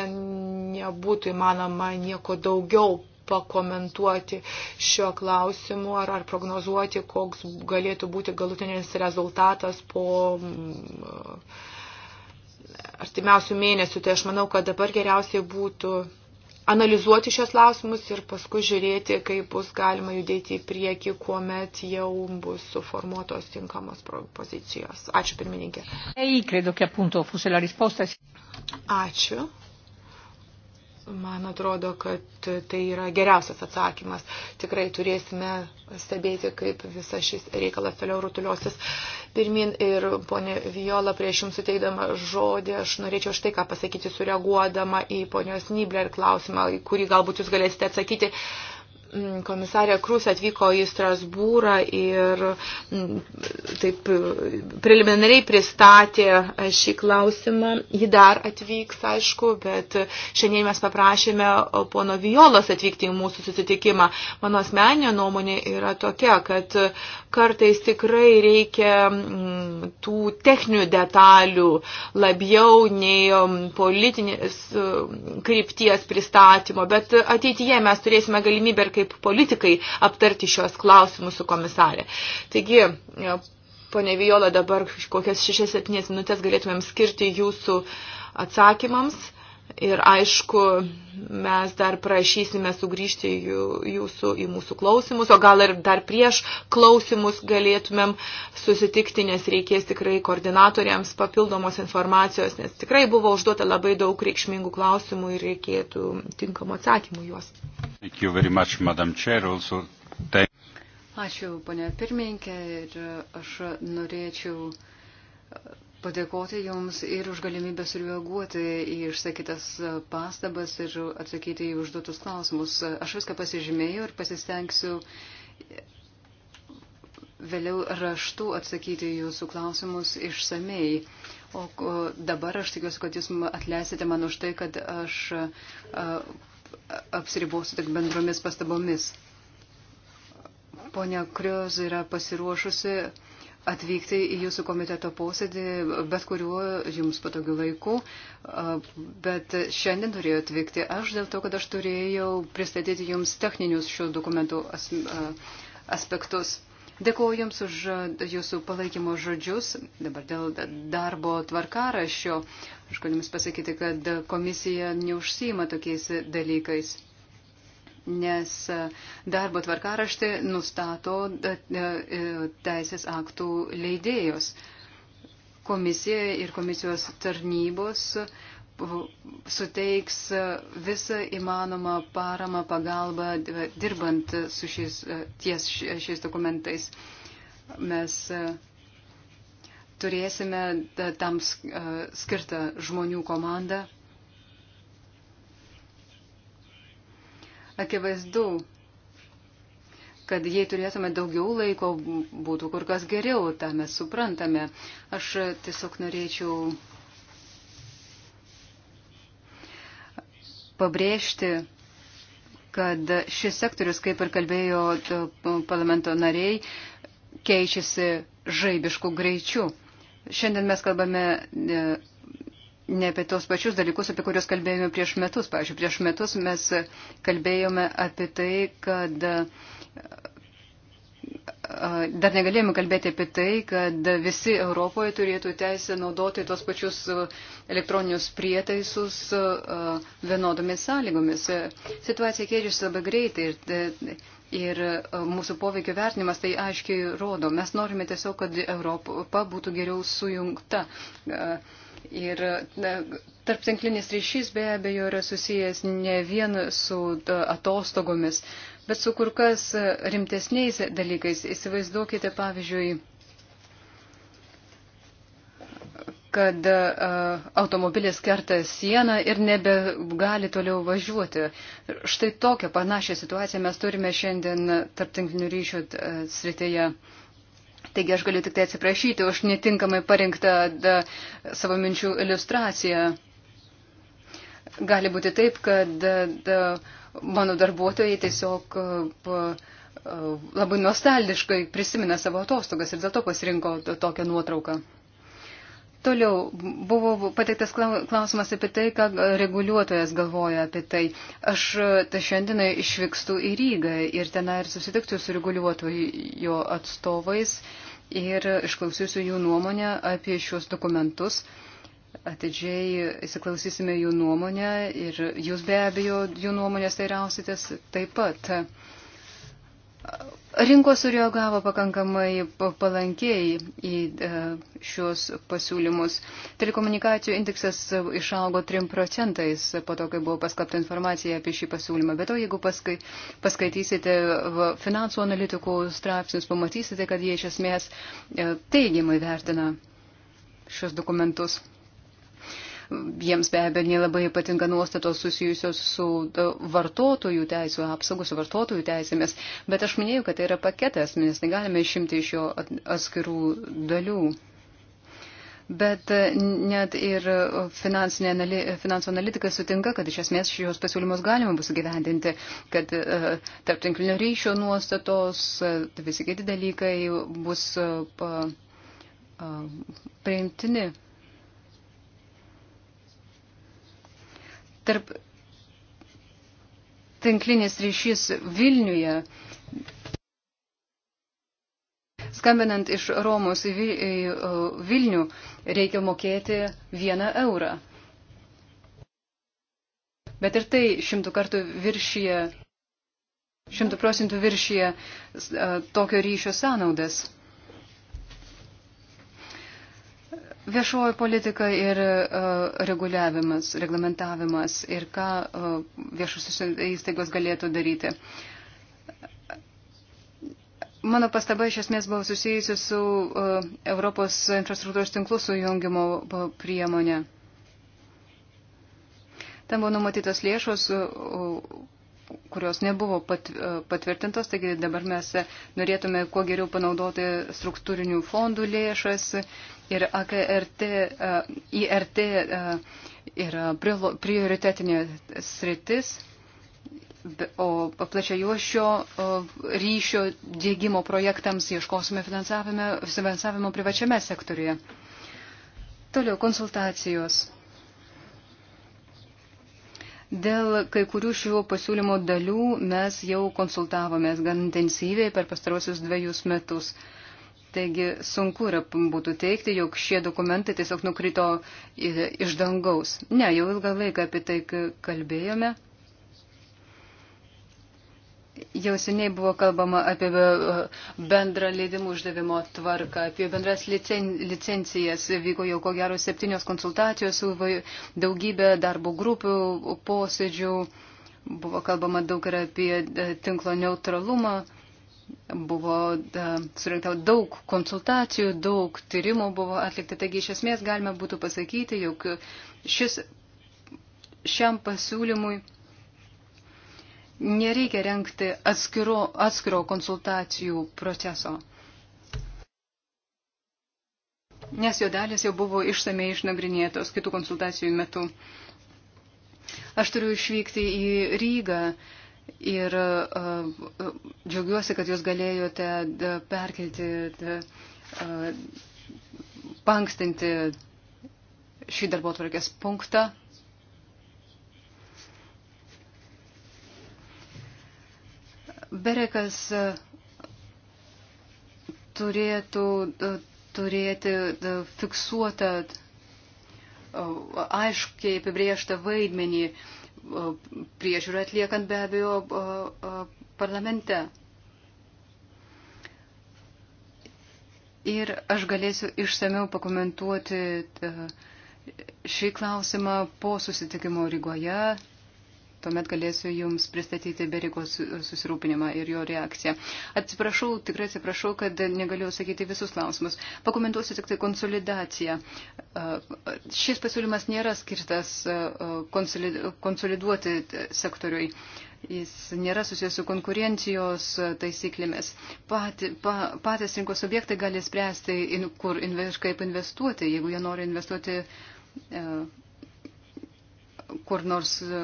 Speaker 1: nebūtų įmanoma nieko daugiau pakomentuoti šiuo klausimu ar, ar prognozuoti, koks galėtų būti galutinis rezultatas po uh, artimiausių mėnesių, tai aš manau, kad dabar geriausiai būtų analizuoti šios lausimus ir paskui žiūrėti, kaip bus galima judėti į priekį, kuomet jau bus suformuotos tinkamos pozicijos. Ačiū pirmininkė. Ačiū. Man atrodo, kad tai yra geriausias atsakymas. Tikrai turėsime stebėti, kaip visas šis reikalas toliau rutuliosis. Pirmin ir ponė Viola, prieš jums suteikdama žodį, aš norėčiau štai ką pasakyti, sureaguodama į ponios Nibler klausimą, kurį galbūt jūs galėsite atsakyti. Uh, Mm, komisarė Krus atvyko į Strasbūrą ir mm, taip preliminariai pristatė šį klausimą. Ji dar atvyks, aišku, bet šiandien mes paprašėme pono Violos atvykti į mūsų susitikimą. Mano asmeninė nuomonė yra tokia, kad kartais tikrai reikia mm, tų techninių detalių labiau nei politinės krypties pristatymo, bet ateityje mes turėsime galimybę ir kaip politikai aptarti šios klausimus su komisarė. Taigi, e, ponė Viola, dabar kokias 6-7 minutės galėtumėm skirti jūsų atsakymams. Ir aišku, mes dar prašysime sugrįžti jūsų į mūsų klausimus, o gal ir dar prieš klausimus galėtumėm susitikti, nes reikės tikrai koordinatoriams papildomos informacijos, nes tikrai buvo užduota labai daug reikšmingų klausimų ir reikėtų tinkamų atsakymų juos.
Speaker 2: Ačiū, ponia pirmininkė, ir aš norėčiau padėkoti Jums ir už galimybę sureaguoti į išsakytas pastabas ir atsakyti į užduotus klausimus. Aš viską pasižymėjau ir pasistengsiu vėliau raštu atsakyti Jūsų klausimus išsamei. O dabar aš tikiuosi, kad Jūs atleisite man už tai, kad aš apsiribosiu tik bendromis pastabomis. Pone Krios yra pasiruošusi atvykti į jūsų komiteto posėdį bet kuriuo jums patogiu laiku, bet šiandien turėjau atvykti aš dėl to, kad aš turėjau pristatyti jums techninius šių dokumentų aspektus. Dėkuoju Jums už Jūsų palaikymo žodžius. Dabar dėl darbo tvarkarašio. Aš galiu Jums pasakyti, kad komisija neužsima tokiais dalykais nes darbo tvarkaraštį nustato e, e, teisės aktų leidėjos. Komisija ir komisijos tarnybos suteiks visą įmanomą paramą, pagalbą e, dirbant su šiais, ties šiais dokumentais. Mes turėsime tam skirtą žmonių komandą Akivaizdu, kad jei turėtume daugiau laiko, būtų kur kas geriau, tą mes suprantame. Aš tiesiog norėčiau pabrėžti, kad šis sektorius, kaip ir kalbėjo parlamento nariai, keičiasi žaibiškų greičių. Šiandien mes kalbame e, ne apie tos pačius dalykus, apie kuriuos kalbėjome prieš metus. Pavyzdžiui, prieš metus mes kalbėjome apie tai, kad dar negalėjome kalbėti apie tai, kad visi Europoje turėtų teisę naudoti tos pačius elektroninius prietaisus vienodomis sąlygomis. Situacija keičiasi labai greitai ir, ir mūsų poveikio vertinimas tai aiškiai rodo. Mes norime tiesiog, kad Europa būtų geriau sujungta. Uh, Ir tarptinklinis ryšys be abejo yra susijęs ne vien su atostogomis, bet su kur kas rimtesniais dalykais. Įsivaizduokite, pavyzdžiui, kad uh, automobilis kerta sieną ir nebegali toliau važiuoti. Štai tokią panašią situaciją mes turime šiandien tarptinklinių ryšių uh, srityje. Uh, Taigi aš galiu tik tai atsiprašyti už netinkamai parinktą da, savo minčių iliustraciją. Gali būti taip, kad da, da, mano darbuotojai tiesiog pa, labai nostalgiškai prisimena savo atostogas ir dėl to pasirinko tokią nuotrauką. Toliau buvo pateiktas klausimas apie tai, ką reguliuotojas galvoja apie tai. Aš tai šiandieną išvykstu į Rygą ir ten ir susitiksiu su reguliuotojo atstovais ir išklausysiu jų nuomonę apie šios dokumentus. Atidžiai įsiklausysime jų nuomonę ir jūs be abejo jų nuomonės teirausitės taip pat. Rinkos sureagavo pakankamai palankiai į e, šios pasiūlymus. Telekomunikacijų indeksas išaugo 3 procentais po to, kai buvo paskapta informacija apie šį pasiūlymą. Bet to, jeigu paskai, paskaitysite finansų analitikų straipsnius, pamatysite, kad jie iš esmės e, teigiamai vertina šios dokumentus. Jiems be abejo nelabai patinka nuostatos susijusios su e, vartotojų teisų apsaugos, su vartotojų teisėmis, bet aš minėjau, kad tai yra paketas, mes negalime išimti iš jo atskirų dalių. Bet e, net ir anali, finansų analitikai sutinka, kad iš esmės šios pasiūlymus galima bus gyvendinti, kad uh, e, tarp tinklinio ryšio nuostatos, uh, visi kiti dalykai bus uh, uh, priimtini. Uh, tarp tinklinis ryšys Vilniuje. Skambinant iš Romos į Vilnių reikia mokėti vieną eurą. Bet ir tai šimtų kartų viršyje, šimtų procentų viršyje tokio ryšio sąnaudas. Viešoji politika ir uh, reguliavimas, reglamentavimas ir ką uh, e, viešusios įstaigos galėtų daryti. Mano pastaba iš esmės buvo susijusi su uh, Europos infrastruktūros tinklų sujungimo priemonė. Ten buvo numatytos lėšos, uh, kurios nebuvo pat, e, patvirtintos, taigi dabar mes norėtume kuo geriau panaudoti struktūrinių fondų lėšas ir AKRT, e, e, IRT yra prioritetinė sritis, o plačiajuošio ryšio dėgymo projektams ieškosime finansavimo privačiame sektoriuje. Toliau konsultacijos. Dėl kai kurių šių pasiūlymo dalių mes jau konsultavomės gan intensyviai per pastarosius dviejus metus. Taigi sunku yra būtų teikti, jog šie dokumentai tiesiog nukrito iš dangaus. Ne, jau ilgą laiką apie tai kalbėjome. Jau seniai buvo kalbama apie e, bendrą leidimų uždavimo tvarką, apie bendras licen, licencijas. Vyko jau ko gero septynios konsultacijos su daugybė darbo grupių, posėdžių. Buvo kalbama daug ir apie e, tinklo neutralumą. Buvo e, surinkta daug konsultacijų, daug tyrimų buvo atlikta. Taigi iš esmės galime būtų pasakyti, jog šis, šiam pasiūlymui nereikia renkti atskiro, atskiro konsultacijų proceso. Nes jo dalis jau buvo išsamei išnagrinėtos kitų konsultacijų metu. Aš turiu išvykti į Rygą ir uh, uh džiaugiuosi, kad jūs galėjote uh, perkelti, uh, uh pankstinti šį darbo tvarkės punktą. Berekas e, turėtų e, turėti e, fiksuotą, aiškiai apibriežtą vaidmenį priežiūrą atliekant be abejo parlamente. Ir aš galėsiu išsameu pakomentuoti šį klausimą po susitikimo Rygoje Tuomet galėsiu Jums pristatyti Berikos susirūpinimą ir jo reakciją. Atsiprašau, tikrai atsiprašau, kad negaliu sakyti visus klausimus. Pakomentuosiu tik tai konsolidaciją. Šis pasiūlymas nėra skirtas konsoliduoti sektoriui. Jis nėra susijęs su konkurencijos taisyklėmis. Pat, pa, patys rinkos subjektai gali spręsti, in, kur, inve, kaip investuoti, jeigu jie nori investuoti uh, kur nors e,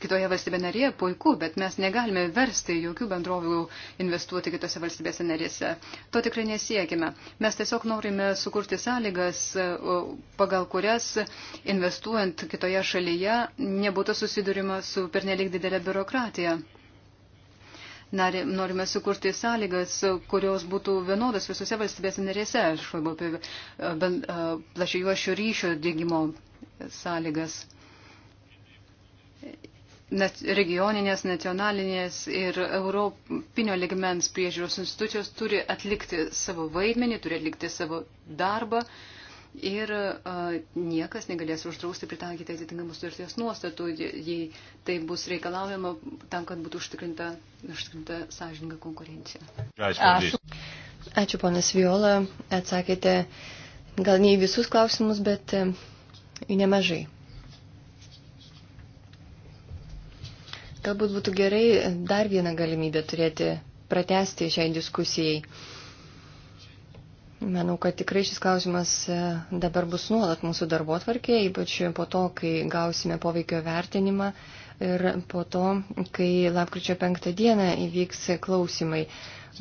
Speaker 2: kitoje valstybė narėje, puiku, bet mes negalime versti jokių bendrovių investuoti kitose valstybėse narėse. To tikrai nesiekime. Mes tiesiog norime sukurti sąlygas, e, pagal kurias investuojant kitoje šalyje nebūtų susidurima su pernelik didelė biurokratija. Norime sukurti sąlygas, kurios būtų vienodos visose valstybėse narėse. Aš kalbu apie e, plašiuošių ryšio dėgymo sąlygas regioninės, nacionalinės ir europinio ligmens priežiūros institucijos turi atlikti savo vaidmenį, turi atlikti savo darbą ir uh, niekas negalės uždrausti pritaikyti atitinkamus sutarties nuostatų, jei tai bus reikalaujama tam, kad būtų užtikrinta, užtikrinta sąžininga konkurencija.
Speaker 3: Ačiū. Ačiū, ponas Viola. Atsakėte gal ne į visus klausimus, bet e, į nemažai. Galbūt būtų gerai dar vieną galimybę turėti pratesti šiai diskusijai. Manau, kad tikrai šis klausimas e, dabar bus nuolat mūsų darbo tvarkėje, ypač po to, kai gausime poveikio vertinimą ir po to, kai lapkričio penktą dieną įvyks klausimai.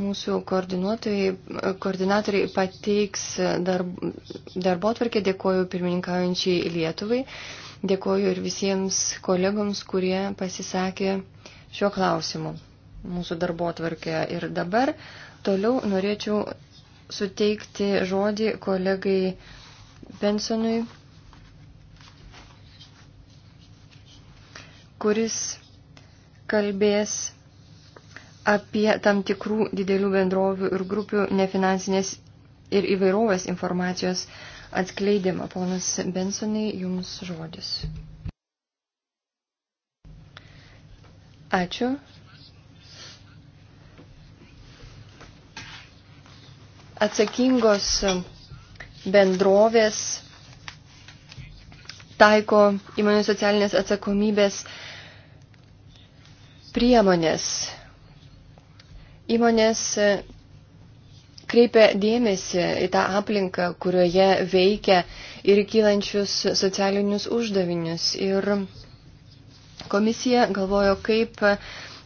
Speaker 3: Mūsų koordinatoriai pateiks darb, darbo tvarkę, dėkoju pirmininkaujančiai Lietuvai. Dėkoju ir visiems kolegoms, kurie pasisakė šiuo klausimu mūsų darbo atvarkė. Ir dabar toliau norėčiau suteikti žodį kolegai Bensonui, kuris kalbės apie tam tikrų didelių bendrovių ir grupių nefinansinės ir įvairovės informacijos uh, atskleidimą. Ponas Bensonai, jums žodis. Ačiū. Atsakingos bendrovės taiko įmonių socialinės atsakomybės priemonės. Įmonės kreipia dėmesį į tą aplinką, kurioje veikia ir kylančius socialinius uždavinius. Ir komisija galvojo, kaip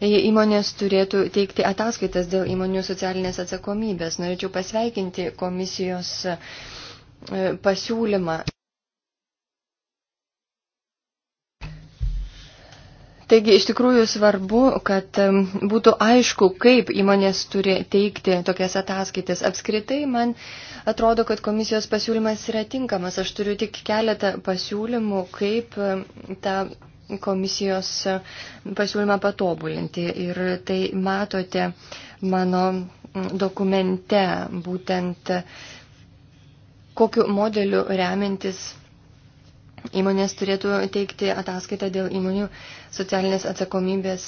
Speaker 3: įmonės turėtų teikti ataskaitas dėl įmonių socialinės atsakomybės. Norėčiau pasveikinti komisijos e, pasiūlymą. Taigi iš tikrųjų svarbu, kad būtų aišku, kaip įmonės turi teikti tokias ataskaitas. Apskritai man atrodo, kad komisijos pasiūlymas yra tinkamas. Aš turiu tik keletą pasiūlymų, kaip tą komisijos pasiūlymą patobulinti. Ir tai matote mano dokumente, būtent kokiu modeliu remintis Įmonės turėtų teikti ataskaitą dėl įmonių socialinės atsakomybės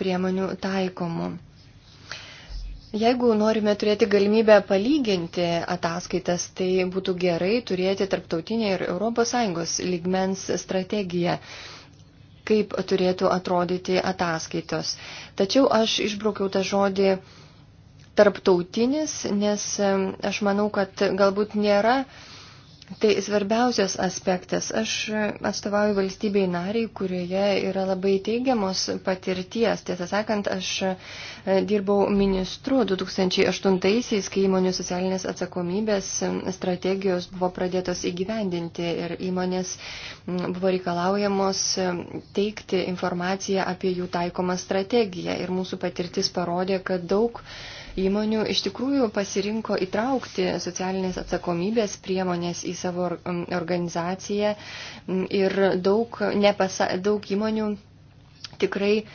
Speaker 3: priemonių taikomų. Jeigu norime turėti galimybę palyginti ataskaitas, tai būtų gerai turėti tarptautinę ir ES lygmens strategiją kaip turėtų atrodyti ataskaitos. Tačiau aš išbraukiau tą žodį tarptautinis, nes aš manau, kad galbūt nėra uh, Tai svarbiausias aspektas. Aš atstovauju valstybei nariai, kurioje yra labai teigiamos patirties. Tiesą sakant, aš e, dirbau ministru 2008-aisiais, kai įmonių socialinės atsakomybės strategijos buvo pradėtos įgyvendinti ir įmonės buvo reikalaujamos e, teikti informaciją apie jų taikomą strategiją. Ir mūsų patirtis parodė, kad daug įmonių iš tikrųjų pasirinko įtraukti socialinės atsakomybės priemonės į savo organizaciją ir daug, nepasa, daug įmonių tikrai e,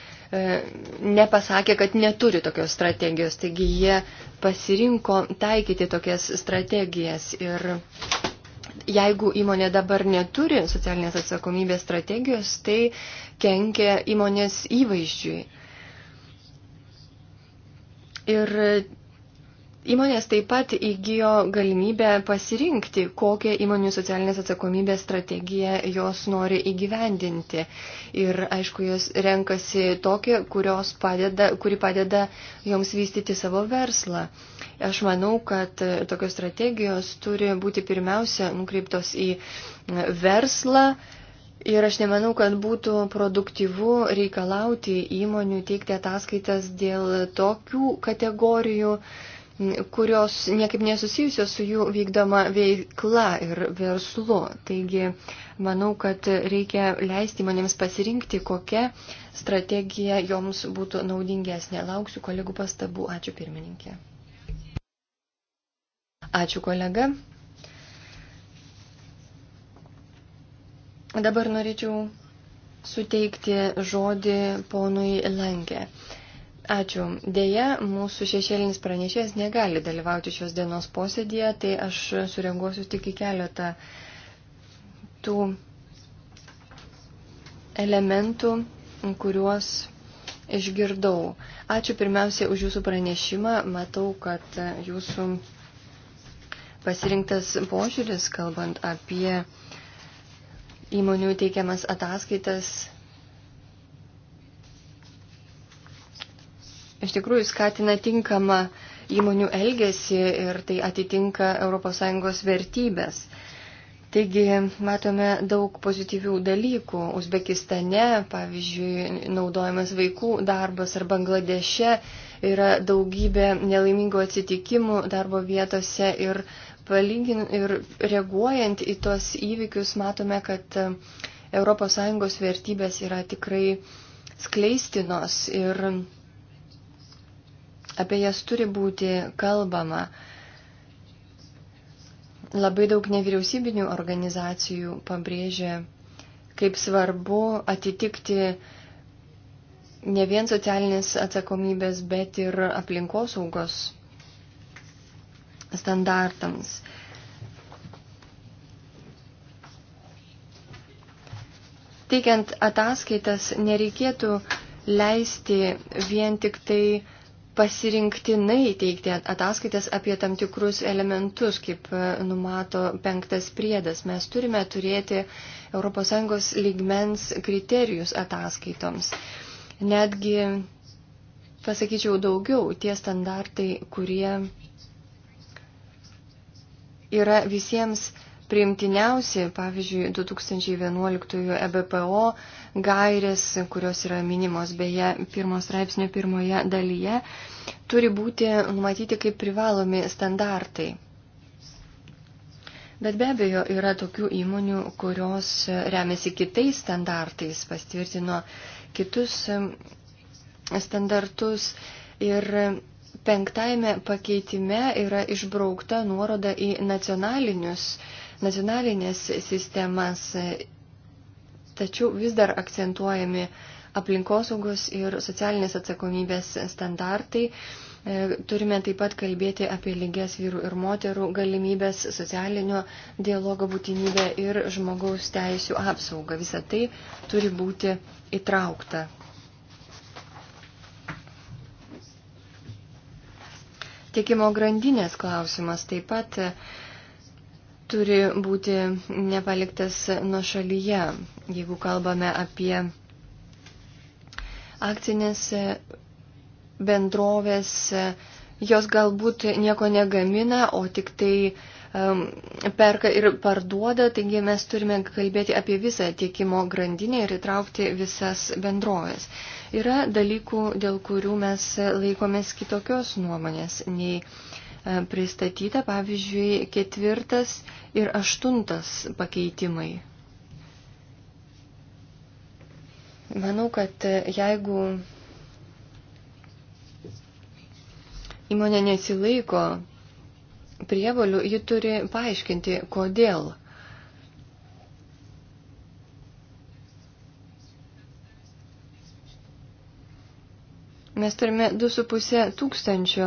Speaker 3: nepasakė, kad neturi tokios strategijos. Taigi jie pasirinko taikyti tokias strategijas. Ir jeigu įmonė dabar neturi socialinės atsakomybės strategijos, tai kenkia įmonės įvaizdžiui. Ir Įmonės taip pat įgyjo galimybę pasirinkti, kokią įmonių socialinės atsakomybės strategiją jos nori įgyvendinti. Ir aišku, jos renkasi tokią, padeda, kuri padeda joms vystyti savo verslą. Aš manau, kad tokios strategijos turi būti pirmiausia nukreiptos į verslą Ir aš nemanau, kad būtų produktyvu reikalauti įmonių teikti ataskaitas dėl tokių kategorijų, kurios niekaip nesusijusios su jų vykdoma veikla ir verslu. Taigi, manau, kad reikia leisti įmonėms pasirinkti, kokia strategija joms būtų naudingesnė. Lauksiu kolegų pastabų. Ačiū pirmininkė. Ačiū kolega. Dabar norėčiau suteikti žodį ponui Langė. Ačiū. Deja, mūsų šešėlinis pranešėjas negali dalyvauti šios dienos posėdėje, tai aš surenguosiu tik į keletą tų elementų, kuriuos išgirdau. Ačiū pirmiausia už jūsų pranešimą. Matau, kad jūsų pasirinktas požiūris, kalbant apie įmonių teikiamas ataskaitas iš tikrųjų skatina tinkamą įmonių elgesį ir tai atitinka ES vertybės. Taigi matome daug pozityvių dalykų. Uzbekistane, pavyzdžiui, naudojamas vaikų darbas ar Bangladeše yra daugybė nelaimingų atsitikimų darbo vietose ir uh, palygin ir reaguojant į tuos įvykius matome, kad ES vertybės yra tikrai skleistinos ir apie jas turi būti kalbama. Labai daug nevyriausybinių organizacijų pabrėžia, kaip svarbu atitikti ne vien socialinės atsakomybės, bet ir aplinkosaugos standartams. Teikiant ataskaitas nereikėtų leisti vien tik tai pasirinktinai teikti ataskaitas apie tam tikrus elementus, kaip numato penktas priedas. Mes turime turėti ES lygmens kriterijus ataskaitoms. Netgi, pasakyčiau, daugiau tie standartai, kurie yra visiems priimtiniausi, pavyzdžiui, 2011 EBPO gairės, kurios yra minimos beje pirmos straipsnio pirmoje dalyje, turi būti numatyti kaip privalomi standartai. Bet be abejo yra tokių įmonių, kurios remiasi kitais standartais, pastvirtino kitus standartus ir penktajame pakeitime yra išbraukta nuoroda į nacionalinės sistemas, tačiau vis dar akcentuojami aplinkosaugos ir socialinės atsakomybės standartai. E, turime taip pat kalbėti apie lygias vyrų ir moterų galimybės, socialinio dialogo būtinybę ir žmogaus teisų apsaugą. Visa tai turi būti įtraukta tiekimo grandinės klausimas taip pat e, turi būti nepaliktas nuo šalyje, jeigu kalbame apie akcinės e, bendrovės, e, jos galbūt nieko negamina, o tik tai um, perka ir parduoda, taigi mes turime kalbėti apie visą tiekimo grandinę ir įtraukti visas bendrovės. Uh, Yra dalykų, dėl kurių mes laikomės kitokios nuomonės nei e, pristatyta, pavyzdžiui, ketvirtas ir aštuntas pakeitimai. Manau, kad e, jeigu įmonė nesilaiko prievolių, ji turi paaiškinti, kodėl. Mes turime 2,5 tūkstančio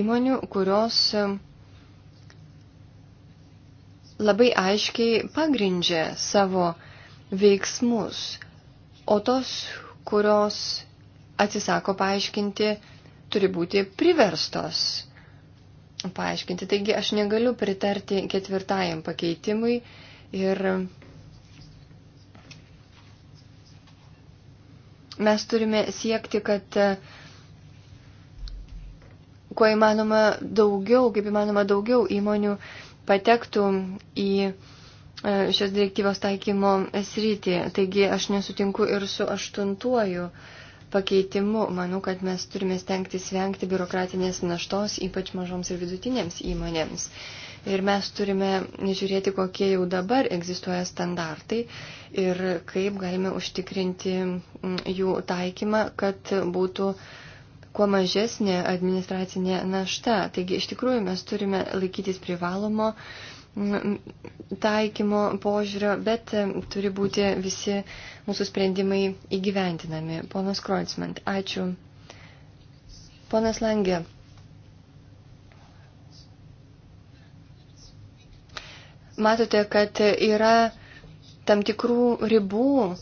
Speaker 3: įmonių, kurios e, labai aiškiai pagrindžia savo veiksmus, o tos, kurios atsisako paaiškinti, turi būti priverstos paaiškinti. Taigi aš negaliu pritarti ketvirtajam pakeitimui ir Mes turime siekti, kad e, kuo įmanoma daugiau, kaip įmanoma daugiau įmonių patektų į e, šios direktyvos taikymo sritį. Taigi aš nesutinku ir su aštuntuoju pakeitimu. Manau, kad mes turime stengtis vengti biurokratinės naštos, ypač mažoms ir vidutinėms įmonėms. Uh, Ir mes turime žiūrėti, kokie jau dabar egzistuoja standartai ir kaip galime užtikrinti mm, jų taikymą, kad būtų kuo mažesnė administracinė našta. Taigi iš tikrųjų mes turime laikytis privalomo mm, taikymo požiūrio, bet e, turi būti visi mūsų sprendimai įgyventinami. Ponas Kroitsman, ačiū. Ponas Langė, matote, kad yra tam tikrų ribų,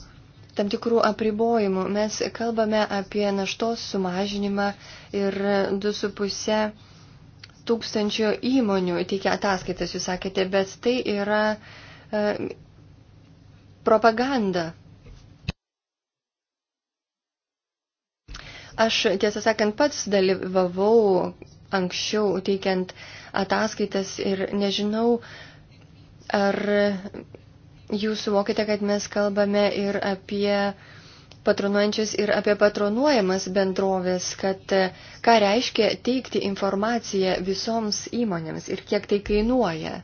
Speaker 3: tam tikrų apribojimų. Mes kalbame apie naštos sumažinimą ir 2,5 tūkstančio įmonių teikia ataskaitas, jūs sakėte, bet tai yra e, propaganda. Aš tiesą sakant pats dalyvavau anksčiau teikiant ataskaitas ir nežinau, Ar jūs suvokite, kad mes kalbame ir apie patronuojančias ir apie patronuojamas bendrovės, kad ką reiškia teikti informaciją visoms įmonėms ir kiek tai kainuoja?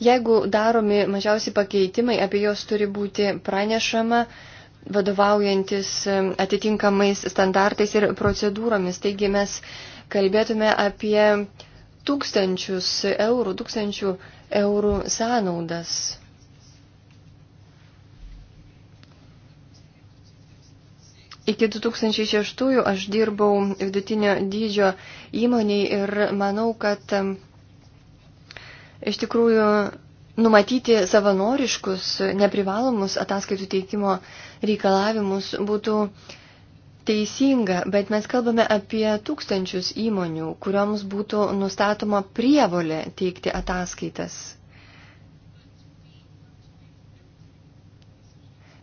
Speaker 3: Jeigu daromi mažiausi pakeitimai, apie juos turi būti pranešama vadovaujantis atitinkamais standartais ir procedūromis. Taigi mes kalbėtume apie tūkstančius eurų, tūkstančių eurų sąnaudas. Iki 2006 aš dirbau vidutinio dydžio įmoniai ir manau, kad iš tikrųjų numatyti savanoriškus, neprivalomus ataskaitų teikimo reikalavimus būtų teisinga, bet mes kalbame apie tūkstančius įmonių, kurioms būtų nustatoma prievolė teikti ataskaitas.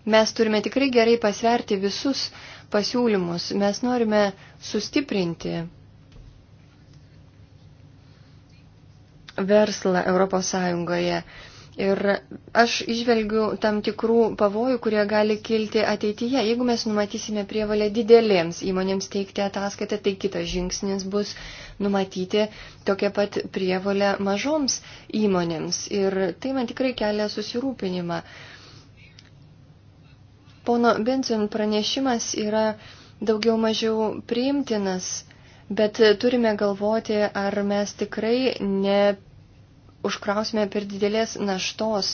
Speaker 3: Mes turime tikrai gerai pasverti visus pasiūlymus. Mes norime sustiprinti verslą Europos Sąjungoje. Ir aš išvelgiu tam tikrų pavojų, kurie gali kilti ateityje. Jeigu mes numatysime prievalę didelėms įmonėms teikti ataskaitą, tai kitas žingsnis bus numatyti tokią pat prievalę mažoms įmonėms. Ir tai man tikrai kelia susirūpinimą. Pono Benson pranešimas yra daugiau mažiau priimtinas. Bet turime galvoti, ar mes tikrai ne užkrausime per didelės naštos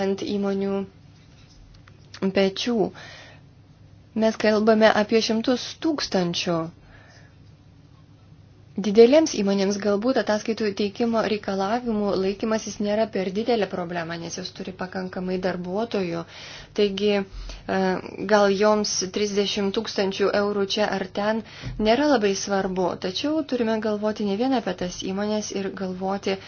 Speaker 3: ant įmonių pečių. Mes kalbame apie šimtus tūkstančių Didelėms įmonėms galbūt ataskaitų teikimo reikalavimų laikymasis nėra per didelė problema, nes jos turi pakankamai darbuotojų. Taigi e, gal joms 30 tūkstančių eurų čia ar ten nėra labai svarbu, tačiau turime galvoti ne vien apie tas įmonės ir galvoti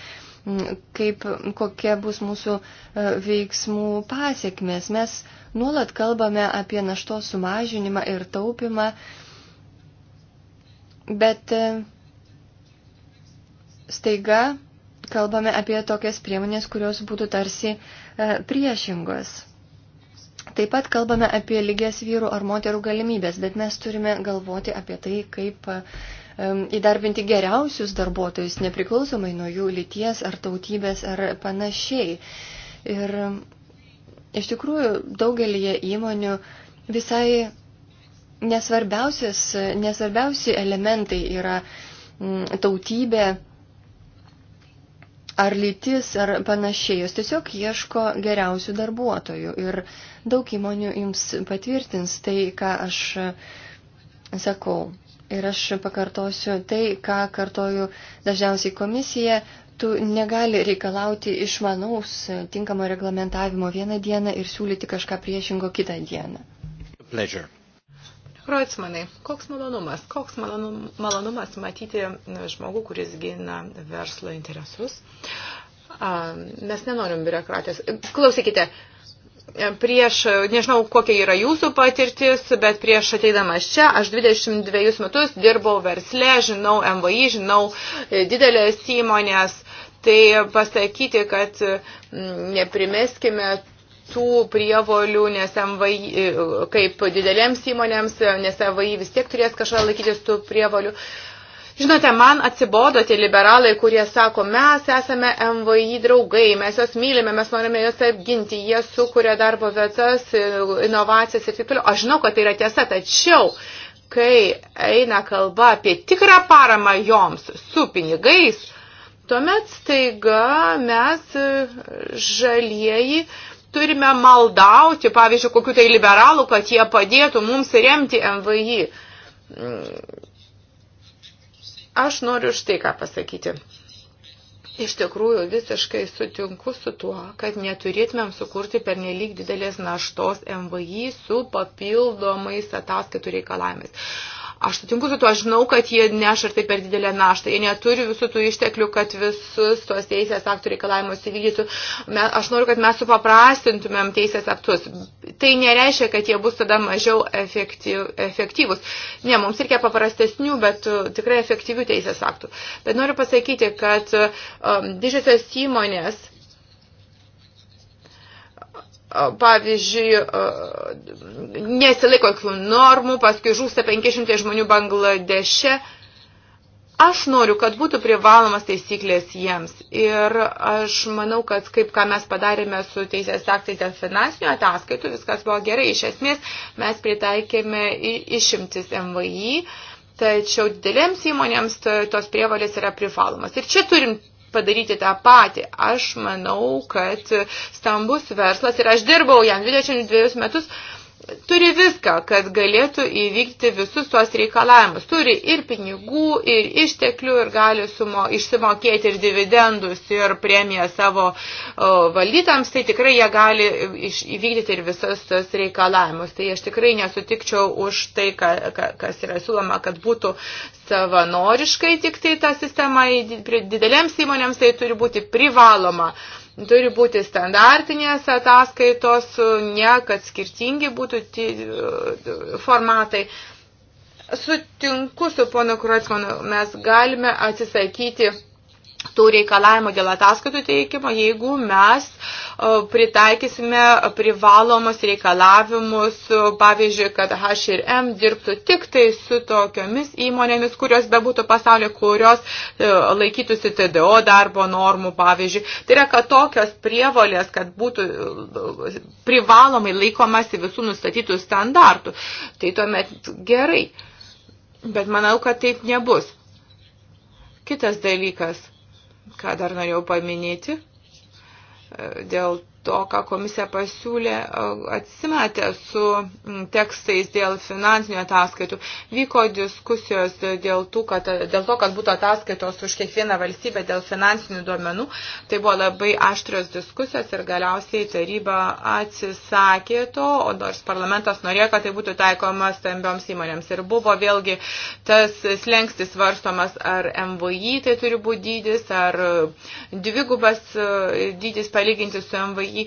Speaker 3: kaip, kokia bus mūsų e, veiksmų pasiekmes. Mes nuolat kalbame apie naštos sumažinimą ir taupimą, bet e, staiga kalbame apie tokias priemonės, kurios būtų tarsi e, priešingos. Taip pat kalbame apie lygias vyrų ar moterų galimybės, bet mes turime galvoti apie tai, kaip įdarbinti geriausius darbuotojus, nepriklausomai nuo jų lyties ar tautybės ar panašiai. Ir iš tikrųjų daugelį įmonių visai nesvarbiausi elementai yra tautybė ar lytis ar panašiai. Jos tiesiog ieško geriausių darbuotojų ir daug įmonių jums patvirtins tai, ką aš e, sakau. Ir aš pakartosiu tai, ką kartoju dažniausiai komisija, tu negali reikalauti išmanaus e, tinkamo reglamentavimo vieną dieną ir siūlyti kažką priešingo kitą dieną. Pleasure.
Speaker 1: Roitsmanai, koks malonumas, koks malonum, malonumas matyti e, žmogų, kuris gina verslo interesus. Mes nenorim biurokratijos. Klausykite, uh, prieš, nežinau, kokia yra jūsų patirtis, bet prieš ateidamas čia, aš 22 metus dirbau versle, žinau MVI, žinau e, didelės įmonės. Tai pasakyti, kad mm, neprimeskime tų prievolių, nes MVI, e, kaip didelėms įmonėms, nes MVI vis tiek turės kažką laikytis tų prievolių. Uh, Žinote, man atsibodo tie liberalai, kurie sako, mes esame MVI draugai, mes jos mylime, mes norime jos apginti, jie sukuria darbo vietas, inovacijas ir taip toliau. Aš žinau, kad tai yra tiesa, tačiau kai eina kalba apie tikrą paramą joms su pinigais, tuomet staiga mes e, žalieji turime maldauti, pavyzdžiui, kokiu tai liberalų, kad jie padėtų mums remti MVI. Mm, Aš noriu štai ką pasakyti. Iš tikrųjų, visiškai sutinku su tuo, kad neturėtumėm sukurti pernelyg didelės naštos MVI su papildomais ataskaitų reikalavimais. Aš sutinku su tuo, aš žinau, kad jie neša ir taip per didelę naštą. Jie neturi visų tų išteklių, kad visus tuos teisės aktų reikalavimus įvykdytų. Aš noriu, kad mes supaprastintumėm teisės aktus. Tai nereiškia, kad jie bus tada mažiau efektyvus. Ne, mums reikia paprastesnių, bet uh, tikrai efektyvių teisės aktų. Bet noriu pasakyti, kad um, didžiosios įmonės pavyzdžiui, nesilaiko jokių normų, paskui žūsta 500 žmonių Bangladeše. Aš noriu, kad būtų privalomas taisyklės jiems. Ir aš manau, kad kaip ką mes padarėme su teisės aktais dėl finansinių ataskaitų, viskas buvo gerai. Iš esmės mes pritaikėme išimtis MVI, tačiau didelėms įmonėms tos prievalės yra privalomas. Ir čia turim padaryti tą patį. Aš manau, kad stambus verslas, ir aš dirbau jam 22 metus, turi viską, kad galėtų įvykti visus tuos reikalavimus. Turi ir pinigų, ir išteklių, ir gali sumo, išsimokėti ir dividendus, ir premiją savo o, valdytams, tai tikrai jie gali iš, įvykdyti ir visas tas reikalavimus. Tai aš tikrai nesutikčiau už tai, ka, ka, kas yra siūloma, kad būtų savanoriškai tik tai ta sistema, didelėms įmonėms tai turi būti privaloma. Uh, Turi būti standartinės ataskaitos, ne kad skirtingi būtų formatai. Sutinku su ponu Kruotsmanu, mes galime atsisakyti tų reikalavimų dėl ataskaitų teikimo, jeigu mes e, pritaikysime privalomus reikalavimus, e, pavyzdžiui, kad H&M dirbtų tik tai su tokiomis įmonėmis, kurios bebūtų pasaulyje, kurios e, laikytųsi TDO darbo normų, pavyzdžiui. Tai yra, kad tokios prievolės, kad būtų privalomai laikomasi visų nustatytų standartų. Tai tuomet gerai. Bet manau, kad taip nebus. Kitas dalykas – ką dar norėjau paminėti dėl to, ką komisija pasiūlė, atsimetė su tekstais dėl finansinių ataskaitų. Vyko diskusijos dėl, tų, kad, dėl to, kad būtų ataskaitos už kiekvieną valstybę dėl finansinių duomenų. Tai buvo labai aštrios diskusijos ir galiausiai taryba atsisakė to, o nors parlamentas norėjo, kad tai būtų taikoma stambioms įmonėms. Ir buvo vėlgi tas slengstis svarstomas, ar MVI tai turi būti dydis, ar dvigubas e, dydis palyginti su MVI jį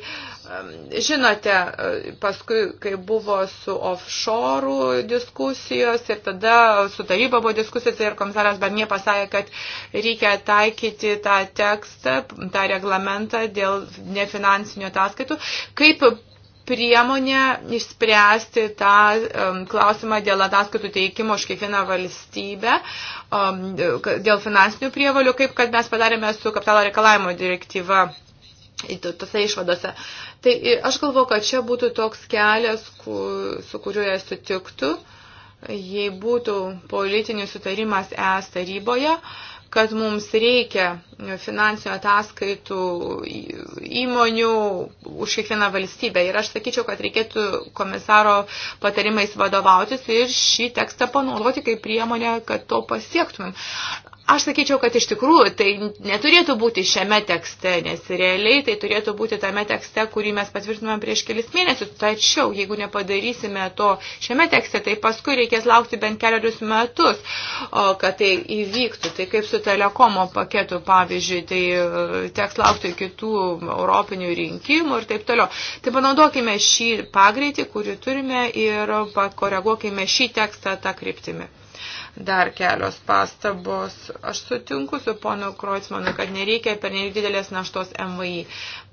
Speaker 1: žinote, e, paskui, kai buvo su offshore diskusijos ir tada su taryba buvo diskusijos ir komisaras Barnie pasakė, kad reikia taikyti tą tekstą, tą reglamentą dėl nefinansinių ataskaitų, kaip priemonė išspręsti tą um, klausimą dėl ataskaitų teikimo už kiekvieną valstybę, um, dėl finansinių prievalių, kaip kad mes padarėme su kapitalo reikalavimo direktyva tose išvadose. Tai aš galvoju, kad čia būtų toks kelias, su kuriuo sutiktų, jei būtų politinis sutarimas ES taryboje, kad mums reikia finansinių ataskaitų įmonių už kiekvieną valstybę. Ir aš sakyčiau, kad reikėtų komisaro patarimais vadovautis ir šį tekstą panaudoti kaip priemonę, kad to pasiektumėm. Aš sakyčiau, kad iš tikrųjų tai neturėtų būti šiame tekste, nes realiai tai turėtų būti tame tekste, kurį mes patvirtinome prieš kelis mėnesius. Tačiau, jeigu nepadarysime to šiame tekste, tai paskui reikės laukti bent keliarius metus, kad tai įvyktų. Tai kaip su telekomo paketu, pavyzdžiui, tai e, teks laukti kitų europinių rinkimų ir taip toliau. Tai panaudokime šį pagreitį, kurį turime ir pakoreguokime šį tekstą tą kryptimį. Dar kelios pastabos. Aš sutinku su ponu Kroicmanu, kad nereikia per didelės naštos MVI.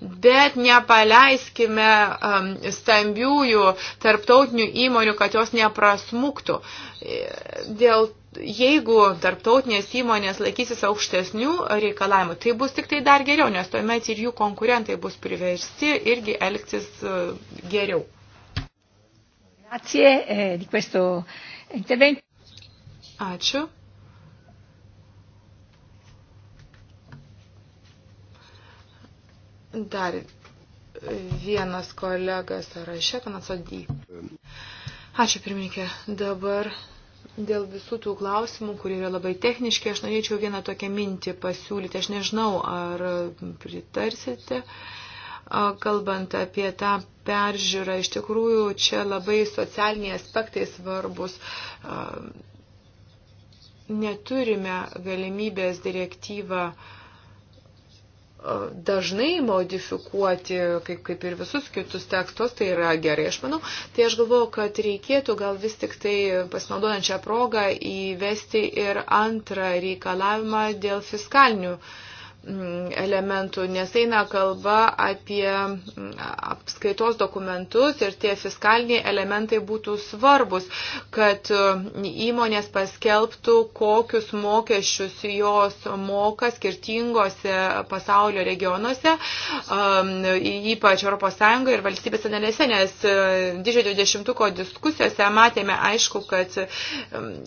Speaker 1: Bet nepaleiskime um, stambiųjų tarptautinių įmonių, kad jos neprasmuktų. Dėl jeigu tarptautinės įmonės laikysis aukštesnių reikalavimų, tai bus tik tai dar geriau, nes tuomet ir jų konkurentai bus priversti irgi elgtis uh, geriau. Grazie eh, di questo intervento. Ačiū. Dar vienas kolega sąraše, panas Odį. Ačiū, pirmininkė. Dabar dėl visų tų klausimų, kurie yra labai techniški, aš norėčiau vieną tokią mintį pasiūlyti. Aš nežinau, ar pritarsite kalbant apie tą peržiūrą, iš tikrųjų čia labai socialiniai aspektai svarbus neturime galimybės direktyvą dažnai modifikuoti, kaip, kaip ir visus kitus tekstus, tai yra gerai, aš manau. Tai aš galvoju, kad reikėtų gal vis tik tai pasinaudojant šią progą įvesti ir antrą reikalavimą dėl fiskalinių uh, Mm, elementų, nes eina kalba apie mm, apskaitos dokumentus ir tie fiskaliniai elementai būtų svarbus, kad mm, įmonės paskelbtų, kokius mokesčius jos moka skirtingose pasaulio regionuose, ypač ES ir valstybės analėse, nes e, didžiojo dvidešimtuko diskusijose matėme aišku, kad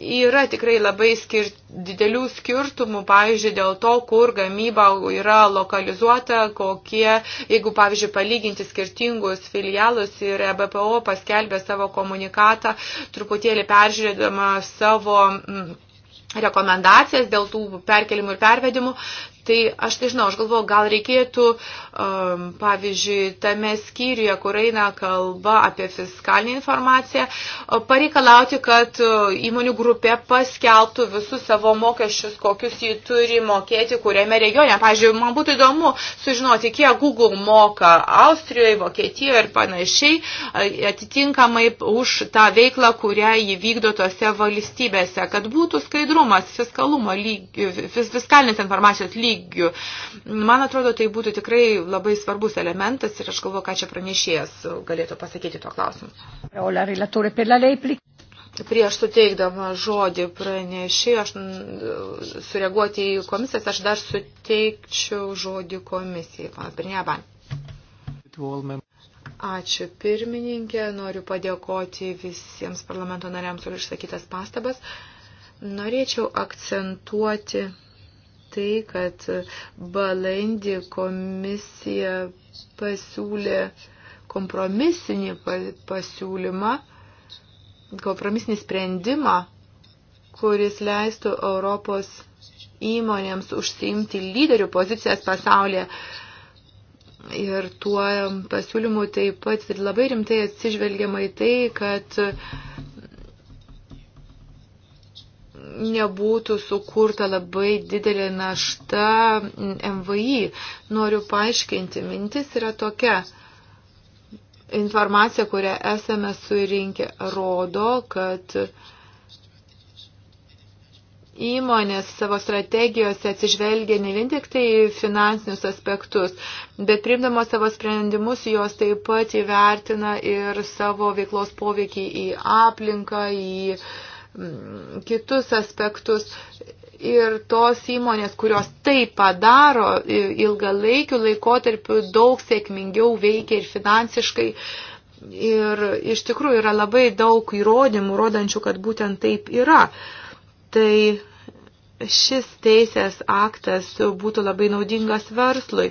Speaker 1: yra tikrai labai skir didelių skirtumų, pavyzdžiui, dėl to, kur gamyba yra lokalizuota, kokie, jeigu, pavyzdžiui, palyginti skirtingus filialus ir EBPO paskelbė savo komunikatą, truputėlį peržiūrėdama savo mm, rekomendacijas dėl tų perkelimų ir pervedimų, Tai aš nežinau, aš galvoju, gal reikėtų, um, pavyzdžiui, tame skyriuje, kur eina kalba apie fiskalinį informaciją, pareikalauti, kad įmonių grupė paskelbtų visus savo mokesčius, kokius jį turi mokėti, kuriame regione. Pavyzdžiui, man būtų įdomu sužinoti, kiek Google moka Austrijoje, Vokietijoje ir panašiai, atitinkamai už tą veiklą, kurią jį vykdo tose valstybėse, kad būtų skaidrumas fiskalumo lygių, fiskalinės informacijos lygių lygių. Man atrodo, tai būtų tikrai labai svarbus elementas ir aš galvoju, ką čia pranešėjas galėtų pasakyti tuo klausimu. Prieš suteikdama žodį pranešėjai, aš mm, sureaguoti į komisijas, aš dar suteikčiau žodį komisijai. Pirneban. Ačiū pirmininkė, noriu padėkoti visiems parlamento nariams už išsakytas pastabas. Norėčiau akcentuoti tai, kad balandį komisija pasiūlė kompromisinį pasiūlymą, kompromisinį sprendimą, kuris leistų Europos įmonėms užsiimti lyderių pozicijas pasaulyje. Ir tuo pasiūlymu taip pat labai rimtai atsižvelgiama į tai, kad nebūtų sukurta labai didelė našta MVI. Noriu paaiškinti, mintis yra tokia. Informacija, kurią esame surinkę, rodo, kad įmonės savo strategijose atsižvelgia ne vien tik tai finansinius aspektus, bet priimdamos savo sprendimus jos taip pat įvertina ir savo veiklos poveikį į aplinką, į uh, Mm, kitus aspektus. Ir tos įmonės, kurios tai padaro ilgalaikiu laikotarpiu, daug sėkmingiau veikia ir finansiškai. Ir iš tikrųjų yra labai daug įrodymų, rodančių, kad būtent taip yra. Tai šis teisės aktas būtų labai naudingas verslui.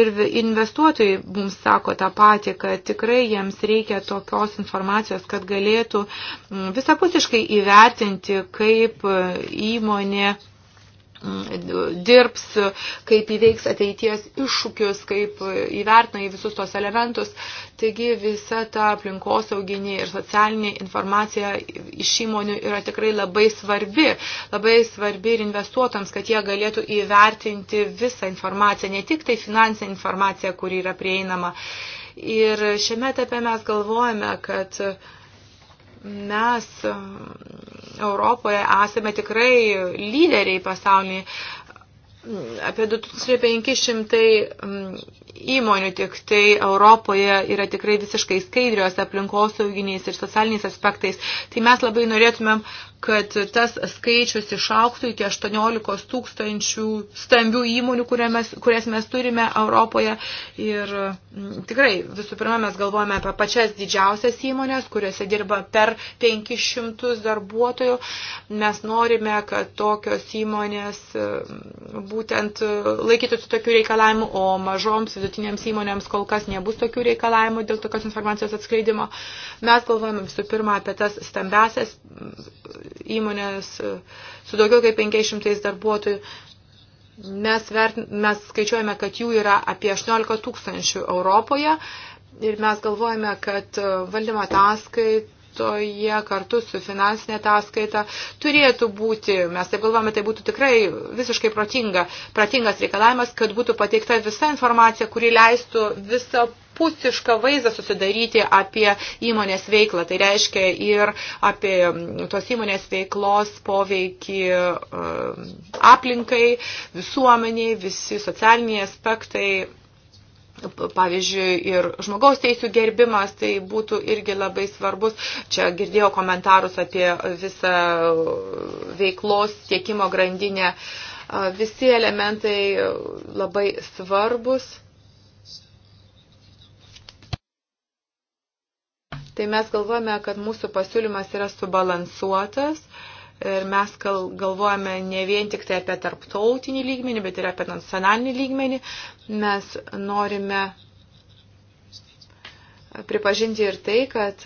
Speaker 1: Ir investuotojai mums sako tą patį, kad tikrai jiems reikia tokios informacijos, kad galėtų mm, visapusiškai įvertinti, kaip e, įmonė dirbs, kaip įveiks ateities iššūkius, kaip įvertina į visus tos elementus. Taigi visa ta aplinkosauginė ir socialinė informacija iš įmonių yra tikrai labai svarbi, labai svarbi ir investuotams, kad jie galėtų įvertinti visą informaciją, ne tik tai finansinę informaciją, kuri yra prieinama. Ir šiame etape mes galvojame, kad uh, mes Europoje esame tikrai lyderiai pasaulyje apie 2500 mm, įmonių tik tai Europoje yra tikrai visiškai skaidrios aplinkosauginiais ir socialiniais aspektais. Tai mes labai norėtumėm, kad tas skaičius išauktų iki 18 tūkstančių stambių įmonių, mes, kurias mes turime Europoje. Ir mm, tikrai visų pirma mes galvojame apie pačias didžiausias įmonės, kuriuose dirba per 500 darbuotojų. Mes norime, kad tokios įmonės mm, būtent e, laikytųsi tokių reikalavimų, o mažoms vidutinėms įmonėms kol kas nebus tokių reikalavimų dėl tokios informacijos atskleidimo. Mes galvojame visų pirma apie tas stambiasias įmonės e, su daugiau kaip 500 darbuotojų. Mes, vert, mes skaičiuojame, kad jų yra apie 18 tūkstančių Europoje ir mes galvojame, kad e, valdymo ataskait ataskaitoje kartu su finansinė ataskaita turėtų būti, mes taip galvojame, tai būtų tikrai visiškai protinga, protingas reikalavimas, kad būtų pateikta visa informacija, kuri leistų visą pusišką vaizdą susidaryti apie įmonės veiklą. Tai reiškia ir apie mm, tos įmonės veiklos poveikį e, aplinkai, visuomeniai, visi socialiniai aspektai pavyzdžiui, ir žmogaus teisų gerbimas, tai būtų irgi labai svarbus. Čia girdėjau komentarus apie visą veiklos tiekimo grandinę. Visi elementai labai svarbus. Tai mes galvojame, kad mūsų pasiūlymas yra subalansuotas. Uh, Ir mes galvojame ne vien tik tai apie tarptautinį lygmenį, bet ir apie nacionalinį lygmenį. Mes norime pripažinti ir tai, kad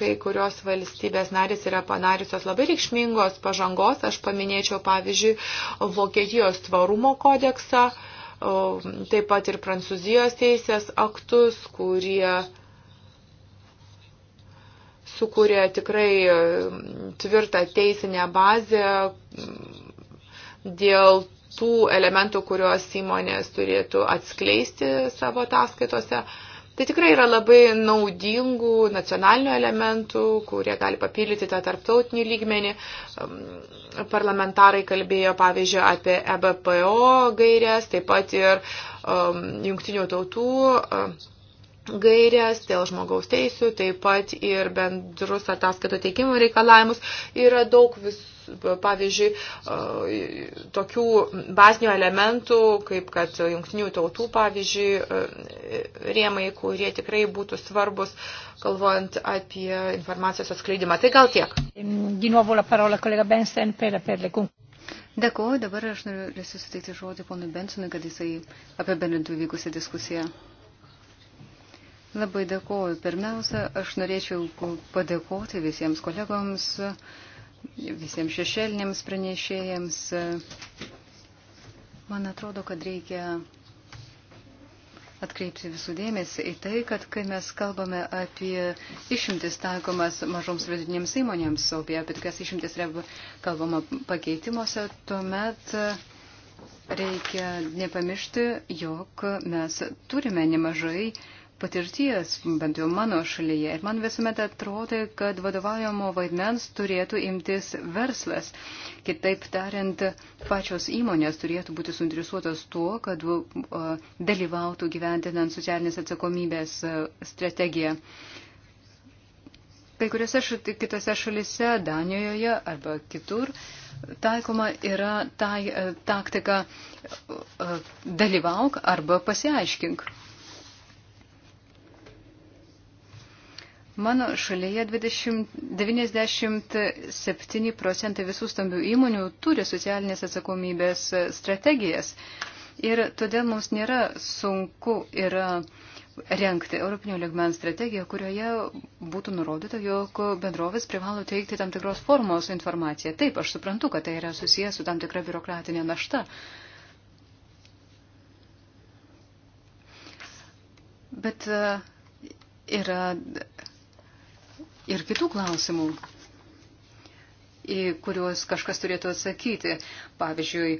Speaker 1: kai kurios valstybės narės yra panariusios labai reikšmingos pažangos. Aš paminėčiau, pavyzdžiui, Vokietijos tvarumo kodeksą, taip pat ir Prancūzijos teisės aktus, kurie sukūrė tikrai um, tvirtą teisinę bazę um, dėl tų elementų, kuriuos įmonės turėtų atskleisti savo ataskaitose. Tai tikrai yra labai naudingų nacionalinių elementų, kurie gali papildyti tą tarptautinį lygmenį. Um, parlamentarai kalbėjo, pavyzdžiui, apie EBPO gairias, taip pat ir um, jungtinių tautų. Um, gairias dėl žmogaus teisų, taip pat ir bendrus ataskaito teikimo reikalavimus. Yra daug vis, pavyzdžiui, tokių bazinių elementų, kaip kad jungtinių tautų, pavyzdžiui, rėmai, kurie tikrai būtų svarbus, kalvojant apie informacijos atskleidimą. Tai gal tiek.
Speaker 2: Dėkuoju, dabar aš noriu susitikti žodį ponui Bensonui, kad jisai apibendrintų vykusią diskusiją. Labai dėkoju. Pirmiausia, aš norėčiau padėkoti visiems kolegoms, visiems šešėlinėms pranešėjams. Man atrodo, kad reikia atkreipti visų dėmesį į tai, kad kai mes kalbame apie išimtis taikomas mažoms vidutinėms įmonėms, o apie, apie tokias išimtis yra kalbama pakeitimuose, tuomet reikia nepamiršti, jog mes turime nemažai patirties, bent jau mano šalyje. Ir man visuomet atrodo, kad vadovaujamo vaidmens turėtų imtis verslas. Kitaip tariant, pačios įmonės turėtų būti suinteresuotos tuo, kad dalyvautų gyventinant socialinės atsakomybės strategiją. Kai kuriuose kitose šalise, Danijoje arba kitur, taikoma yra tai taktika dalyvauk arba pasiaiškink. Mano šalyje 20, 97 procentai visų stambių įmonių turi socialinės atsakomybės e, strategijas. Ir todėl mums nėra sunku yra renkti Europinio ligmens strategiją, kurioje būtų nurodyta, jog bendrovės privalo teikti tam tikros formos informaciją. Taip, aš suprantu, kad tai yra susijęs su tam tikra biurokratinė našta. Bet e, yra ir kitų klausimų, į kuriuos kažkas turėtų atsakyti. Pavyzdžiui,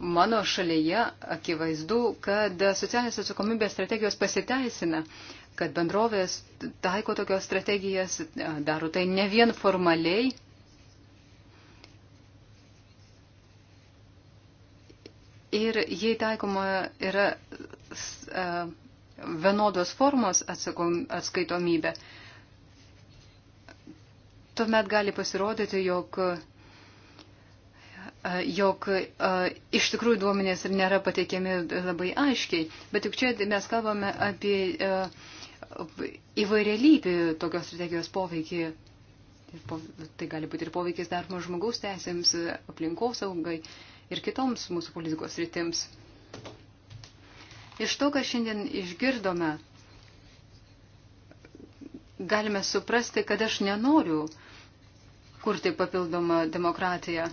Speaker 2: mano šalyje akivaizdu, kad socialinės atsakomybės strategijos pasiteisina, kad bendrovės taiko tokios strategijas, daro tai ne vien formaliai. Ir jei taikoma yra vienodos formos atsakom, atskaitomybė, uh, tuomet gali pasirodyti, jog, e, jog e, iš tikrųjų duomenės ir nėra pateikiami labai aiškiai. Bet juk čia mes kalbame apie e, įvairialypį tokios strategijos poveikį. Tai gali būti ir poveikis darbo žmogaus teisėms, aplinkosaugai ir kitoms mūsų politikos rytims. Iš to, ką šiandien išgirdome, galime suprasti, kad aš nenoriu kurti papildomą demokratiją.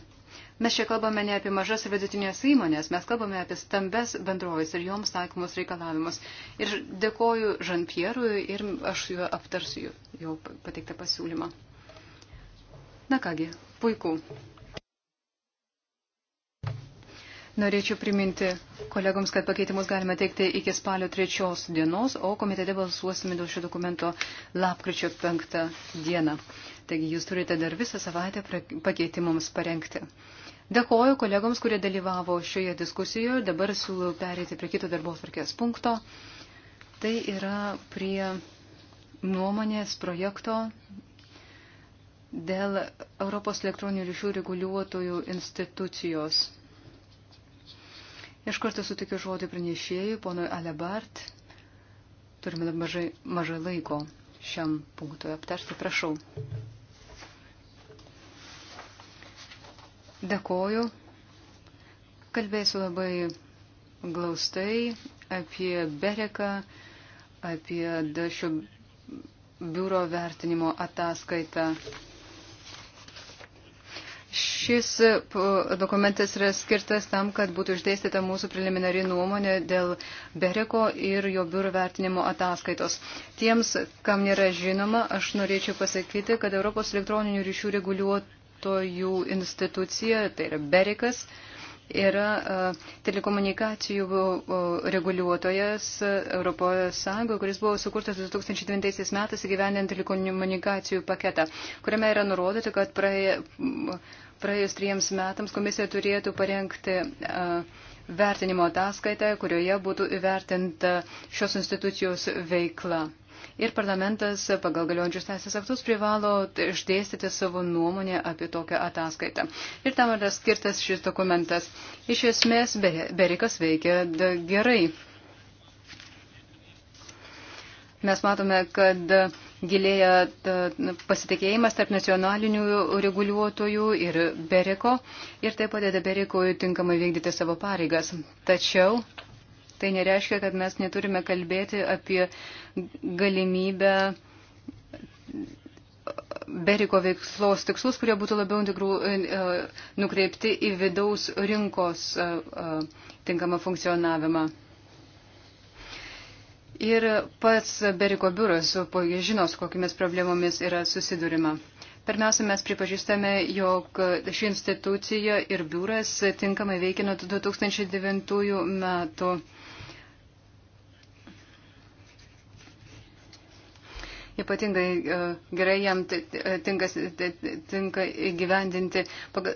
Speaker 2: Mes čia kalbame ne apie mažas ir vidutinės įmonės, mes kalbame apie stambes bendrovės ir joms taikomus reikalavimus. Ir dėkoju Žanpierui ir aš juo aptarsiu jo pateiktą pasiūlymą. Na kągi, puiku. Norėčiau priminti kolegoms, kad pakeitimus galime teikti iki spalio trečios dienos, o komitete balsuosime dėl šio dokumento lapkričio penktą dieną. Taigi jūs turite dar visą savaitę pakeitimams parengti. Dėkoju kolegoms, kurie dalyvavo šioje diskusijoje. Dabar siūlau perėti prie kito darbo tvarkės punkto. Tai yra prie nuomonės projekto dėl Europos elektroninių ryšių reguliuotojų institucijos. Iš karto sutikiu žodį pranešėjui, ponui Alebart. Turime mažai, mažai laiko šiam punktui aptarti. Prašau. Dėkoju. Kalbėsiu labai glaustai apie Bereką, apie šio biuro vertinimo ataskaitą Šis e, dokumentas yra skirtas tam, kad būtų išdėstyta mūsų preliminari nuomonė dėl Bereko ir jo biuro vertinimo ataskaitos. Tiems, kam nėra žinoma, aš norėčiau pasakyti, kad Europos elektroninių ryšių reguliuotojų institucija, tai yra Berekas, yra e, telekomunikacijų e, reguliuotojas Europos Sąjungoje, kuris buvo sukurtas 2009 metais įgyvendinant telekomunikacijų paketą, kuriame yra nurodyta, kad praė, praėjus triems metams komisija turėtų parengti e, vertinimo ataskaitą, kurioje būtų įvertinta šios institucijos veikla ir parlamentas pagal galiojančius teisės aktus privalo išdėstyti savo nuomonę apie tokią ataskaitą. Ir tam yra skirtas šis dokumentas. Iš esmės, Berikas veikia gerai. Mes matome, kad gilėja pasitikėjimas tarp nacionalinių reguliuotojų ir Beriko ir tai padeda Berikui tinkamai vykdyti savo pareigas. Tačiau Tai nereiškia, kad mes neturime kalbėti apie galimybę Beriko veiklos tikslus, kurie būtų labiau tikrų, e, e, nukreipti į vidaus rinkos e, tinkamą funkcionavimą. Ir pats Beriko biuras puikiai žino, su kokiamis problemomis yra susidurima. Pirmiausia, mes pripažįstame, jog ši institucija ir biuras tinkamai veikia nuo 2009 metų. Ypatingai e, gerai jam tinka, tinka įgyvendinti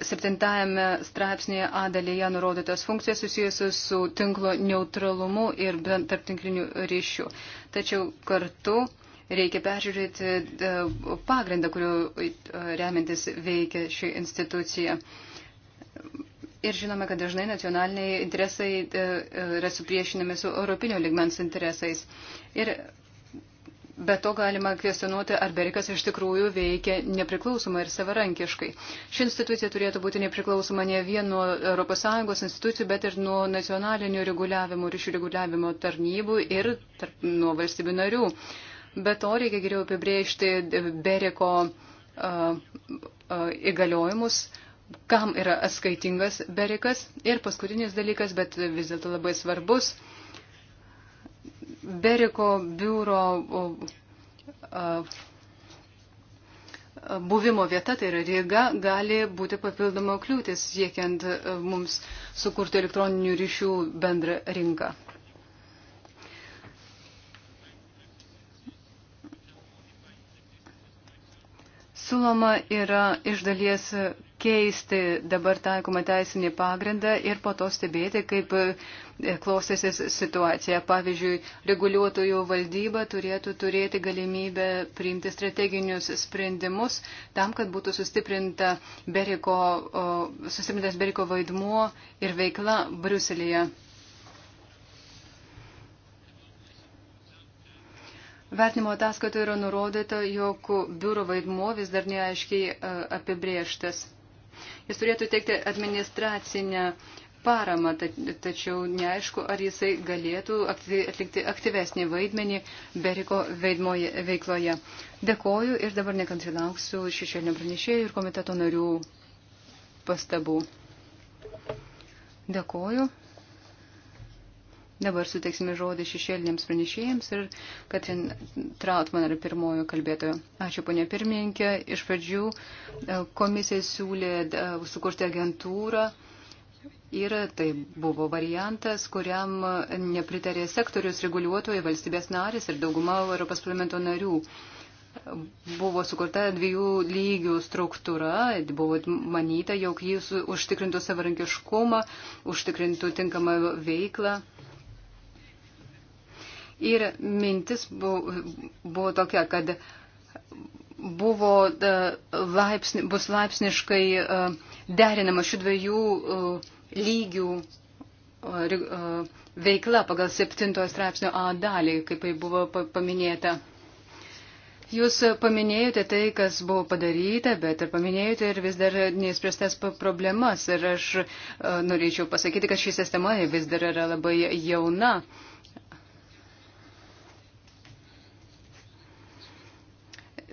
Speaker 2: septintajame straipsnėje A dalyje nurodytos funkcijos susijusios su tinklo neutralumu ir tarptinkliniu ryšiu. Tačiau kartu reikia peržiūrėti e, pagrindą, kuriuo e, remintis veikia ši institucija. Ir žinome, kad dažnai nacionaliniai interesai yra supriešinami su europinio ligmens interesais. Ir Be to galima kvestionuoti, ar Berikas iš tikrųjų veikia nepriklausomai ir savarankiškai. Ši institucija turėtų būti nepriklausoma ne vien nuo ES institucijų, bet ir nuo nacionalinių reguliavimų, ryšių reguliavimo tarnybų ir tarp, nuo valstybių narių. Be to reikia geriau apibrėžti Beriko uh, uh, įgaliojimus, kam yra atskaitingas Berikas. Ir paskutinis dalykas, bet vis dėlto labai svarbus. Uh, Beriko biuro buvimo vieta, tai yra Ryga, gali būti papildoma kliūtis, siekiant mums sukurti elektroninių ryšių bendrą rinką. Suloma yra iš dalies keisti dabar taikomą teisinį pagrindą ir po to stebėti, kaip e, klostėsi situacija. Pavyzdžiui, reguliuotojų valdyba turėtų turėti galimybę priimti strateginius sprendimus tam, kad būtų sustiprinta Beriko, sustiprintas Beriko vaidmuo ir veikla Bruselėje. Vertinimo ataskaitoje yra nurodyta, jog biuro vaidmuo vis dar neaiškiai e, apibrieštas. Jis turėtų teikti administracinę paramą, tačiau neaišku, ar jisai galėtų atlikti aktyvesnį vaidmenį Beriko veidmoje, veikloje. Dėkoju ir dabar nekantri lauksiu šešėlinio pranešėjų ir komiteto narių pastabų. Dėkoju. Dabar suteiksime žodį šešėliniams pranešėjams ir Katrin Trautman yra pirmojo kalbėtojo. Ačiū, ponė pirmininkė. Iš pradžių e, komisija siūlė e, sukurti agentūrą. Ir tai buvo variantas, kuriam nepritarė sektorius reguliuotojai, valstybės narės ir dauguma Europos parlamento narių. Buvo sukurta dviejų lygių struktūra, buvo manyta, jog jis užtikrintų savarankiškumą, užtikrintų tinkamą veiklą Ir mintis buvo, buvo tokia, kad buvo e, laipsni, bus laipsniškai e, derinama šių dviejų e, lygių veikla pagal 7 straipsnio A dalį, kaip tai buvo paminėta. Jūs paminėjote tai, kas buvo padaryta, bet ir paminėjote ir vis dar neįspręstas problemas. Ir aš norėčiau pasakyti, kad ši sistema vis dar yra labai jauna. Uh,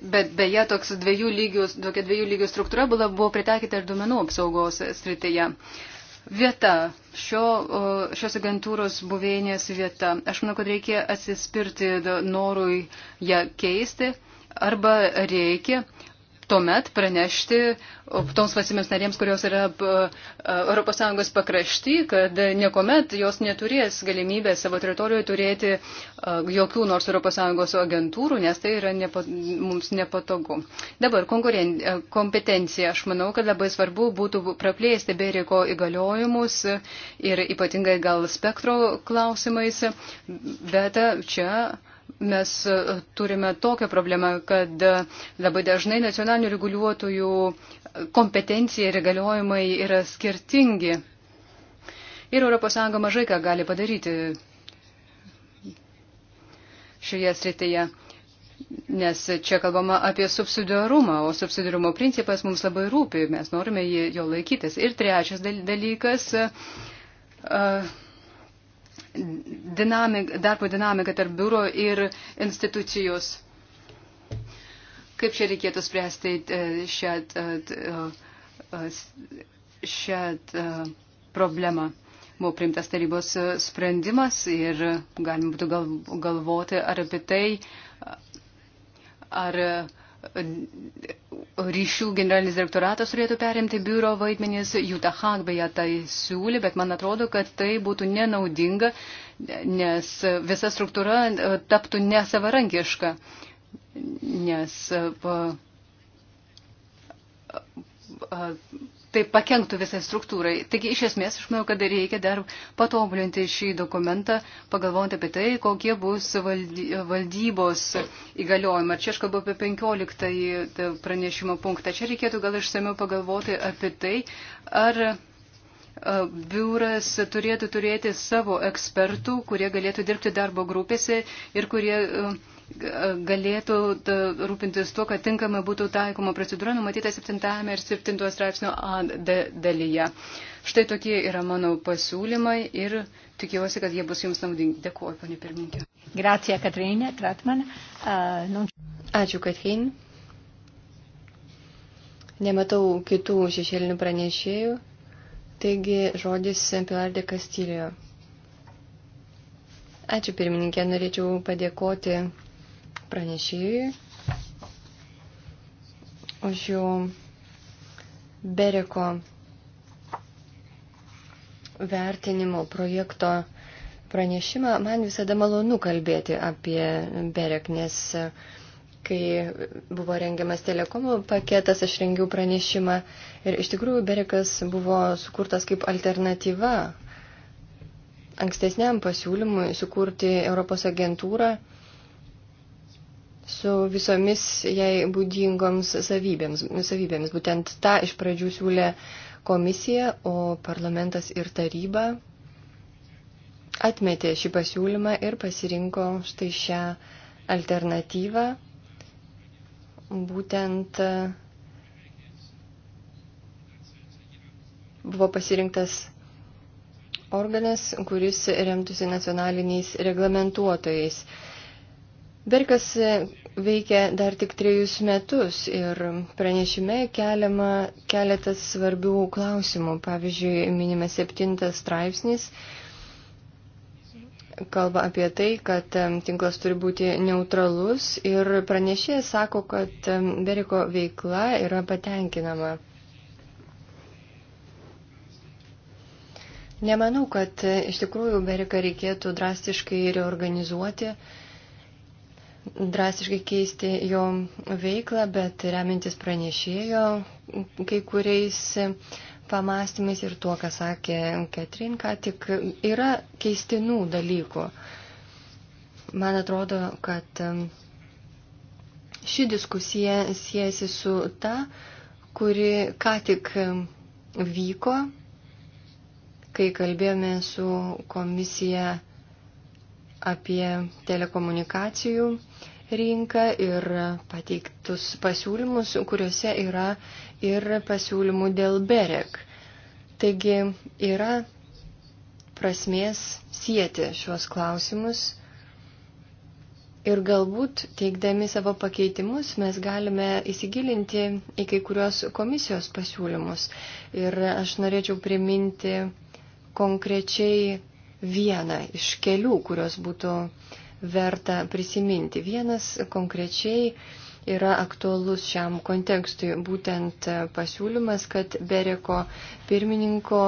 Speaker 2: Bet beje, toks dviejų lygių, tokia dviejų lygių struktūra buvo, buvo pritaikyta ir duomenų apsaugos srityje. Vieta, šio, šios agentūros buveinės vieta. Aš manau, kad reikia atsispirti norui ją keisti arba reikia tuomet pranešti toms valstybėms narėms, kurios yra ES e, pakrašty, kad niekuomet jos neturės galimybę savo teritorijoje turėti e, jokių nors ES agentūrų, nes tai yra nepa, mums nepatogu. Dabar konkuren, e, kompetencija. Aš manau, kad labai svarbu būtų praplėsti Beriko įgaliojimus ir ypatingai gal spektro klausimais, bet čia mes e, turime tokią problemą, kad e, labai dažnai nacionalinių reguliuotojų e, kompetencija ir galiojimai yra skirtingi. Ir ES mažai ką gali padaryti šioje srityje. Nes čia kalbama apie subsidiarumą, o subsidiarumo principas mums labai rūpi, mes norime jo laikytis. Ir trečias dalykas. Uh, dinamik, darbo dinamiką tarp biuro ir institucijos. Kaip čia reikėtų spręsti e, šią, e, e, šią problemą? Buvo priimtas tarybos sprendimas ir galima būtų galvoti ar apie tai, ar ryšių generalinis direktoratas turėtų perimti biuro vaidmenys, Juta Hag beje tai siūlė, bet man atrodo, kad tai būtų nenaudinga, nes visa struktūra e, taptų nesavarankiška, nes e, e, tai pakenktų visai struktūrai. Taigi, iš esmės, aš manau, kad reikia dar patobulinti šį dokumentą, pagalvojant apie tai, kokie bus valdybos įgaliojimai. Čia aš kalbu apie 15 e, pranešimo punktą. Čia reikėtų gal išsamiau pagalvoti apie tai, ar e, biuras turėtų turėti savo ekspertų, kurie galėtų dirbti darbo grupėse ir kurie uh, galėtų rūpintis tuo, kad tinkamai būtų taikoma procedūra numatyta 7 ir 7 straipsnio A dalyje. Štai tokie yra mano pasiūlymai ir tikiuosi, kad jie bus jums naudingi. Dėkuoju, ponė pirmininkė.
Speaker 3: Gracija, Katrinė, Kratman. Uh, nu... Ačiū, Katrin. Nematau kitų šešėlinių pranešėjų. Taigi žodis Pilardė Kastilijo. Ačiū pirmininkė, norėčiau padėkoti pranešėjui už jų Bereko vertinimo projekto pranešimą. Man visada malonu kalbėti apie Berek, nes kai buvo rengiamas telekomų paketas, aš rengiau pranešimą ir iš tikrųjų Berekas buvo sukurtas kaip alternatyva ankstesniam pasiūlymui sukurti Europos agentūrą su visomis jai būdingoms savybėms. savybėms. Būtent tą iš pradžių siūlė komisija, o parlamentas ir taryba atmetė šį pasiūlymą ir pasirinko štai šią alternatyvą. Būtent buvo pasirinktas organas, kuris remtųsi nacionaliniais reglamentuotojais. Berkas veikia dar tik trejus metus ir pranešime keliama keletas svarbių klausimų. Pavyzdžiui, minimas septintas straipsnis kalba apie tai, kad tinklas turi būti neutralus ir pranešėjas sako, kad Beriko veikla yra patenkinama. Nemanau, kad iš tikrųjų Beriką reikėtų drastiškai reorganizuoti. organizuoti drastiškai keisti jo veiklą, bet remintis pranešėjo kai kuriais pamastymais ir tuo, ką sakė Ketrin, ką tik yra keistinų dalykų. Man atrodo, kad um, ši diskusija siejasi su ta, kuri ką tik um, vyko, kai kalbėjome su komisija apie telekomunikacijų rinką ir pateiktus pasiūlymus, kuriuose yra ir pasiūlymų dėl BEREK. Taigi yra prasmės sieti šiuos klausimus ir galbūt teikdami savo pakeitimus mes galime įsigilinti į kai kurios komisijos pasiūlymus. Ir aš norėčiau priminti konkrečiai vieną iš kelių, kurios būtų uh, verta prisiminti. Vienas konkrečiai yra aktualus šiam kontekstui, būtent pasiūlymas, kad Bereko pirmininko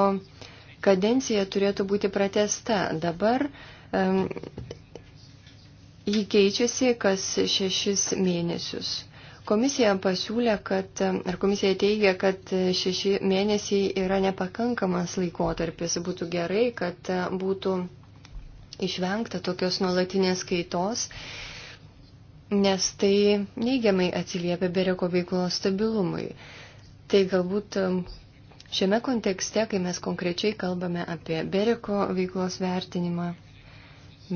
Speaker 3: kadencija turėtų būti pratesta. Dabar um, jį keičiasi kas šešis mėnesius. Komisija pasiūlė, kad, ar komisija teigia, kad šeši mėnesiai yra nepakankamas laikotarpis. Būtų gerai, kad būtų išvengta tokios nuolatinės kaitos, nes tai neigiamai atsiliepia Bereko veiklos stabilumui. Tai galbūt um, šiame kontekste, kai mes konkrečiai kalbame apie Bereko veiklos vertinimą,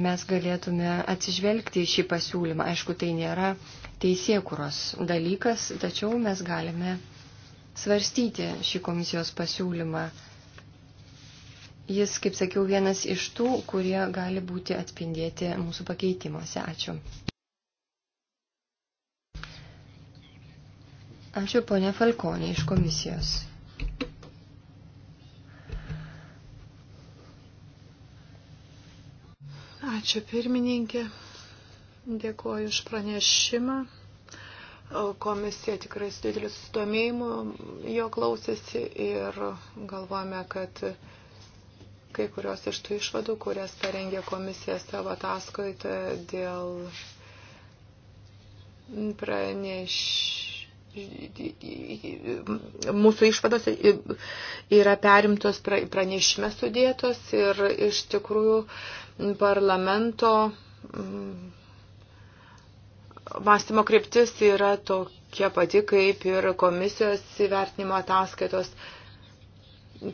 Speaker 3: mes galėtume atsižvelgti į šį pasiūlymą. Aišku, tai nėra teisėkuros dalykas, tačiau mes galime svarstyti šį komisijos pasiūlymą Jis, kaip sakiau, vienas iš tų, kurie gali būti atspindėti mūsų pakeitimuose. Ačiū. Ačiū ponia Falkonė iš komisijos.
Speaker 1: Ačiū pirmininkė. Dėkuoju už pranešimą. Komisija tikrai su dideliu susidomėjimu jo klausėsi ir galvojame, kad kai kurios iš tų išvadų, kurias parengė komisija savo ataskaitoje dėl praneš. Mūsų išvados yra perimtos pranešime sudėtos ir iš tikrųjų parlamento mm, mąstymo kryptis yra tokia pati kaip ir komisijos įvertinimo ataskaitos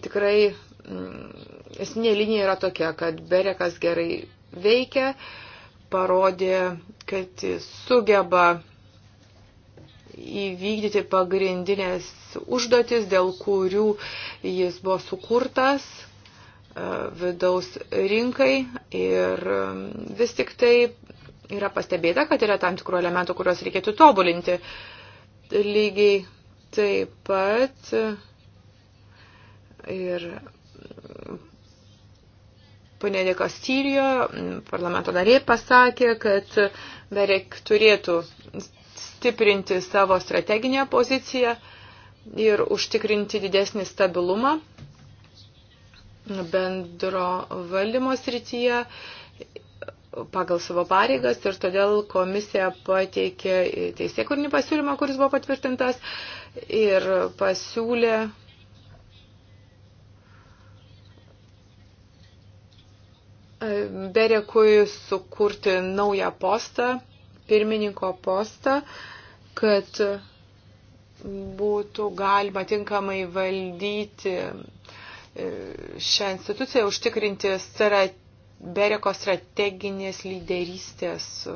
Speaker 1: tikrai Mm, esminė linija yra tokia, kad Berekas gerai veikia, parodė, kad sugeba įvykdyti pagrindinės užduotis, dėl kurių jis buvo sukurtas e, vidaus rinkai ir mm, vis tik tai yra pastebėta, kad yra tam tikrų elementų, kuriuos reikėtų tobulinti. Lygiai taip pat e, ir Pane De Castillo, parlamento narė, pasakė, kad beveik turėtų stiprinti savo strateginę poziciją ir užtikrinti didesnį stabilumą bendro valdymo srityje pagal savo pareigas ir todėl komisija pateikė teisėkurinį pasiūlymą, kuris buvo patvirtintas ir pasiūlė Berekui sukurti naują postą, pirmininko postą, kad būtų galima tinkamai valdyti e, šią instituciją, užtikrinti strate, Bereko strateginės lyderystės, e,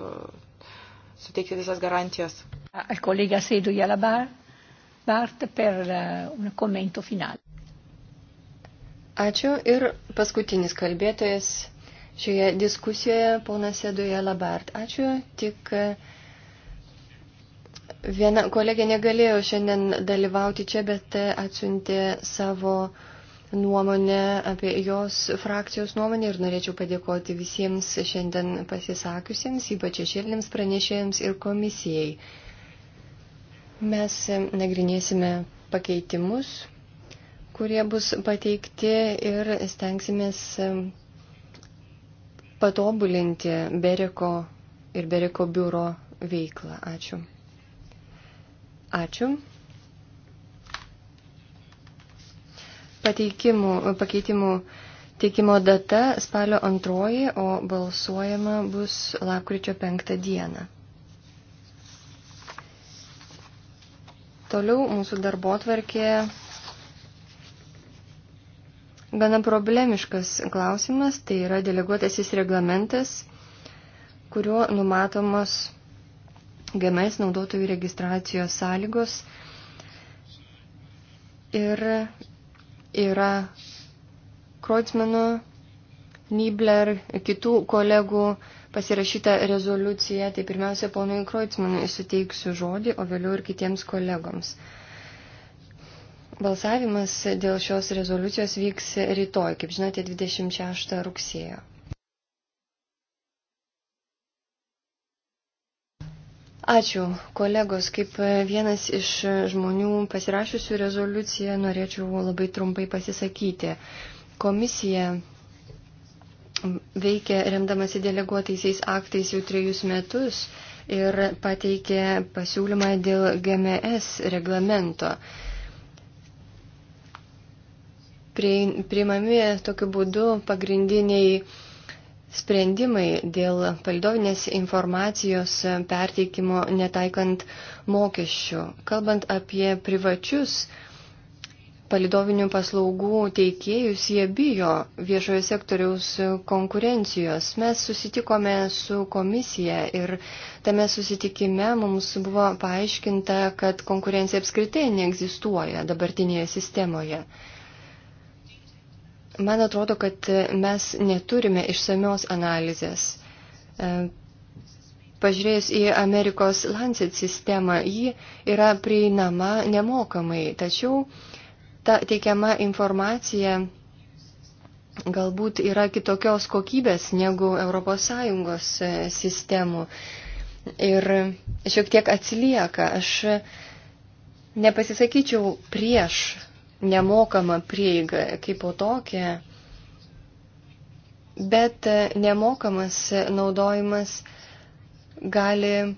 Speaker 1: suteikti visas garantijas.
Speaker 3: Al kolega Sedu Jalabar, e Bart, per un commento finale. Ačiū ir paskutinis kalbėtojas šioje diskusijoje, ponas Edoje Labart. Ačiū, tik e, viena kolegė negalėjo šiandien dalyvauti čia, bet e, atsiuntė savo nuomonę apie jos frakcijos nuomonę ir norėčiau padėkoti visiems šiandien pasisakiusiems, ypač šešėlėms pranešėjams ir komisijai. Mes e, nagrinėsime pakeitimus, kurie bus pateikti ir stengsimės patobulinti Beriko ir Beriko biuro veiklą. Ačiū. Ačiū. Pateikimų, pakeitimų teikimo data spalio antroji, o balsuojama bus lapkričio penktą dieną. Toliau mūsų darbo tvarkėje gana problemiškas klausimas, tai yra deleguotasis reglamentas, kuriuo numatomos GMS naudotojų registracijos sąlygos ir yra Kreutzmano, Nibler, kitų kolegų pasirašyta rezoliucija. Tai pirmiausia, ponui Kreutzmanui suteiksiu žodį, o vėliau ir kitiems kolegoms. Balsavimas dėl šios rezoliucijos vyks rytoj, kaip žinote, 26 rugsėjo. Ačiū, kolegos. Kaip vienas iš žmonių pasirašiusių rezoliuciją, norėčiau labai trumpai pasisakyti. Komisija veikia remdamasi deleguotaisiais aktais jau trejus metus ir pateikė pasiūlymą dėl GMS reglamento priimami tokiu būdu pagrindiniai sprendimai dėl palidovinės informacijos perteikimo netaikant mokesčių. Kalbant apie privačius palidovinių paslaugų teikėjus, jie bijo viešojo sektoriaus konkurencijos. Mes susitikome su komisija ir tame susitikime mums buvo paaiškinta, kad konkurencija apskritai neegzistuoja dabartinėje sistemoje. Man atrodo, kad mes neturime išsamios analizės. E, pažiūrėjus į Amerikos Lancet sistemą, ji yra prieinama nemokamai, tačiau ta teikiama informacija galbūt yra kitokios kokybės negu ES e, sistemų ir šiek tiek atsilieka. Aš nepasisakyčiau prieš nemokamą prieigą kaip po tokią, bet nemokamas naudojimas gali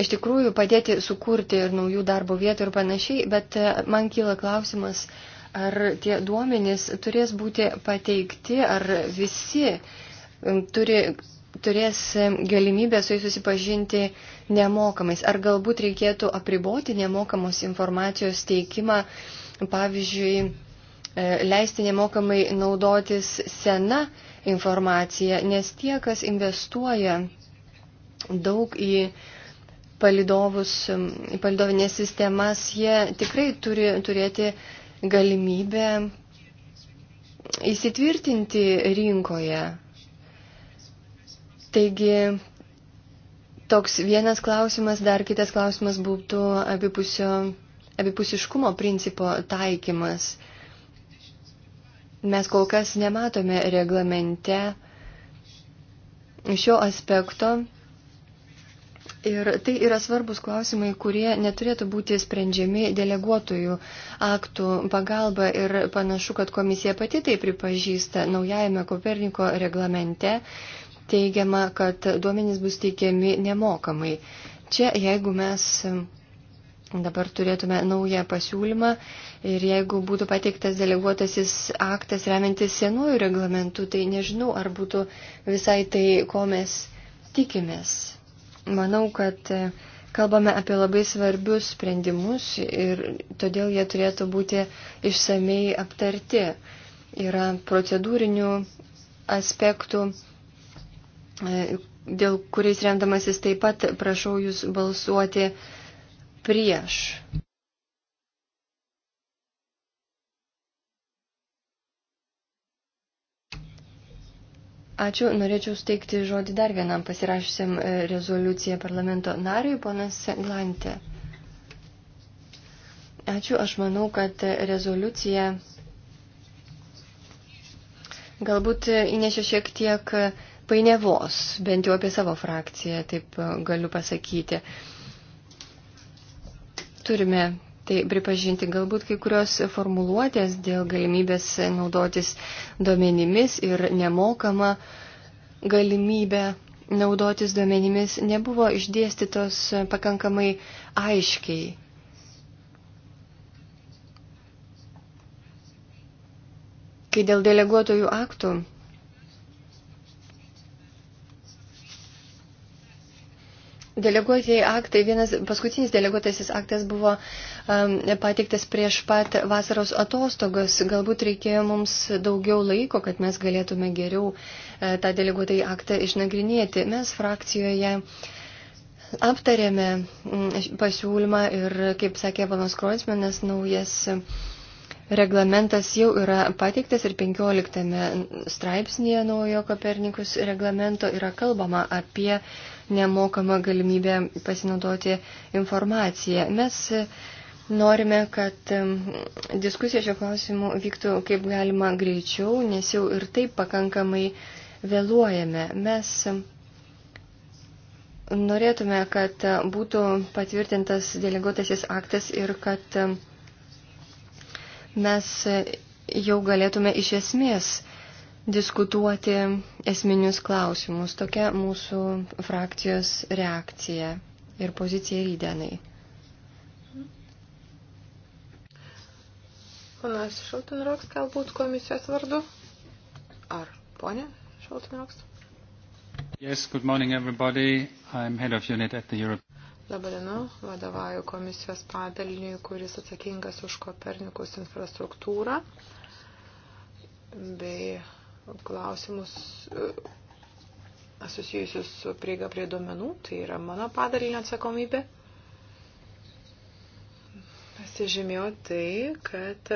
Speaker 3: iš tikrųjų padėti sukurti ir naujų darbo vietų ir panašiai, bet man kyla klausimas, ar tie duomenys turės būti pateikti, ar visi um, turi, turės um, galimybę su jais susipažinti nemokamais, ar galbūt reikėtų apriboti nemokamos informacijos teikimą pavyzdžiui, e, leisti nemokamai naudotis sena informacija, nes tie, kas investuoja daug į palidovus, į palidovinės sistemas, jie tikrai turi turėti galimybę įsitvirtinti rinkoje. Taigi, toks vienas klausimas, dar kitas klausimas būtų abipusio abipusiškumo principo taikymas. Mes kol kas nematome reglamente šio aspekto. Ir tai yra svarbus klausimai, kurie neturėtų būti sprendžiami deleguotojų aktų pagalba ir panašu, kad komisija pati tai pripažįsta naujajame Koperniko reglamente. Teigiama, kad duomenys bus teikiami nemokamai. Čia, jeigu mes Dabar turėtume naują pasiūlymą ir jeigu būtų pateiktas deleguotasis aktas remiantis senųjų reglamentų, tai nežinau, ar būtų visai tai, ko mes tikimės. Manau, kad e, kalbame apie labai svarbius sprendimus ir todėl jie turėtų būti išsamei aptarti. Yra procedūrinių aspektų, e, dėl kuriais remdamasis taip pat prašau jūs balsuoti prieš. Ačiū. Norėčiau steigti žodį dar vienam pasirašysiam e, rezoliuciją parlamento nariui, ponas Glantė. Ačiū. Aš manau, kad e, rezoliucija galbūt įnešė šiek tiek painiavos, bent jau apie savo frakciją, taip e, galiu pasakyti. Turime tai pripažinti galbūt kai kurios formuluotės dėl galimybės naudotis duomenimis ir nemokama galimybė naudotis duomenimis nebuvo išdėstytos pakankamai aiškiai. Kai dėl deleguotojų aktų Deleguotieji aktai, vienas paskutinis deleguotasis aktas buvo um, pateiktas prieš pat vasaros atostogas. Galbūt reikėjo mums daugiau laiko, kad mes galėtume geriau e, tą deleguotąjį aktą išnagrinėti. Mes frakcijoje aptarėme mm, pasiūlymą ir, kaip sakė Vanas Kroismenas, naujas reglamentas jau yra pateiktas ir 15 straipsnėje naujo Kopernikus reglamento yra kalbama apie nemokama galimybė pasinaudoti informaciją. Mes e, norime, kad diskusija šio klausimu vyktų kaip galima greičiau, nes jau ir taip pakankamai vėluojame. Mes norėtume, kad e, būtų patvirtintas deleguotasis aktas ir kad mes e, jau galėtume iš esmės diskutuoti esminius klausimus. Tokia mūsų frakcijos reakcija ir pozicija rydenai.
Speaker 1: Ponas Šaltinroks galbūt komisijos vardu? Ar ponė Šaltinroks?
Speaker 2: Yes, good morning everybody. I'm head of unit at the Europe.
Speaker 1: Labadienu, vadovauju komisijos padaliniui, kuris atsakingas už Kopernikus infrastruktūrą bei klausimus e, susijusius su prieiga prie duomenų, tai yra mano padalinio atsakomybė. Pasižymėjau tai, kad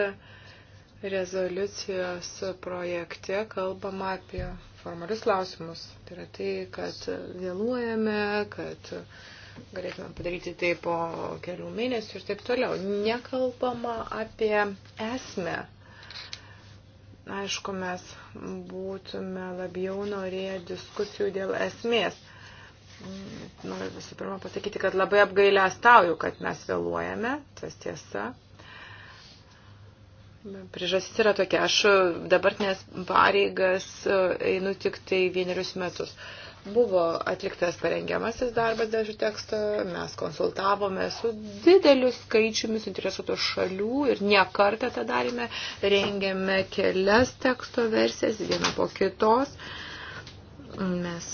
Speaker 1: rezoliucijos projekte kalbama apie formalius klausimus. Tai yra tai, kad vėluojame, kad galėtume padaryti tai po kelių mėnesių ir taip toliau. Nekalbama apie esmę Aišku, mes būtume labiau norėję diskusijų dėl esmės. Noriu visų pirma pasakyti, kad labai apgailę stauju, kad mes vėluojame, tas tiesa. Priežastis yra tokia, aš dabartinės pareigas einu tik tai vienerius metus. Uh, Buvo atliktas parengiamasis darbas dėl šio teksto, mes konsultavome su dideliu skaičiumi suinteresuotų šalių ir nekartą tą darėme, rengėme kelias teksto versijas, vieną po kitos. Mes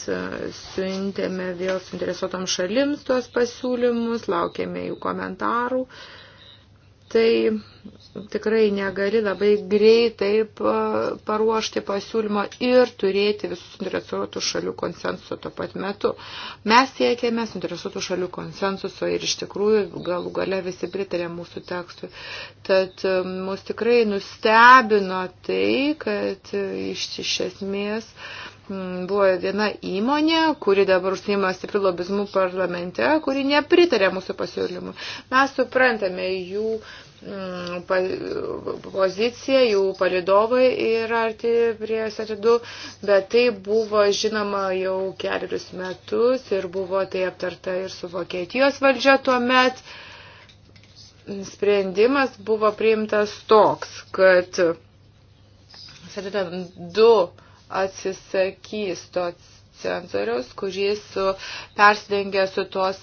Speaker 1: suintėme vėl suinteresuotam šalims tuos pasiūlymus, laukėme jų komentarų. Uh, tai tikrai negali labai greitai paruošti pasiūlymo ir turėti visus suinteresuotų šalių konsensuso tuo pat metu. Mes siekėme suinteresuotų šalių konsensuso ir iš tikrųjų galų gale visi pritarė mūsų tekstui. Tad um, mus tikrai nustebino tai, kad uh, iš, iš esmės uh, Mm, buvo viena įmonė, kuri dabar užsima stiprių lobizmų parlamente, kuri nepritarė mūsų pasiūlymų. Mes suprantame jų mm, pozicija, jų palidovai yra arti prie SAT2, bet tai buvo žinoma jau kelius metus ir buvo tai aptarta ir su Vokietijos valdžia tuo met. Sprendimas buvo priimtas toks, kad SAT2 atsisakys to cenzoriaus, kuris persidengia su tos,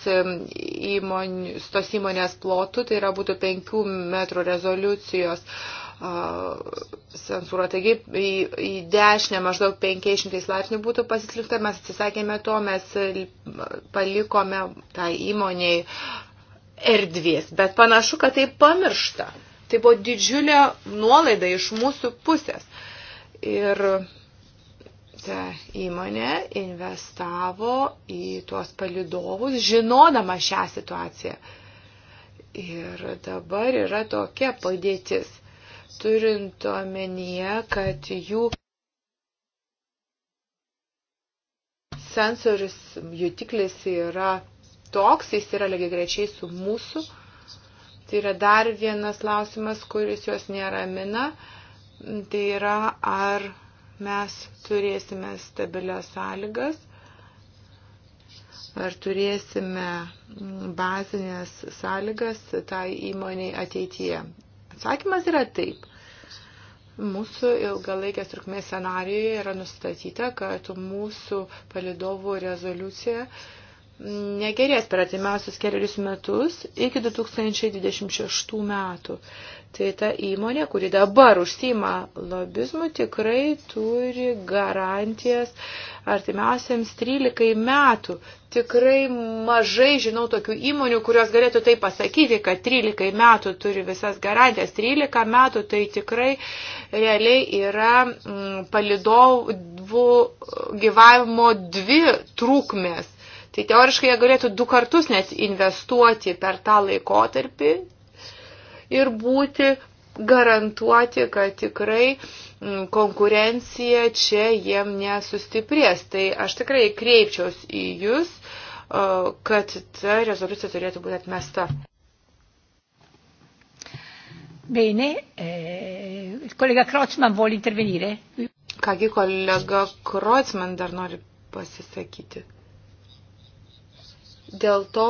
Speaker 1: įmonių, su tos įmonės plotu, tai yra būtų 5 metrų rezoliucijos cenzūra. Taigi į, į dešinę maždaug 500 laipsnių būtų pasislikta, mes atsisakėme to, mes palikome tą tai įmoniai erdvės, bet panašu, kad tai pamiršta. Tai buvo didžiulė nuolaida iš mūsų pusės. Ir kad įmonė investavo į tuos palidovus, žinodama šią situaciją. Ir dabar yra tokia padėtis, turint omenyje, kad jų sensorius, jutiklis yra toks, jis yra lygiai grečiai su mūsų. Tai yra dar vienas klausimas, kuris juos neramina. Tai yra, ar mes turėsime stabilias sąlygas, ar turėsime bazinės sąlygas tai įmoniai ateityje. Atsakymas yra taip. Mūsų ilgalaikės trukmės scenarijoje yra nustatyta, kad mūsų palidovų rezoliucija negerės per atimiausius kelius metus iki 2026 metų. Tai ta įmonė, kuri dabar užsima lobizmu, tikrai turi garantijas artimiausiams 13 metų. Tikrai mažai žinau tokių įmonių, kurios galėtų tai pasakyti, kad 13 metų turi visas garantijas. 13 metų tai tikrai realiai yra mm, palidovų gyvavimo dvi trūkmės. Tai teoriškai jie galėtų du kartus net investuoti per tą laikotarpį, ir būti garantuoti, kad tikrai mm, konkurencija čia jiem nesustiprės. Tai aš tikrai kreipčiaus į jūs, kad ta rezoliucija turėtų būti atmesta. Bene, eh, il collega Kreutzmann vuole intervenire? Kągi kolega Kreutzmann dar nori pasisakyti. Dėl to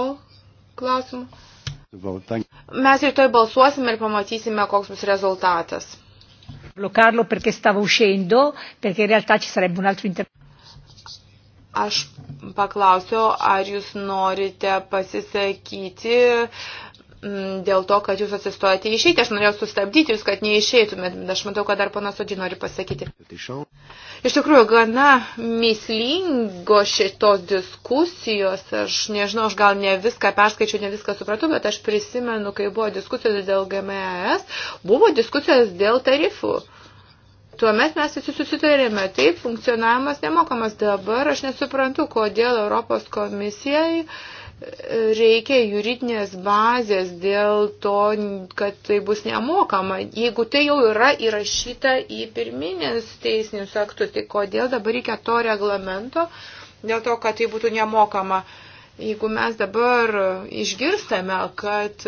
Speaker 1: klausimo. Mes rytoj balsuosime ir pamatysime, koks bus rezultatas. Blokarlo perché stavo uscendo, perché in realtà ci sarebbe un altro intervento. Aš paklausiau, ar jūs norite pasisakyti Mm, dėl to, kad jūs atsistojate išeiti. Aš norėjau sustabdyti jūs, kad neišeitumėt, bet aš matau, kad dar panas Odži nori pasakyti.
Speaker 2: Iš
Speaker 1: tikrųjų, gana mislingo šitos diskusijos. Aš nežinau, aš gal ne viską perskaičiu, ne viską supratau, bet aš prisimenu, kai buvo diskusijos dėl GMS, e buvo diskusijos dėl tarifų. Tuomet mes visi susitarėme, taip, funkcionavimas nemokamas dabar, aš nesuprantu, kodėl Europos komisijai uh, reikia juridinės bazės dėl to, kad tai bus nemokama. Jeigu tai jau yra įrašyta į pirminės teisinius aktus, tai kodėl dabar reikia to reglamento dėl to, kad tai būtų nemokama? Jeigu mes dabar išgirstame, kad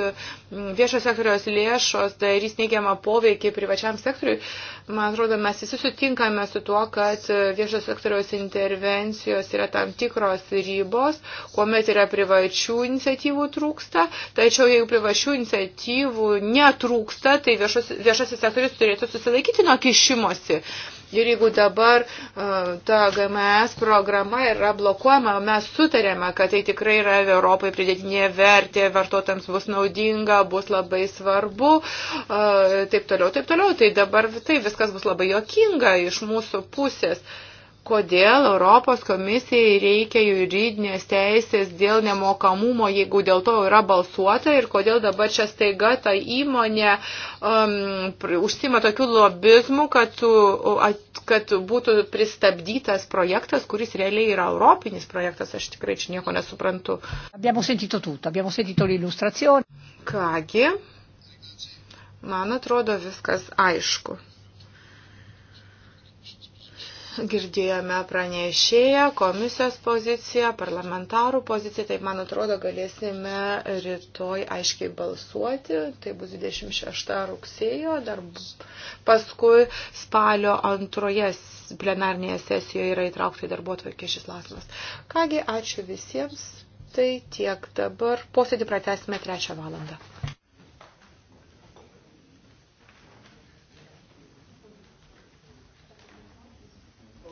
Speaker 1: viešo sektoriaus lėšos darys neigiamą poveikį privačiam sektoriui, Man atrodo, mes visi sutinkame su tuo, kad viešo sektoriaus intervencijos yra tam tikros ribos, kuomet yra privačių iniciatyvų trūksta, tačiau jeigu privačių iniciatyvų netrūksta, tai viešos, viešasis sektorius turėtų susilaikyti nuo kišimosi. Ir jeigu dabar uh, ta GMS programa yra blokuojama, mes sutarėme, kad tai tikrai yra Europai pridėtinė vertė, vartotams bus naudinga, bus labai svarbu, uh, taip toliau, taip toliau. Tai dabar tai viskas viskas bus labai jokinga iš mūsų pusės. Kodėl Europos komisijai reikia juridinės teisės dėl nemokamumo, jeigu dėl to yra balsuota ir kodėl dabar čia staiga ta įmonė um, užsima tokiu lobizmu, kad, kad būtų pristabdytas projektas, kuris realiai yra europinis projektas, aš tikrai čia nieko nesuprantu. Abbiamo sentito tutto, abbiamo sentito l'illustrazione. Kągi, man atrodo viskas aišku girdėjome pranešėją, komisijos poziciją, parlamentarų poziciją, tai man atrodo galėsime rytoj aiškiai balsuoti, tai bus 26 rugsėjo, dar paskui spalio antroje plenarnėje sesijoje yra įtraukta į darbo atvarkė šis klausimas. Kągi, ačiū visiems, tai tiek dabar, posėdį pratesime trečią valandą.